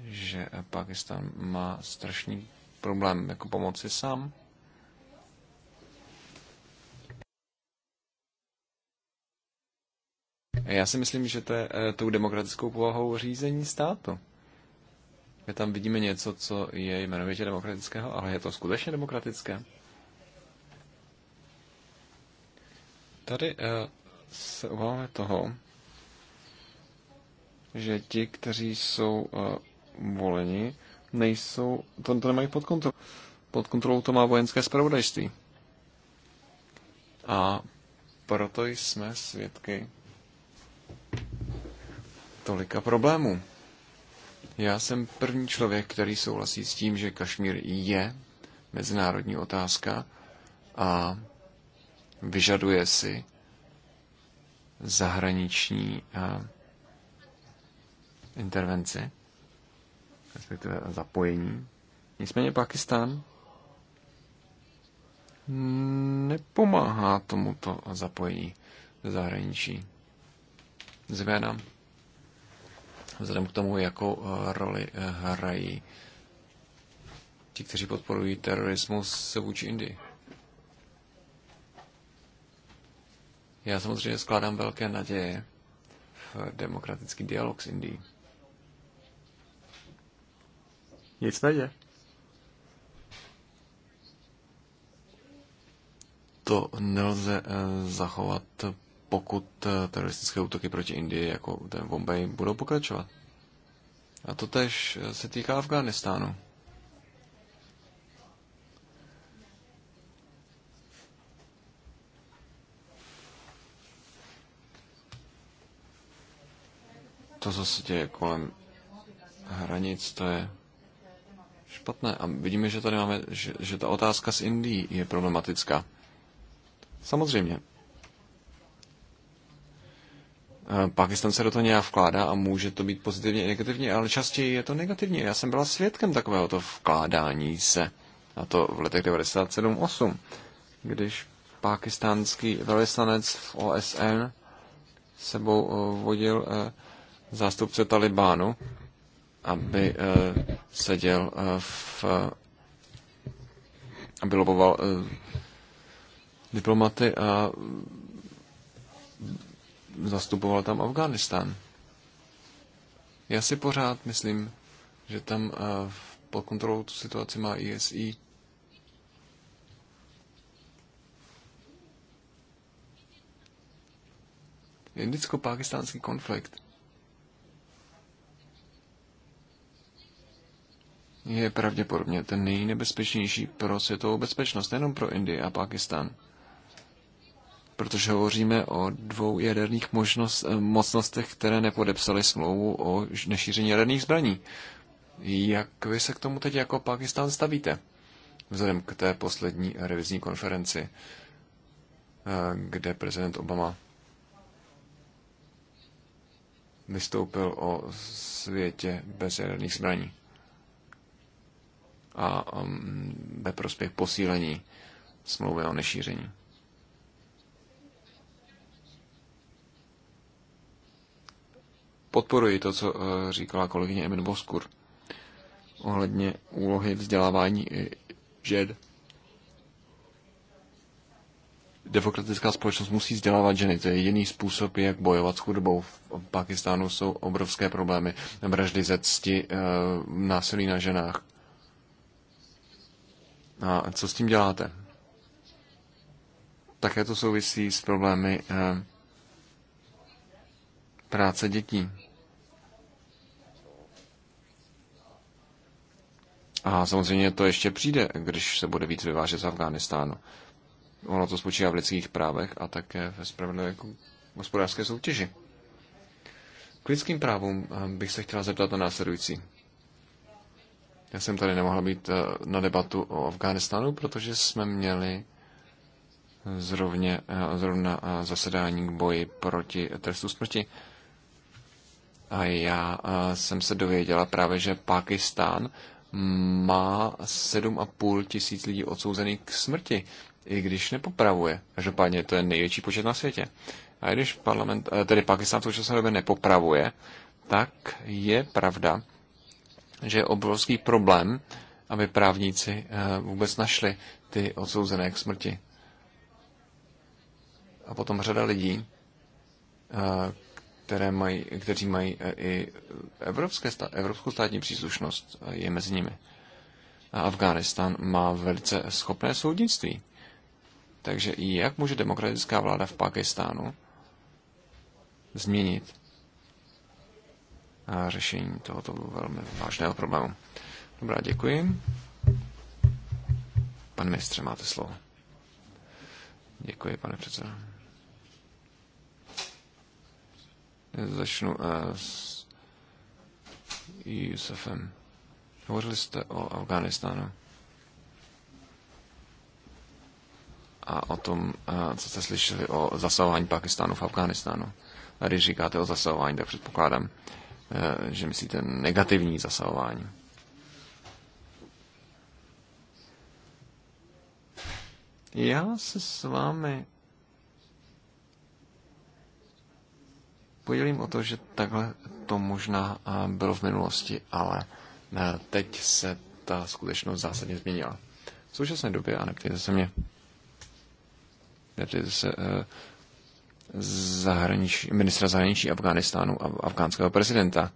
že Pakistán má strašný problém jako pomoci sám. Já si myslím, že to je eh, tou demokratickou povahou řízení státu. My tam vidíme něco, co je jmenovitě demokratického, ale je to skutečně demokratické. Tady eh, se obáváme toho, že ti, kteří jsou eh, voleni, nejsou, to, to nemají pod kontrolou. Pod kontrolou to má vojenské spravodajství. A proto jsme svědky tolika problémů. Já jsem první člověk, který souhlasí s tím, že Kašmír je mezinárodní otázka a vyžaduje si zahraniční intervenci, respektive zapojení. Nicméně Pakistán nepomáhá tomuto zapojení zahraničí. Zvěnám vzhledem k tomu, jakou eh, roli eh, hrají ti, kteří podporují terorismus vůči Indii. Já samozřejmě skládám velké naděje v demokratický dialog s Indií. Nic nejde. To nelze eh, zachovat pokud eh, teroristické útoky proti Indii, jako ten Bombay, budou pokračovat. A to tež eh, se týká Afganistánu. To, co se děje kolem hranic, to je špatné. A vidíme, že tady máme, že, že ta otázka s Indií je problematická. Samozřejmě, Pakistan se do toho nějak vkládá a může to být pozitivně i negativně, ale častěji je to negativně. Já jsem byla svědkem takového to vkládání se, a to v letech 97-8, když pakistánský velvyslanec v OSN sebou eh, vodil eh, zástupce Talibánu, aby eh, seděl v aby loboval diplomaty a zastupoval tam Afghánistán. Já si pořád myslím, že tam eh, pod kontrolou tu situaci má ISI. Indicko-pakistánský konflikt je pravděpodobně ten nejnebezpečnější pro světovou bezpečnost, nejenom pro Indii a Pakistán protože hovoříme o dvou jaderných možnost, eh, mocnostech, které nepodepsaly smlouvu o nešíření jaderných zbraní. Jak vy se k tomu teď jako Pakistán stavíte? Vzhledem k té poslední revizní konferenci, eh, kde prezident Obama vystoupil o světě bez jaderných zbraní a mm, ve prospěch posílení smlouvy o nešíření. podporuji to, co eh, říkala kolegyně Emin Boskur ohledně úlohy vzdělávání eh, žen. Demokratická společnost musí vzdělávat ženy. To je jediný způsob, jak bojovat s chudobou. V Pakistánu jsou obrovské problémy. Vraždy ze cti, eh, násilí na ženách. A co s tím děláte? Také to souvisí s problémy práce dětí. A samozřejmě to ještě přijde, když se bude víc vyvážet z Afghánistánu. Ono to spočívá v lidských právech a také ve spravedlivé hospodářské soutěži. K lidským právům eh, bych se chtěla zeptat na následující. Já jsem tady nemohla být eh, na debatu o Afghánistánu, protože jsme měli zrovně, eh, zrovna zasedání k boji proti trestu smrti. A já jsem se dověděla právě, že Pakistán má 7,5 tisíc lidí odsouzených k smrti, i když nepopravuje. Každopádně to je největší počet na světě. A když parlament, eh, tedy Pakistán v současné době nepopravuje, tak je pravda, že je obrovský problém, aby právníci eh, vůbec našli ty odsouzené k smrti. A potom řada lidí, eh, které mají, kteří mají eh, i evropské, evropskou státní příslušnost, eh, je mezi nimi. A Afghánistán má velice schopné soudnictví. Takže jak může demokratická vláda v Pakistánu změnit a eh, řešení tohoto velmi vážného problému? Dobrá, děkuji. Pan ministře, máte slovo. Děkuji, pane předsedo. Začnu eh, s Jusufem. Hovořili jste o Afganistánu a o tom, eh, co jste slyšeli o zasahování Pakistánu v Afganistánu. A když říkáte o zasahování, tak předpokládám, eh, že myslíte negativní zasahování. Já se s vámi podělím o to, že takhle to možná eh, bylo v minulosti, ale eh, teď se ta skutečnost zásadně změnila. V současné době, a neptejte se mě, neptejte se eh, zahraničí, ministra zahraničí Afganistánu a afgánského prezidenta,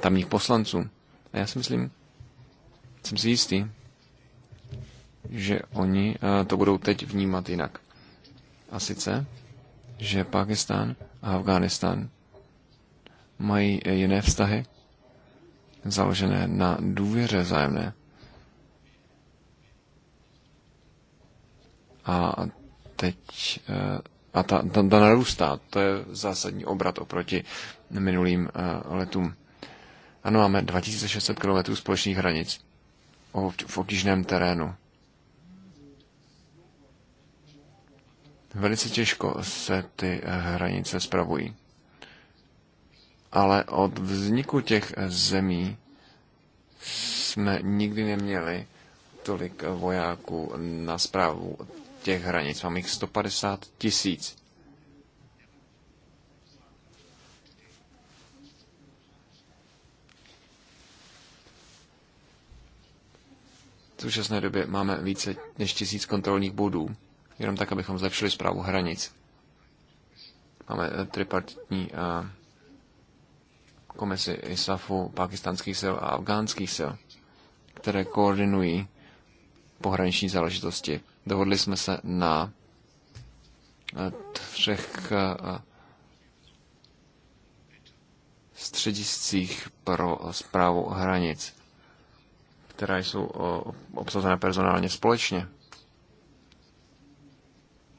tamních poslanců. A já si myslím, jsem si jistý, že oni to budou teď vnímat jinak. A sice, že Pakistán a Afghánistán mají jiné vztahy, založené na důvěře vzájemné. A teď eh, a ta, ta, ta narůstá. To je zásadní obrat oproti minulým eh, letům. Ano, máme 2600 km společných hranic v obtížném terénu. Velice těžko se ty eh, hranice spravují. Ale od vzniku těch eh, zemí jsme nikdy neměli tolik eh, vojáků na zprávu těch hranic. Mám jich 150 tisíc. V současné době máme více než tisíc kontrolních bodů jenom tak, abychom zlepšili zprávu hranic. Máme eh, tripartitní eh, komisi ISAFu, pakistánských sil a afgánských sil, které koordinují pohraniční záležitosti. Dohodli jsme se na eh, třech střediscích pro zprávu hranic, které jsou obsazené personálně společně.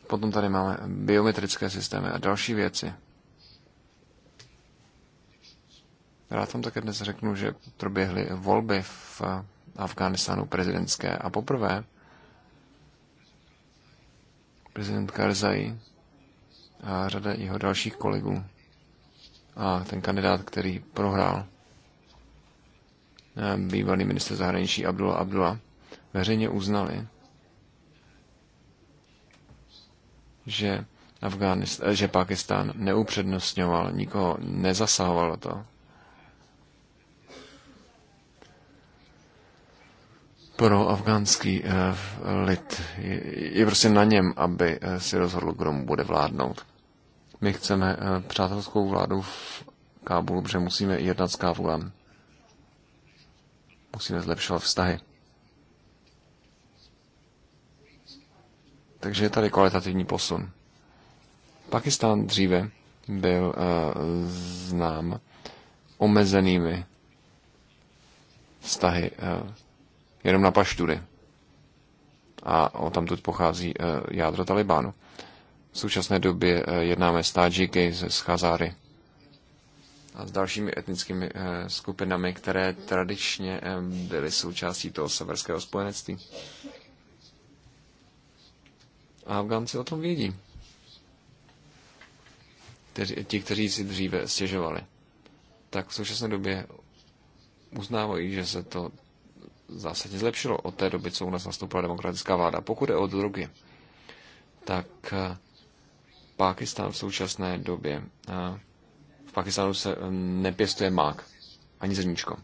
Potom tady máme biometrické systémy a další věci. Rád vám také dnes řeknu, že proběhly volby v Afghánistánu prezidentské a poprvé prezident Karzai a řada jeho dalších kolegů a ten kandidát, který prohrál, eh, bývalý minister zahraničí Abdullah Abdullah, veřejně uznali, že, Afganist- eh, že Pakistán neupřednostňoval, nikoho nezasahovalo to. Pro afgánský eh, lid je prostě na něm, aby eh, si rozhodl, kdo mu bude vládnout. My chceme přátelskou vládu v Kábulu, protože musíme jednat s Kábulem. Musíme zlepšovat vztahy. Takže je tady kvalitativní posun. Pakistán dříve byl uh, znám omezenými vztahy uh, jenom na paštury. A o tam pochází uh, jádro Talibánu. V současné době uh, jednáme s Tadžiky, s Chazáry a s dalšími etnickými uh, skupinami, které tradičně uh, byly součástí toho severského spojenectví. A Afgánci o tom vědí. Kteři, ti, kteří si dříve stěžovali. Tak v současné době uznávají, že se to zásadně zlepšilo od té doby, co u nás nastoupila demokratická vláda. Pokud je o drogy, tak eh, Pákistán v současné době, eh, v Pakistanu se eh, nepěstuje mák, ani zrníčko.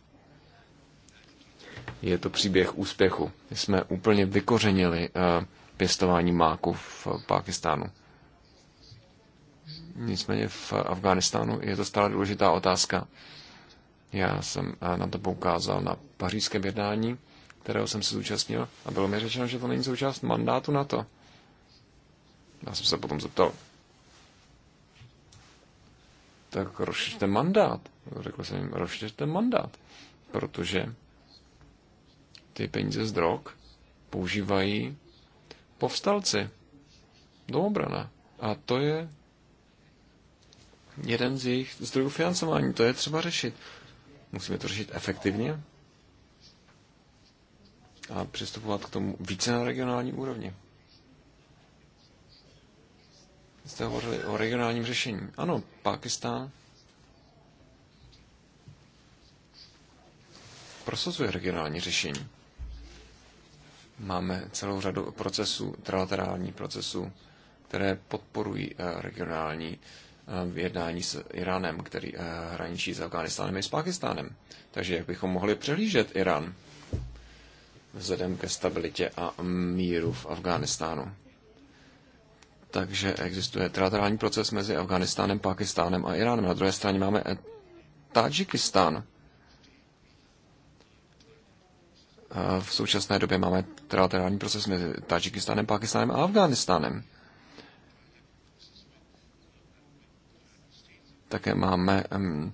Je to příběh úspěchu. My jsme úplně vykořenili uh, pěstování máku v Pákistánu. Nicméně v Afghánistánu je to stále důležitá otázka. Já jsem eh, na to poukázal na pařížském jednání, kterého jsem se zúčastnil a bylo mi řečeno, že to není součást mandátu na to. Já jsem se potom zeptal, tak rozšiřte mandát. Řekl jsem jim, rozšiřte mandát, protože ty peníze z drog používají povstalci do obrana. A to je jeden z jejich zdrojů financování. To je třeba řešit. Musíme to řešit efektivně a přistupovat k tomu více na regionální úrovni. Jste hovořili o regionálním řešení. Ano, Pakistán prosazuje regionální řešení. Máme celou řadu procesů, trilaterální procesů, které podporují eh, regionální vyjednání eh, s Iránem, který eh, hraničí s Afganistánem i s Pakistánem. Takže jak bychom mohli přehlížet Irán vzhledem ke stabilitě a míru v Afganistánu? Takže existuje trilaterální proces mezi Afganistánem, Pakistánem a Iránem. Na druhé straně máme Tadžikistán, v současné době máme trilaterální proces mezi Tadžikistánem, Pakistánem a Afghánistánem. Také máme um,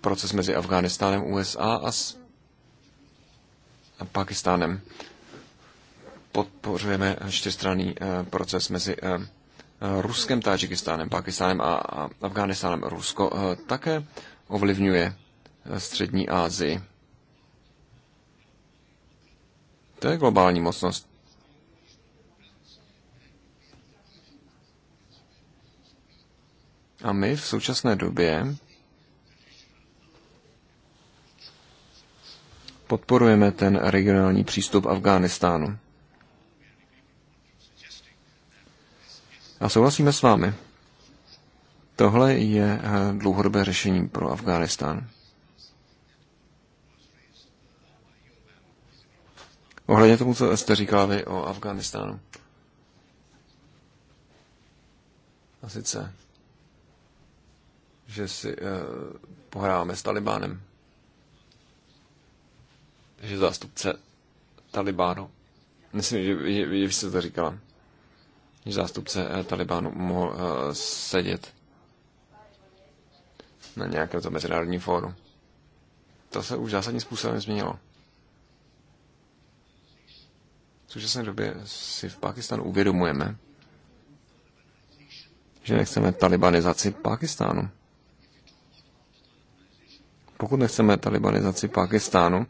proces mezi Afghánistánem, USA a, s, a Pakistánem. Podpořujeme čtyřstranný uh, proces mezi uh, Ruskem, Tadžikistánem, Pakistánem a, a Afghánistánem. Rusko uh, také ovlivňuje střední Asii To je globální mocnost. A my v současné době podporujeme ten regionální přístup Afghánistánu. A souhlasíme s vámi. Tohle je eh, dlouhodobé řešení pro Afghánistán. Ohledně tomu, co jste říkala vy o Afganistánu. A sice, že si uh, pohráváme s Talibánem. Že zástupce Talibánu, myslím, že, že, že jste to říkala, že zástupce uh, Talibánu mohl uh, sedět na nějakém to mezinárodní fóru. To se už zásadním způsobem změnilo. V současné době si v Pakistánu uvědomujeme, že nechceme talibanizaci Pakistánu. Pokud nechceme talibanizaci Pakistánu,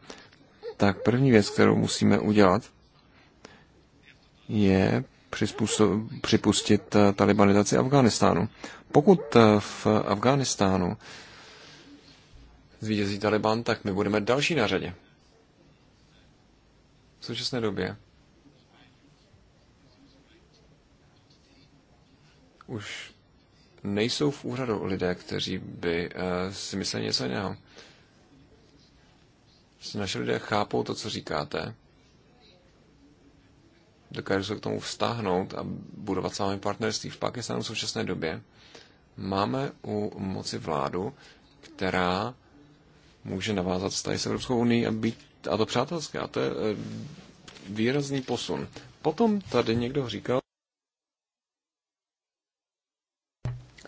tak první věc, kterou musíme udělat, je připustit eh, talibanizaci Afghánistánu. Pokud eh, v Afghánistánu zvítězí Taliban, tak my budeme další na řadě. V současné době už nejsou v úřadu lidé, kteří by eh, si mysleli něco jiného. Naši lidé chápou to, co říkáte, dokážu se k tomu vztáhnout a budovat s vámi partnerství v Pakistanu v současné době, máme u moci vládu, která může navázat vztahy s Evropskou unii a, být, a to přátelské. A to je eh, výrazný posun. Potom tady někdo říkal,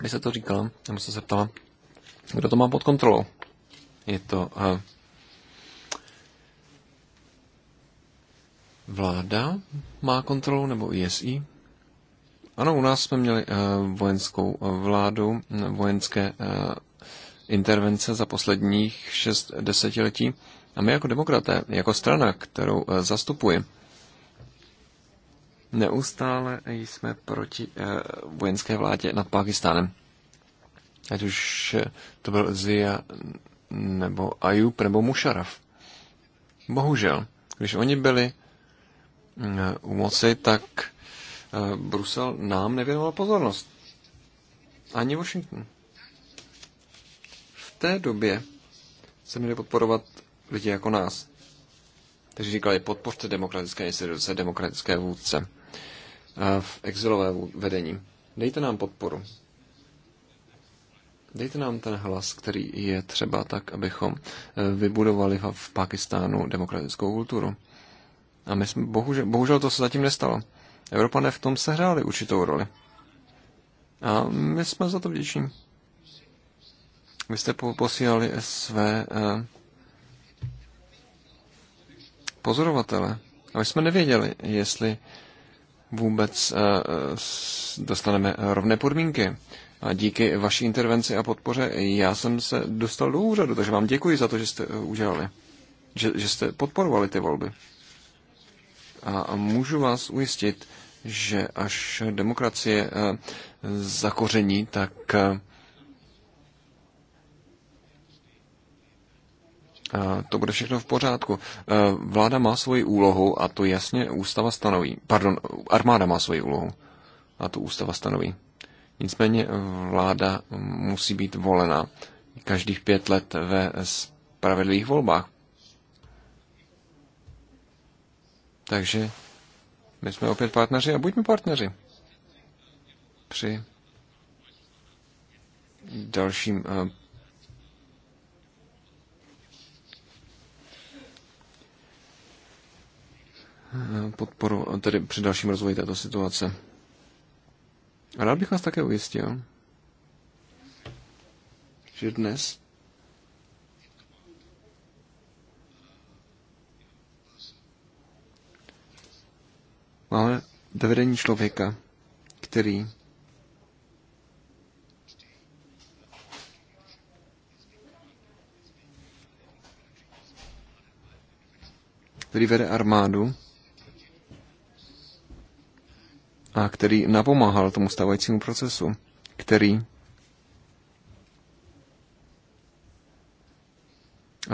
když se to říkala, nebo se se ptala, kdo to má pod kontrolou. Je to uh, vláda má kontrolu, nebo ISI? Ano, u nás jsme měli uh, vojenskou uh, vládu, vojenské uh, intervence za posledních šest desetiletí. A my jako demokraté, jako strana, kterou zastupuji, Neustále jsme proti eh, vojenské vládě nad Pakistánem. Ať už eh, to byl Zia nebo Ayub nebo Musharraf. Bohužel, když oni byli mm, u moci, tak eh, Brusel nám nevěnoval pozornost. Ani Washington. V té době se měli podporovat lidi jako nás. Takže říkali, podpořte demokratické instituce, demokratické vůdce v exilové vedení. Dejte nám podporu. Dejte nám ten hlas, který je třeba tak, abychom e, vybudovali v Pakistánu demokratickou kulturu. A my jsme, bohužel, bohužel to se zatím nestalo. Evropané v tom sehráli určitou roli. A my jsme za to vděční. Vy jste posílali své eh, pozorovatele. A my jsme nevěděli, jestli eh, vůbec eh, dostaneme rovné podmínky. A díky vaší intervenci a podpoře já jsem se dostal do úřadu, takže vám děkuji za to, že jste eh, udělali, že, že jste podporovali ty volby. A můžu vás ujistit, že až demokracie eh, zakoření, tak Eh, to bude všechno v pořádku. Eh, vláda má svoji úlohu a to jasně ústava stanoví. Pardon, armáda má svoji úlohu a to ústava stanoví. Nicméně eh, vláda musí být volena každých pět let ve spravedlivých volbách. Takže my jsme opět partneři a buďme partneři. Při dalším podporu tedy při dalším rozvoji této situace. A rád bych vás také ujistil, že dnes máme dovedení člověka, který který vede armádu a který napomáhal tomu stávajícímu procesu, který eh,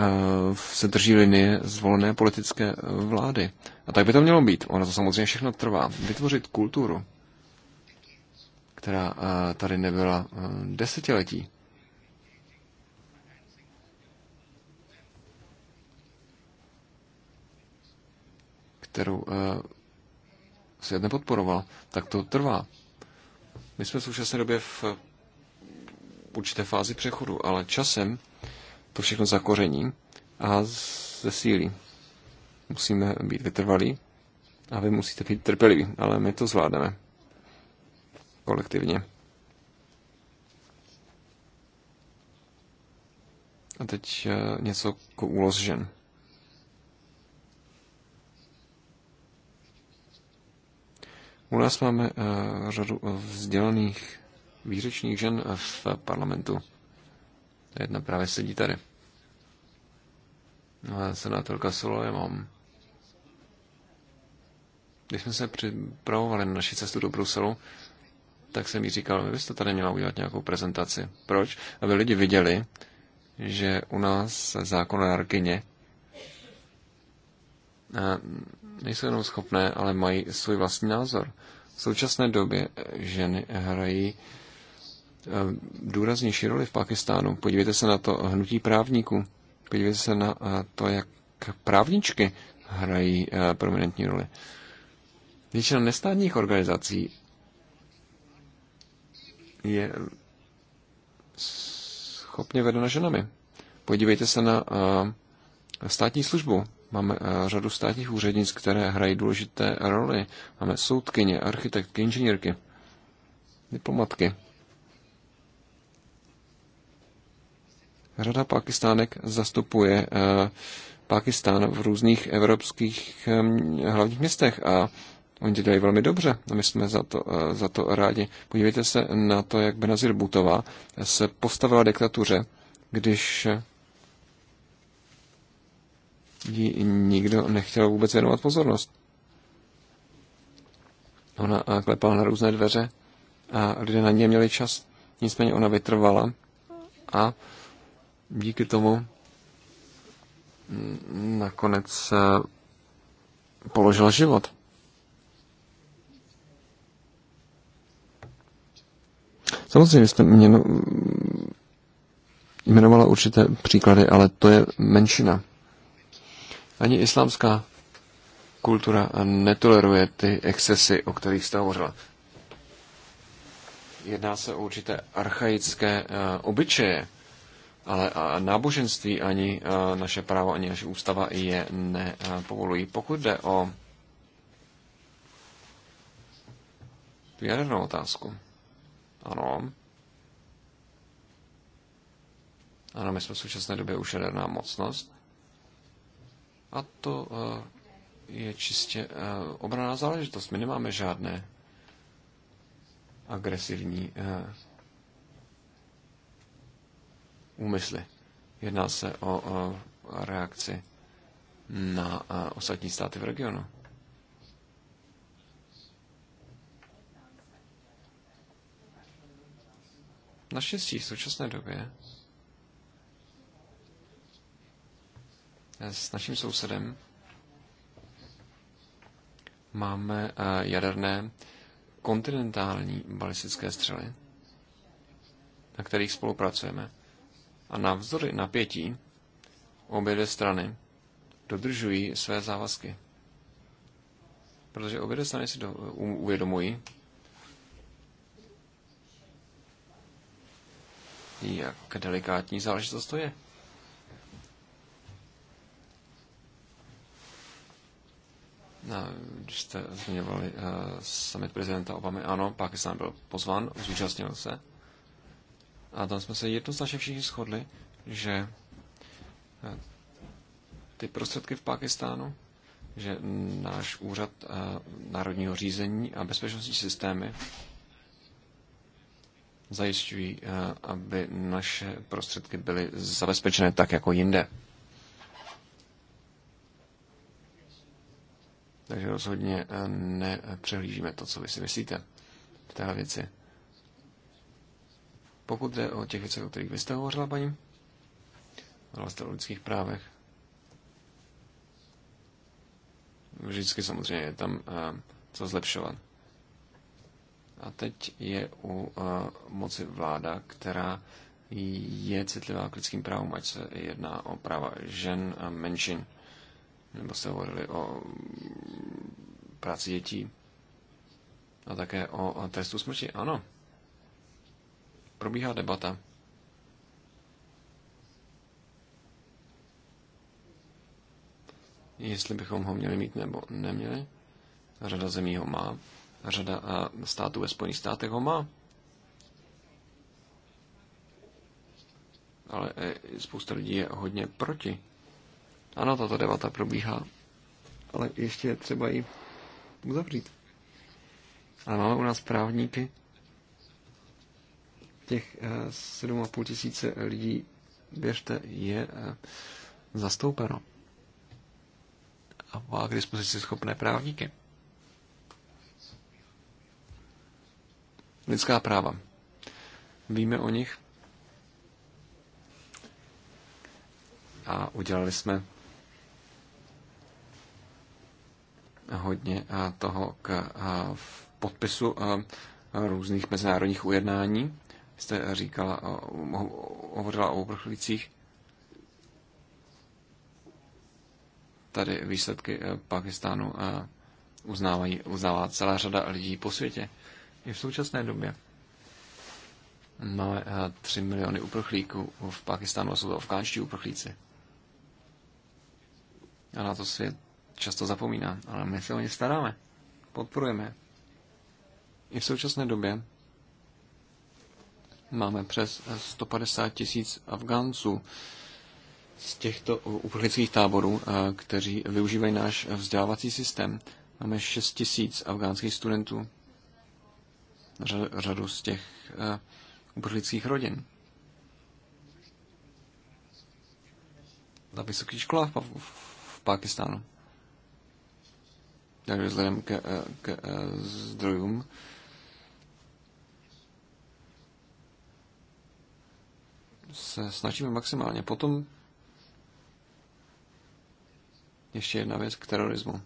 se drží linie zvolené politické eh, vlády. A tak by to mělo být. Ono to samozřejmě všechno trvá. Vytvořit kulturu, která eh, tady nebyla desetiletí. kterou svět nepodporoval, tak to trvá. My jsme v současné době v určité fázi přechodu, ale časem to všechno zakoření a zesílí. Musíme být vytrvalí a vy musíte být trpěliví, ale my to zvládneme kolektivně. A teď eh, něco k úloz žen. U nás máme eh, řadu eh, vzdělaných výřečních žen eh, v parlamentu. Jedna právě sedí tady. No senátorka Solo je mám. Když jsme se připravovali na naši cestu do Bruselu, tak jsem jí říkal, vy byste tady měla udělat nějakou prezentaci. Proč? Aby lidi viděli, že u nás zákonodárkyně nejsou jenom schopné, ale mají svůj vlastní názor. V současné době ženy hrají eh, důraznější roli v Pakistánu. Podívejte se na to hnutí právníků. Podívejte se na eh, to, jak právničky hrají eh, prominentní roli. Většina nestátních organizací je schopně vedena ženami. Podívejte se na státní službu. Máme eh, řadu státních úřednic, které hrají důležité roli. Máme soudkyně, architektky, inženýrky, diplomatky. Řada Pakistánek zastupuje eh, Pakistán v různých evropských ehm, hlavních městech a oni to dělají velmi dobře my jsme za to, eh, za to rádi. Podívejte se na to, jak Benazir Butová se postavila diktatuře, když jí nikdo nechtěl vůbec věnovat pozornost. Ona klepala na různé dveře a lidé na ně měli čas. Nicméně ona vytrvala a díky tomu mm, nakonec e, položila život. Samozřejmě jste mě jmenovala určité příklady, ale to je menšina. Ani islámská kultura netoleruje ty excesy, o kterých jste hovořila. Jedná se o určité archaické uh, obyčeje, ale uh, náboženství ani uh, naše právo, ani naše ústava je nepovolují. Uh, Pokud jde o tu jadernou otázku. Ano. Ano, my jsme v současné době už jaderná mocnost. A to eh, je čistě eh, obraná záležitost. My nemáme žádné agresivní eh, úmysly. Jedná se o reakci na ostatní státy v regionu. Naštěstí v současné době s naším sousedem máme eh, jaderné kontinentální balistické střely, na kterých spolupracujeme. A navzdory napětí obě dvě strany dodržují své závazky. Protože obě dvě strany si do, uvědomují, jak delikátní záležitost to je. Když jste zmiňovali eh, summit prezidenta Obamy, ano, Pakistán byl pozván, zúčastnil se. A tam jsme se jednoznačně všichni shodli, že eh, ty prostředky v Pakistánu, že náš úřad eh, národního řízení a bezpečnostní systémy zajišťují, aby naše prostředky byly zabezpečené tak jako jinde. Takže rozhodně eh, nepřehlížíme to, co vy si myslíte v téhle věci. Pokud jde o těch věcech, o kterých vy jste hovořila, paní, hovořila jste o lidských právech. Vždycky samozřejmě je tam eh, co zlepšovat. A teď je u eh, moci vláda, která je citlivá k lidským právům, ať se jedná o práva žen a menšin nebo jste hovorili o práci dětí a také o trestu smrti. Ano, probíhá debata. Jestli bychom ho měli mít nebo neměli. Řada zemí ho má, řada států ve Spojených státech ho má. Ale e, spousta lidí je hodně proti ano, tato debata probíhá, ale ještě je třeba ji uzavřít. Ale máme u nás právníky, těch 7,5 eh, tisíce lidí, věřte, je eh, zastoupeno. A má k dispozici schopné právníky. Lidská práva. Víme o nich. A udělali jsme hodně eh, toho k eh, podpisu eh, různých mezinárodních ujednání. Jste říkala, hovořila o uprchlících. Tady výsledky Pakistánu uznávají, uznává celá řada lidí po světě. I v současné době máme 3 miliony uprchlíků v Pakistánu, jsou to afgánští uprchlíci. A na to svět často zapomíná, ale my se o ně staráme, podporujeme. I v současné době máme přes 150 tisíc Afgánců z těchto uprchlických táborů, eh, kteří využívají náš vzdělávací systém. Máme 6 tisíc afgánských studentů, řadu z těch eh, uprchlických rodin. Na vysokých školách v Pakistánu. Takže vzhledem k, eh, k eh, zdrojům. se snažíme maximálně. Potom ještě jedna věc k terorismu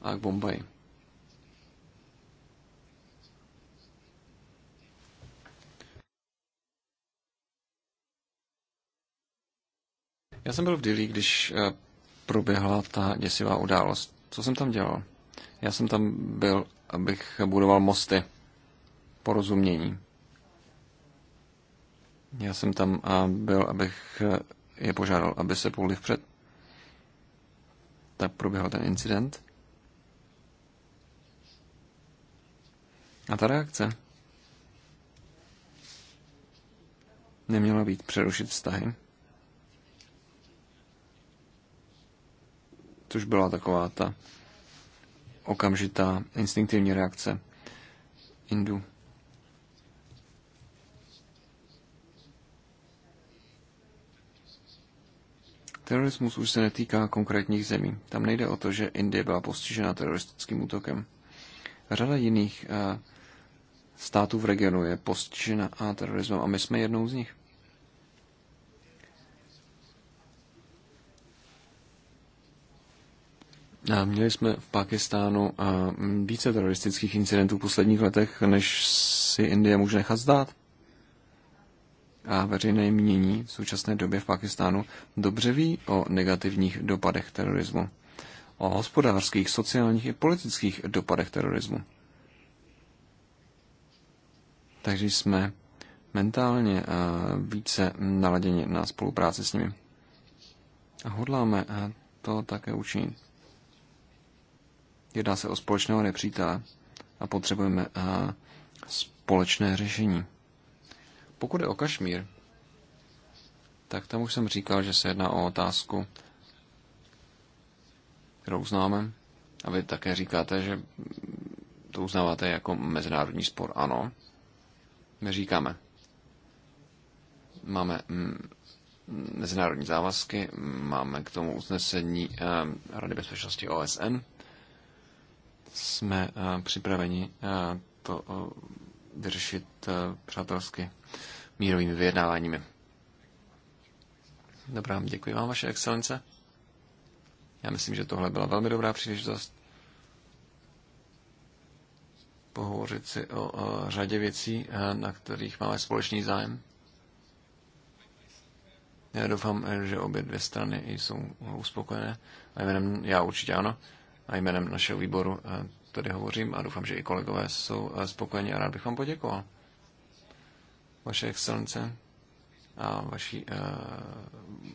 a k Bombaji. Já jsem byl v Dili, když eh, proběhla ta děsivá událost. Co jsem tam dělal? Já jsem tam byl, abych budoval mosty porozumění. Já jsem tam a byl, abych je požádal, aby se půli vpřed. Tak proběhl ten incident. A ta reakce neměla být přerušit vztahy. Což byla taková ta okamžitá instinktivní reakce Indu. Terorismus už se netýká konkrétních zemí. Tam nejde o to, že Indie byla postižena teroristickým útokem. Řada jiných eh, států v regionu je postižena a terorismem a my jsme jednou z nich. Měli jsme v Pakistánu více teroristických incidentů v posledních letech, než si Indie může nechat zdát. A veřejné mínění v současné době v Pakistánu dobře ví o negativních dopadech terorismu, o hospodářských, sociálních i politických dopadech terorismu. Takže jsme mentálně více naladěni na spolupráci s nimi. A hodláme to také učinit. Jedná se o společného nepřítele a potřebujeme eh, společné řešení. Pokud je o Kašmír, tak tam už jsem říkal, že se jedná o otázku, kterou známe. A vy také říkáte, že to uznáváte jako mezinárodní spor. Ano, my říkáme. Máme mm, mezinárodní závazky, máme k tomu usnesení eh, Rady bezpečnosti OSN jsme eh, připraveni eh, to eh, vyřešit přátelsky mírovými vyjednáváními. Dobrá, děkuji vám, vaše excelence. Já myslím, že tohle byla velmi dobrá příležitost pohovořit si o, o řadě věcí, na kterých máme společný zájem. Já doufám, že obě dvě strany jsou uspokojené. A jmenem, já určitě ano a jménem našeho výboru eh, tady hovořím a doufám, že i kolegové jsou eh, spokojeni a rád bych vám poděkoval. Vaše excelence a vaší, eh,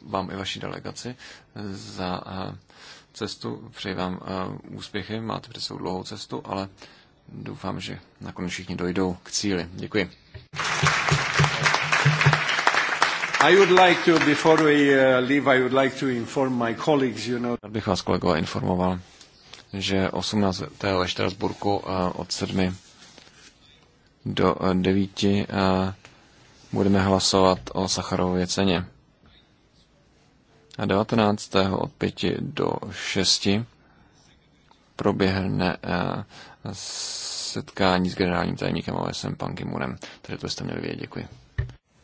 vám i vaší delegaci za cestu. Přeji vám úspěchy, máte před sebou dlouhou cestu, ale doufám, že nakonec všichni dojdou k cíli. Děkuji. I would like to, before we leave, I would like to inform my colleagues, you know. Abych vás kolegové informoval že 18. ve Štrasburku od 7 do 9 e, budeme hlasovat o Sacharově ceně. A 19. od 5 do 6 proběhne e, setkání s generálním tajemníkem OSM Pankimurem. Tady to jste měli vědět. Děkuji.